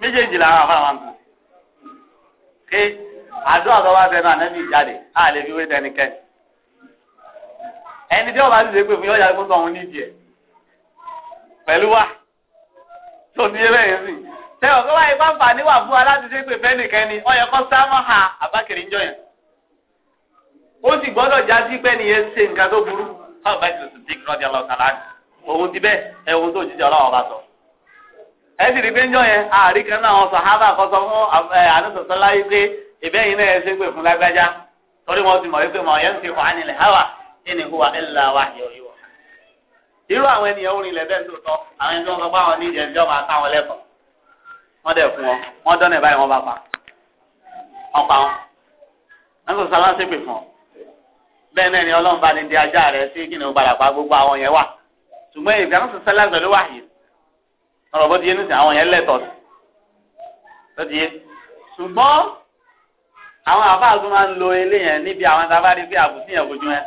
S2: méjèèjì ké tó bá ànẹ́bí jáde fi wé tẹnikẹ́ni. ẹni tí ọba ti ṣe pé fún yọjà kó sọ̀hún nídìí ẹ̀ pẹ̀lú wa tó ti yé wa ipá níwà fún wa láti ṣe pé ọyọ ha àbákẹ́rẹ́ ńjọ yẹn. ó sì gbọ́dọ̀ já sí pé nìyẹn ṣe nǹkan tó burú báwo bá ti sùn sí kí ọjà lọ sàlá ni òun ti bẹ́ẹ̀ ẹ ohun tó jíjẹ ọlọ́wọ́ bá sọ. ẹ sì rí pé ńjọ yẹn àárí kọsọ fún láyé pé náà ẹ ṣe pé fún lágbájá torí wọn ti in huwa illa wahyu yuha irú àwọn ènìyàn orin ilẹ̀ bẹ́ẹ̀ lóòótọ́ àwọn ẹni tó ń sọ pé àwọn oníjẹ ìjọ máa táwọn lẹ́kọ̀ọ́ wọ́n dẹ̀ fún wọn wọ́n dọ́nà ẹ̀ báyìí wọ́n bá pa wọ́n pa wọn wọ́n sọ sábà ń ṣépè fún ọ bẹ́ẹ̀ náà ni ọlọ́run bá ní di ajá rẹ̀ sí kí ni ó padà pa gbogbo àwọn yẹn wà ṣùgbọ́n ìgbà wọn sọ sẹ́lá pẹ̀lú wàhíì ọ̀rọ̀ bó ti yé nísìnyí àwọn yẹn lẹ́tọ̀ọ̀sì ló ti yé ṣùgbọ́n àwọn àfáà tó máa ń lo eléyẹn níbi àwọn tábàrí pé àbùsí yẹn kojú yẹn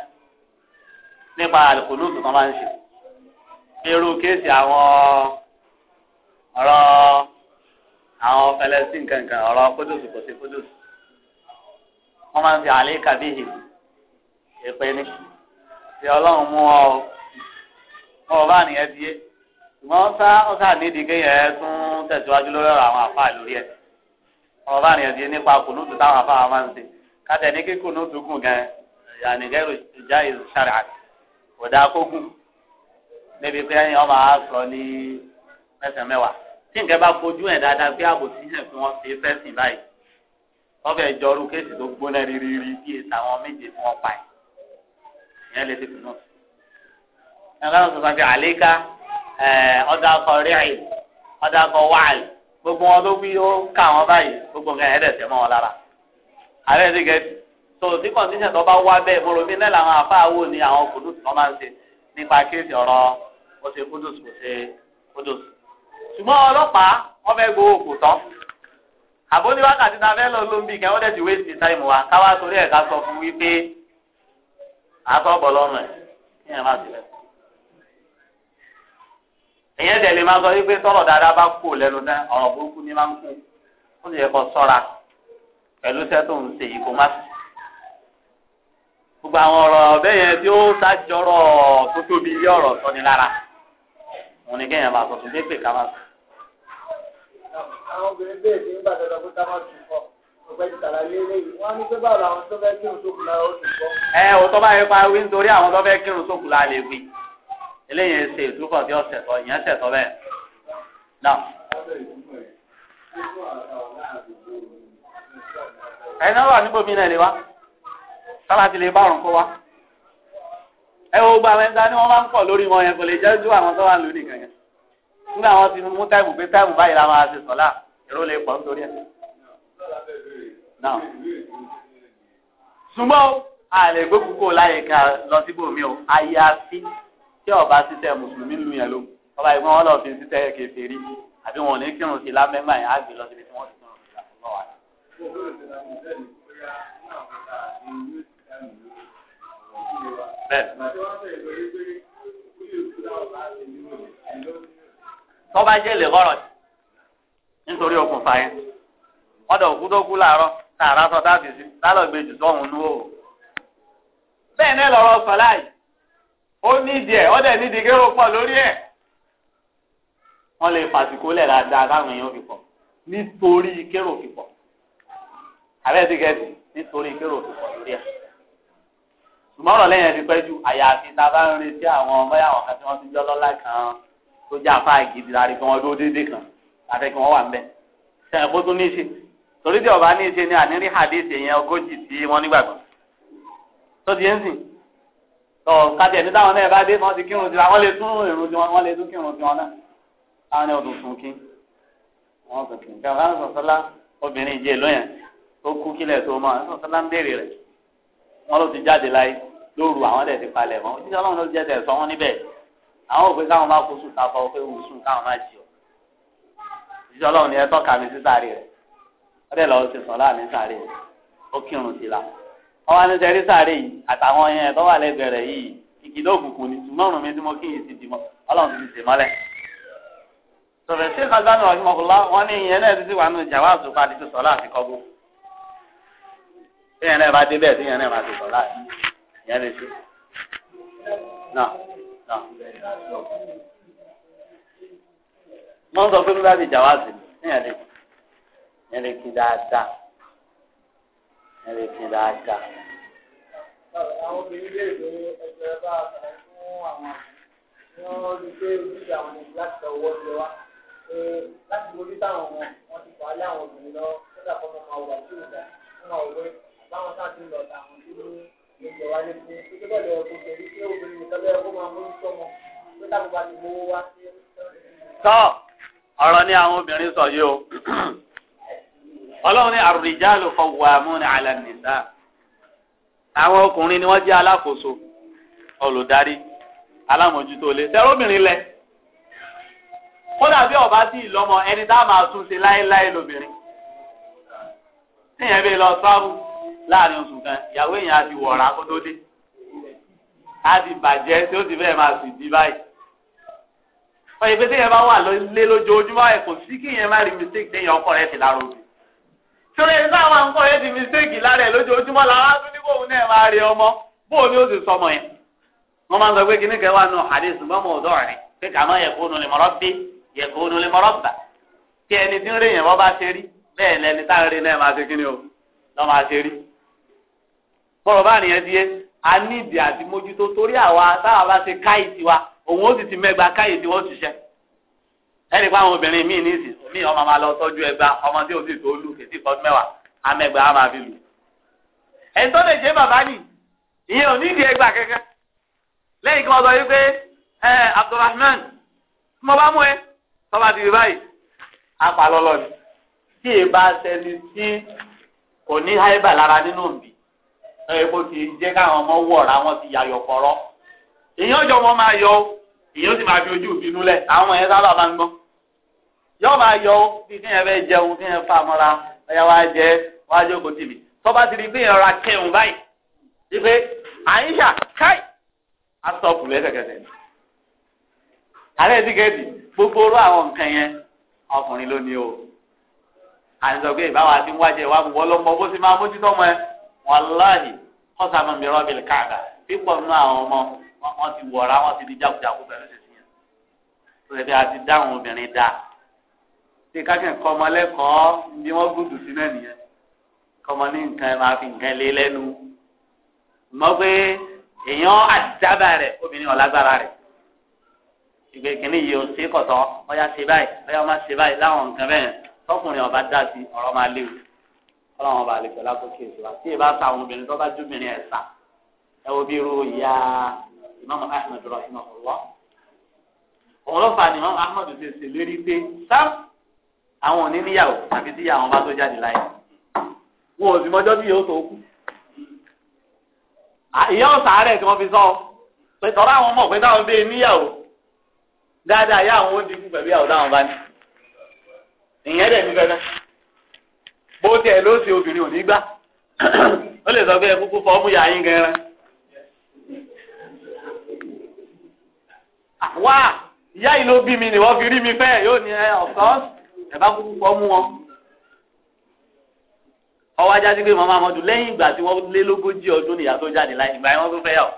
S2: nípa àlùkòlóòtù kan máa ń ṣe irú kéèsì àwọn ọ̀rọ̀ àwọn fẹlẹ́sì nkankan ọ̀rọ̀ kódòsù kò sí kódòsù wọ́n máa ń fi àlẹ́ kàbíyì èpè ní ti ọlọ́run mú ọ ọ ọba nìyẹn bíyé ṣùgbọ́n ọ̀sá ọ̀sá nídìí kéèyàn tún tẹ̀síwájú lórí ọ̀rọ̀ àwọn àfáà lórí ẹ̀ ọba nìyẹn bíyé nípa kùnúùtù táwọn àfáà máa ń ṣe kátẹ̀ ní kíkùnúùtù kù gan-an yànnìkẹ́rù ìjà ìṣàrẹ̀ àti kò dáa kó gùn níbi pé ẹ̀yìn ọmọ á sọ ní mẹ́sàn-án mẹ́wàá tí nǹkan bá fojú ẹ̀ dáadáa pé ààbò tí hẹ̀ fún wọn ṣe fẹ́ sìn báyìí wọ́n fẹ́ jọ ọrú kéèsì tó gbóná rírírí bí ètò àwọn méje tí wọ́n pa ẹ̀ ìyẹn lè ti fi náà. ẹ̀ka ló sọ fún mi àlékà ọ̀dà akọ rírì ọ̀dà akọ wáàlì gbogbo wọn ló wí ó kà wọn báyìí gbogbo nǹkan ẹ̀ẹ́dẹ̀ẹ̀tẹ̀ mọ́ wọn lára ààrẹ ti gẹ̀ẹ́sì so tí kọ̀ǹdíṣẹ̀ tó bá wá bẹ́ẹ̀ mo rò mí lẹ́la àwọn àfáàwò ni àwọn kudus kan máa ń ṣe nípa kéèsì ọ̀rọ̀ ó ṣe kudus kò ṣe kudus. ṣùgbọ́n ọlọ́pàá wọ́n fẹ́ gbowó kò tán àbó ní wákàtí ta fẹ́ lọ ló ń bì kẹ́ wọ́n dẹ̀ ti wé sí táìmù wa káwá torí ẹ̀ ká sọ fún wípé àtọ́bọ̀ lọ́rùn ẹ̀ kí ẹ̀ má ti rẹ̀. ìyẹn tẹ̀lé máa sọ wípé tọ́rọ̀ dáadáa bá kú lẹ́nu tán ọ̀rọ̀ burúkú ni máa ń kú ó sì yẹ kó sọ́ra pẹ̀lú iṣẹ́ ń ṣe yìí gbogbo àwọn ọ̀rọ̀ bẹ́ẹ̀ yẹn tí ó ṣàjọrọ̀ tó tóbi ilé ọ̀rọ̀ sọ ni lára wọn ni kéèyàn máa sọ fún pépè ká máa sọ.
S1: àwọn obìnrin bẹ́ẹ̀ ti ń bàtà lọ fún táwọn ti fọ ọgbẹ́ ti tàlà lé lé yìí wọ́n á ní pé báwo làwọn tó fẹ́ kírun sókù lára ó ti fọ́.
S2: ẹ ò tọ́ bá yẹ pa wí nítorí àwọn tó fẹ́ kírun sókù lára lè wí eléyìí ṣe ìtúfọ̀ tí ó ṣẹ̀tọ̀ ìyẹn ṣẹ̀tọ̀ bẹ́ẹ̀ náà.
S1: ẹ̀ náà wà níbo mi náà lè wá
S2: sábà ti lè bá ọ̀rùn kó wa ẹ wo gba àwọn ẹnìkan ni wọ́n máa ń pọ̀ lórí wọn yẹn kò lè jẹ́ ju àwọn tó wà lónìí kan yẹn nígbà wọn ti mú táìmù pé táìmù báyìí la máa ṣe sọ́lá èrò lè pọ̀ nítorí ẹ̀ náà ṣùgbọ́n àlè gbókùn kò láyè ká lọ síbòmí o àyàfi tí ọba títẹ mùsùlùmí lu yẹn ló ọba ìgbọ́n wọn lọ fi títẹ kèfèrí àbí wọn ò ní kírun sí lámẹ́gbà yẹn á gbé lọ síbi tí wọ́n ti kírun
S1: sí lọ́wọ́ àná.
S2: tọ́ba jẹ́ lè gbọ́rọ̀ nítorí okùnfà yẹn ọ̀dọ̀ òkú làárọ̀ tààrà sọ táàbì sí tálọ̀gbé jù sọ́hun nú bẹ́ẹ̀ náà lọ́rọ̀ sọ ó nídìí ẹ̀ ọ̀dẹ̀ nídìí kérò pọ̀ lórí ẹ̀. wọ́n lè fàsìkò lẹ̀ dáadáa táwọn èèyàn fi pọ̀ nítorí sùmọ́rọ̀ lẹ́yìn ẹni pẹ́ ju àyàfi tá a bá ń retí àwọn bóyá àwọn kan tí wọ́n ti jọ́ lọ́lá kan tó jẹ́ afá gidi láti fi wọn dúró déédéé kan àti kí wọ́n wà ńbẹ. sẹ́yìn kó tún ní í ṣe torí tí ọba ní í ṣe ni àníní hadith yẹn ogójì tí wọ́n nígbàgbọ́. tó ti ń sìn tọ́ kájẹ̀ ní táwọn náà bá dé wọ́n ti kírun tiwa wọ́n lè tún irun tiwọn wọ́n lè tún kírun tiwọn náà táwọn náà tún kí wọ́n sùn kí nǹkan wọn ló ti jáde láyé lóru àwọn dẹ̀ ti palẹ̀ mọ́ òjijì ọlọ́run ló jẹ́ tẹ̀ sọ wọn níbẹ̀ àwọn òfin káwọn bá kó sùn káfọ́ òfin wù sùn káwọn má jì ọ́ òjijì ọlọ́run ni ẹ tọ́ka mi sí sáré rẹ̀ ọdẹ lọ́wọ́ ti sọ̀rọ̀ àmì sáré rẹ̀ ó kírun sí la wọn wá ní sáré yìí àtàwọn yẹn tó wà lẹ́gbẹ̀ẹ́ rẹ̀ yìí ìgìdá òkùnkùn ni ṣùgbọ́n mi tí mo kí yìí ti dì mọ́ ọlọ́run ti ti mọ́lẹ̀ sọ̀rọ̀ sí ìkàgbọ́n ọ̀hún wọn ní téèyàn náà bá dé bẹ́ẹ̀ téèyàn náà máa ti sọ láàyè ìyẹn lè ṣe. wọ́n sọ pé bí bá ti jà wá sí téèyàn lè ìyẹn lè kí dáadáa ìyẹn lè kí dáadáa.
S3: àwọn obìnrin
S1: lè gbé ẹgbẹ́ bá a fún àwọn àgbẹ̀ wọ́n rí pé ojúṣe àwọn ènìyàn láti sọ owó wá láti mójú táwọn wọn ti fà àwọn obìnrin lọ kó dàpọ̀ mọ́ àwọn àti òdà fún àwọn òwe táwọn sáà ti lọ ta àwọn tí ní ìjọ wáyé fún un tó bẹ̀rẹ̀ ọkùnrin tẹ̀lé pé obìnrin nìkan lọ́yẹ kó máa mójú sọmọ pé táwọn bá ti gbowó wá sí
S2: tọ́ ọ̀rọ̀ ni àwọn obìnrin sọ yìí o ọlọ́run ní ar-rijalu qawwamuna 'ala an-nisa àwọn ọkùnrin ni wọ́n jẹ́ alákòóso olùdarí alámòjútó lé tẹ́rọ̀bìnrin lẹ kódà bí ọba tí ìlọmọ ẹni tá a máa tún ṣe láéláé lóbìnrin tíyẹn bí lọ sáwù. láàrin oṣù kan ìyàwó èèyàn á ti wọ̀ra kó tó dé a ti bàjẹ́ tí ó ti fẹ́ máa sì di báyìí. ọ̀yẹ̀ pé téèyàn bá wà lé lójoojúmọ́ ẹ̀ kò sí kí èèyàn má rí mistake téèyàn ọkọ rẹ̀ ti lára ọkọ ti mistake lára ẹ̀ lójoojúmọ́ làwọn ní bóun náà máa rí ọmọ bóun ni ó sọmọ yẹn. wọ́n máa ń sọ pé kẹ́ wà nù ọ̀dọ́ rẹ̀ kí bọ́rọ̀ bá nìyẹn di yé a ní ìdí àti mójútó torí àwa táwa bá ṣe káyì tiwa òun ó sì ti mẹ́gba káyì tiwa ó ṣiṣẹ́ ẹnì pa àwọn obìnrin míì níìsì mí ọmọ máa lọ tọ́jú ẹgbà ọmọ tí ó sì tó lù kìtì fọdún mẹ́wàá amẹ́gbà á máa fi lù. ẹ̀ tó lè jẹ́ bàbá nì ìyẹn ò ní ìdí ẹgbà kankan lẹ́yìn kí wọ́n sọ wípé ẹ Abdulrahman tí mo bá mú ẹ tọ́ba ti rí báyìí apalọ́lọ́ ni tí èèbá sẹni tí ẹ̀kọ́ ti jẹ́ káwọn ọmọ wọ̀ra wọn ti yàyọ̀ kọ̀rọ̀ èèyàn jọ wọn máa yọ èèyàn sì máa fi ojú ìbínú lẹ̀ àwọn yẹn sábà máa ń gbọ́n yọ máa yọ bí kí yẹn fẹ́ jẹun kí yẹn fà mọ́ra ẹ̀yà wá jẹ wá jókòó tì mí ti di pé ra kẹun báyìí wípé àyíṣà káì á sọ̀kù ni àlẹ́ tíkẹ́ẹ̀tì gbogbo orú àwọn nǹkan yẹn ọkùnrin ló o àti pé ìbáwá ti ń wájẹ ìwà àbúwọ́ lọ́mọ bó ti máa mójútó ọmọ yẹn wàláhì kọ́sà máa ń bẹ̀rọ̀ bẹ̀rẹ̀ káàkà pípọ̀ nínú àwọn ọmọ wọn ti wọ̀ra wọn ti di jákujáku pẹ̀lú ṣèṣì yẹn lórí a ti dá àwọn obìnrin dá ṣé kákẹ́ kọ́ ọmọ lẹ́kọ̀ọ́ bí wọ́n gbùdù sí náà nìyẹn kọ́ ọmọ ní nǹkan ẹ̀ máa fi nǹkan lé lẹ́nu mọ́ pé èèyàn àdábà rẹ̀ obìnrin ọ̀lágbára rẹ̀ ìgbè kìíní yìí ò sí kọ̀tọ́ ọ̀yà ṣe báyìí ọ̀yà má ọlọ́run ọba àlejò lákòókò èsì wa tí ìbá ta àwọn obìnrin tó bá jóbìnrin ẹ̀ sà ẹ wo bí irú ìyá Imam Ahmed rahimahullah òun ló fa ni Imam Ahmed ti ṣe lérí pé sáà àwọn òní níyàwó tàbí tí àwọn bá tó jáde láyé wọn ò sì mọjọ́ bí yóò tó kú ìyá ọ̀sà rẹ̀ tí wọ́n fi sọ pé tọ́lá àwọn ọmọ pé táwọn bẹ́ẹ̀ níyàwó dáadáa ìyá àwọn ó dínkù bó tiẹ̀ ló ṣe obìnrin ò ní gbà ó lè sọ pé ẹ kúkú fọmú ya yín gan-an. wá ìyá yìí ló bí mi ni wọ́n fi rí mi fẹ́ yóò ní ẹ eh, ọ̀sán ẹ bá kúkú fọmú wọn. ọwọ́ ajá sí pé màmá amadu lẹ́yìn ìgbà tí wọ́n lé lógójì ọdún nìyá tó jáde láì ìgbà yẹn wọ́n tó fẹ́ yà ọ́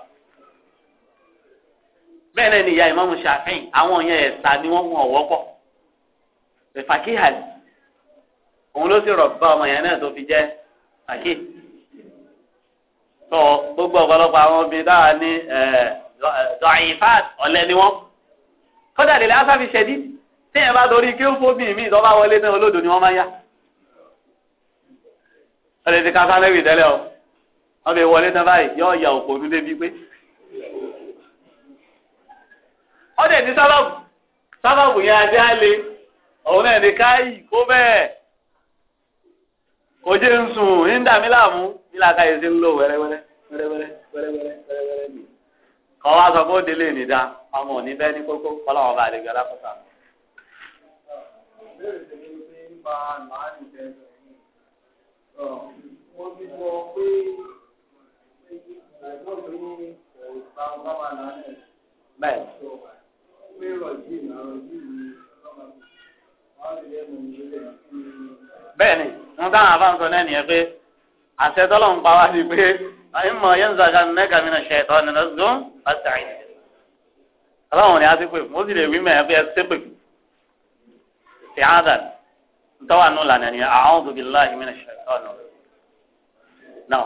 S2: bẹ́ẹ̀ náà ni ìyá ìmáàmù ṣàfihàn àwọn yẹn ẹ̀sà òun ló sì rọ̀bà ọmọ yẹn náà tó fi jẹ́ àṣì. tó gbogbo ọ̀pọ̀lọpọ̀ àwọn obìnrin dáhà ní dọ̀ìfàt ọ̀lẹ́ ni wọ́n. kódà lè lásà fi ṣẹ́dí tí ẹ̀ bá torí kí ó fóbì mí ìtọ́ba wọlé náà olódò ni wọ́n máa yá. ọ̀lẹ́ ti kásá lẹ́wì tẹ́lẹ̀ o wọ́n fi wọlé tán báyìí yọ ọ̀yà òkò ọdún débi pé. ọ̀dẹ̀ ti sábàbù sábàbù yẹn adé á le òun náà ní káyì kó
S1: òjé ń sùn ń dà
S2: mí láàmú bí làákà yìí ṣe ń lò wẹ́rẹ́wẹ́rẹ́ wẹ́rẹ́wẹ́rẹ́ wẹ́rẹ́wẹ́rẹ́ nì. kọ́ wa sọ pé ó ní da ọmọ òní bẹ́ẹ̀ ní kókó kọ́lọ́wọ́ bá àlejò alákọ̀ọ́sà.
S1: wọ́n ti sọ pé ẹ̀gbọ́n mi ní ọ̀gá bàbá lánàá. bẹ́ẹ̀. pé rọ̀jì náà rọ̀jì ni bàbá mi
S2: bẹ́ẹ̀ni wọn táwọn afáǹsọ náà nìyẹn pé àṣẹ tọ́lọ̀ ń pa wá sí pé àyìnbó yẹn zàgà nẹ́ẹ̀ka mi náà ṣe ẹ̀tọ́ nínú ọdún ọ̀sẹ̀ àyè. ọlọ́run ni a ti pè mo sì lè wí mẹ́ẹ̀ pé ẹ ṣe pè ṣe ádàn ntọ́wà nù lànà ni àwọn òbí láàyè mi náà ṣe ẹ̀tọ́ nù. náà.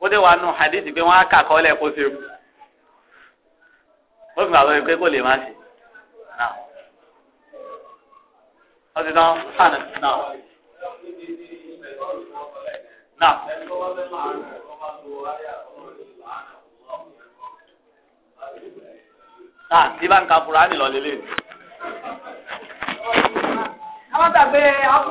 S2: ó dé wà nù hadith pé wọn á kà kọ́lẹ̀ kó ṣe mu ó fi bàbá pé kò lè má ṣe náà ó ti tán fàánù náà náà. náà tí bá ń ka kúránì lọ lélẹ̀.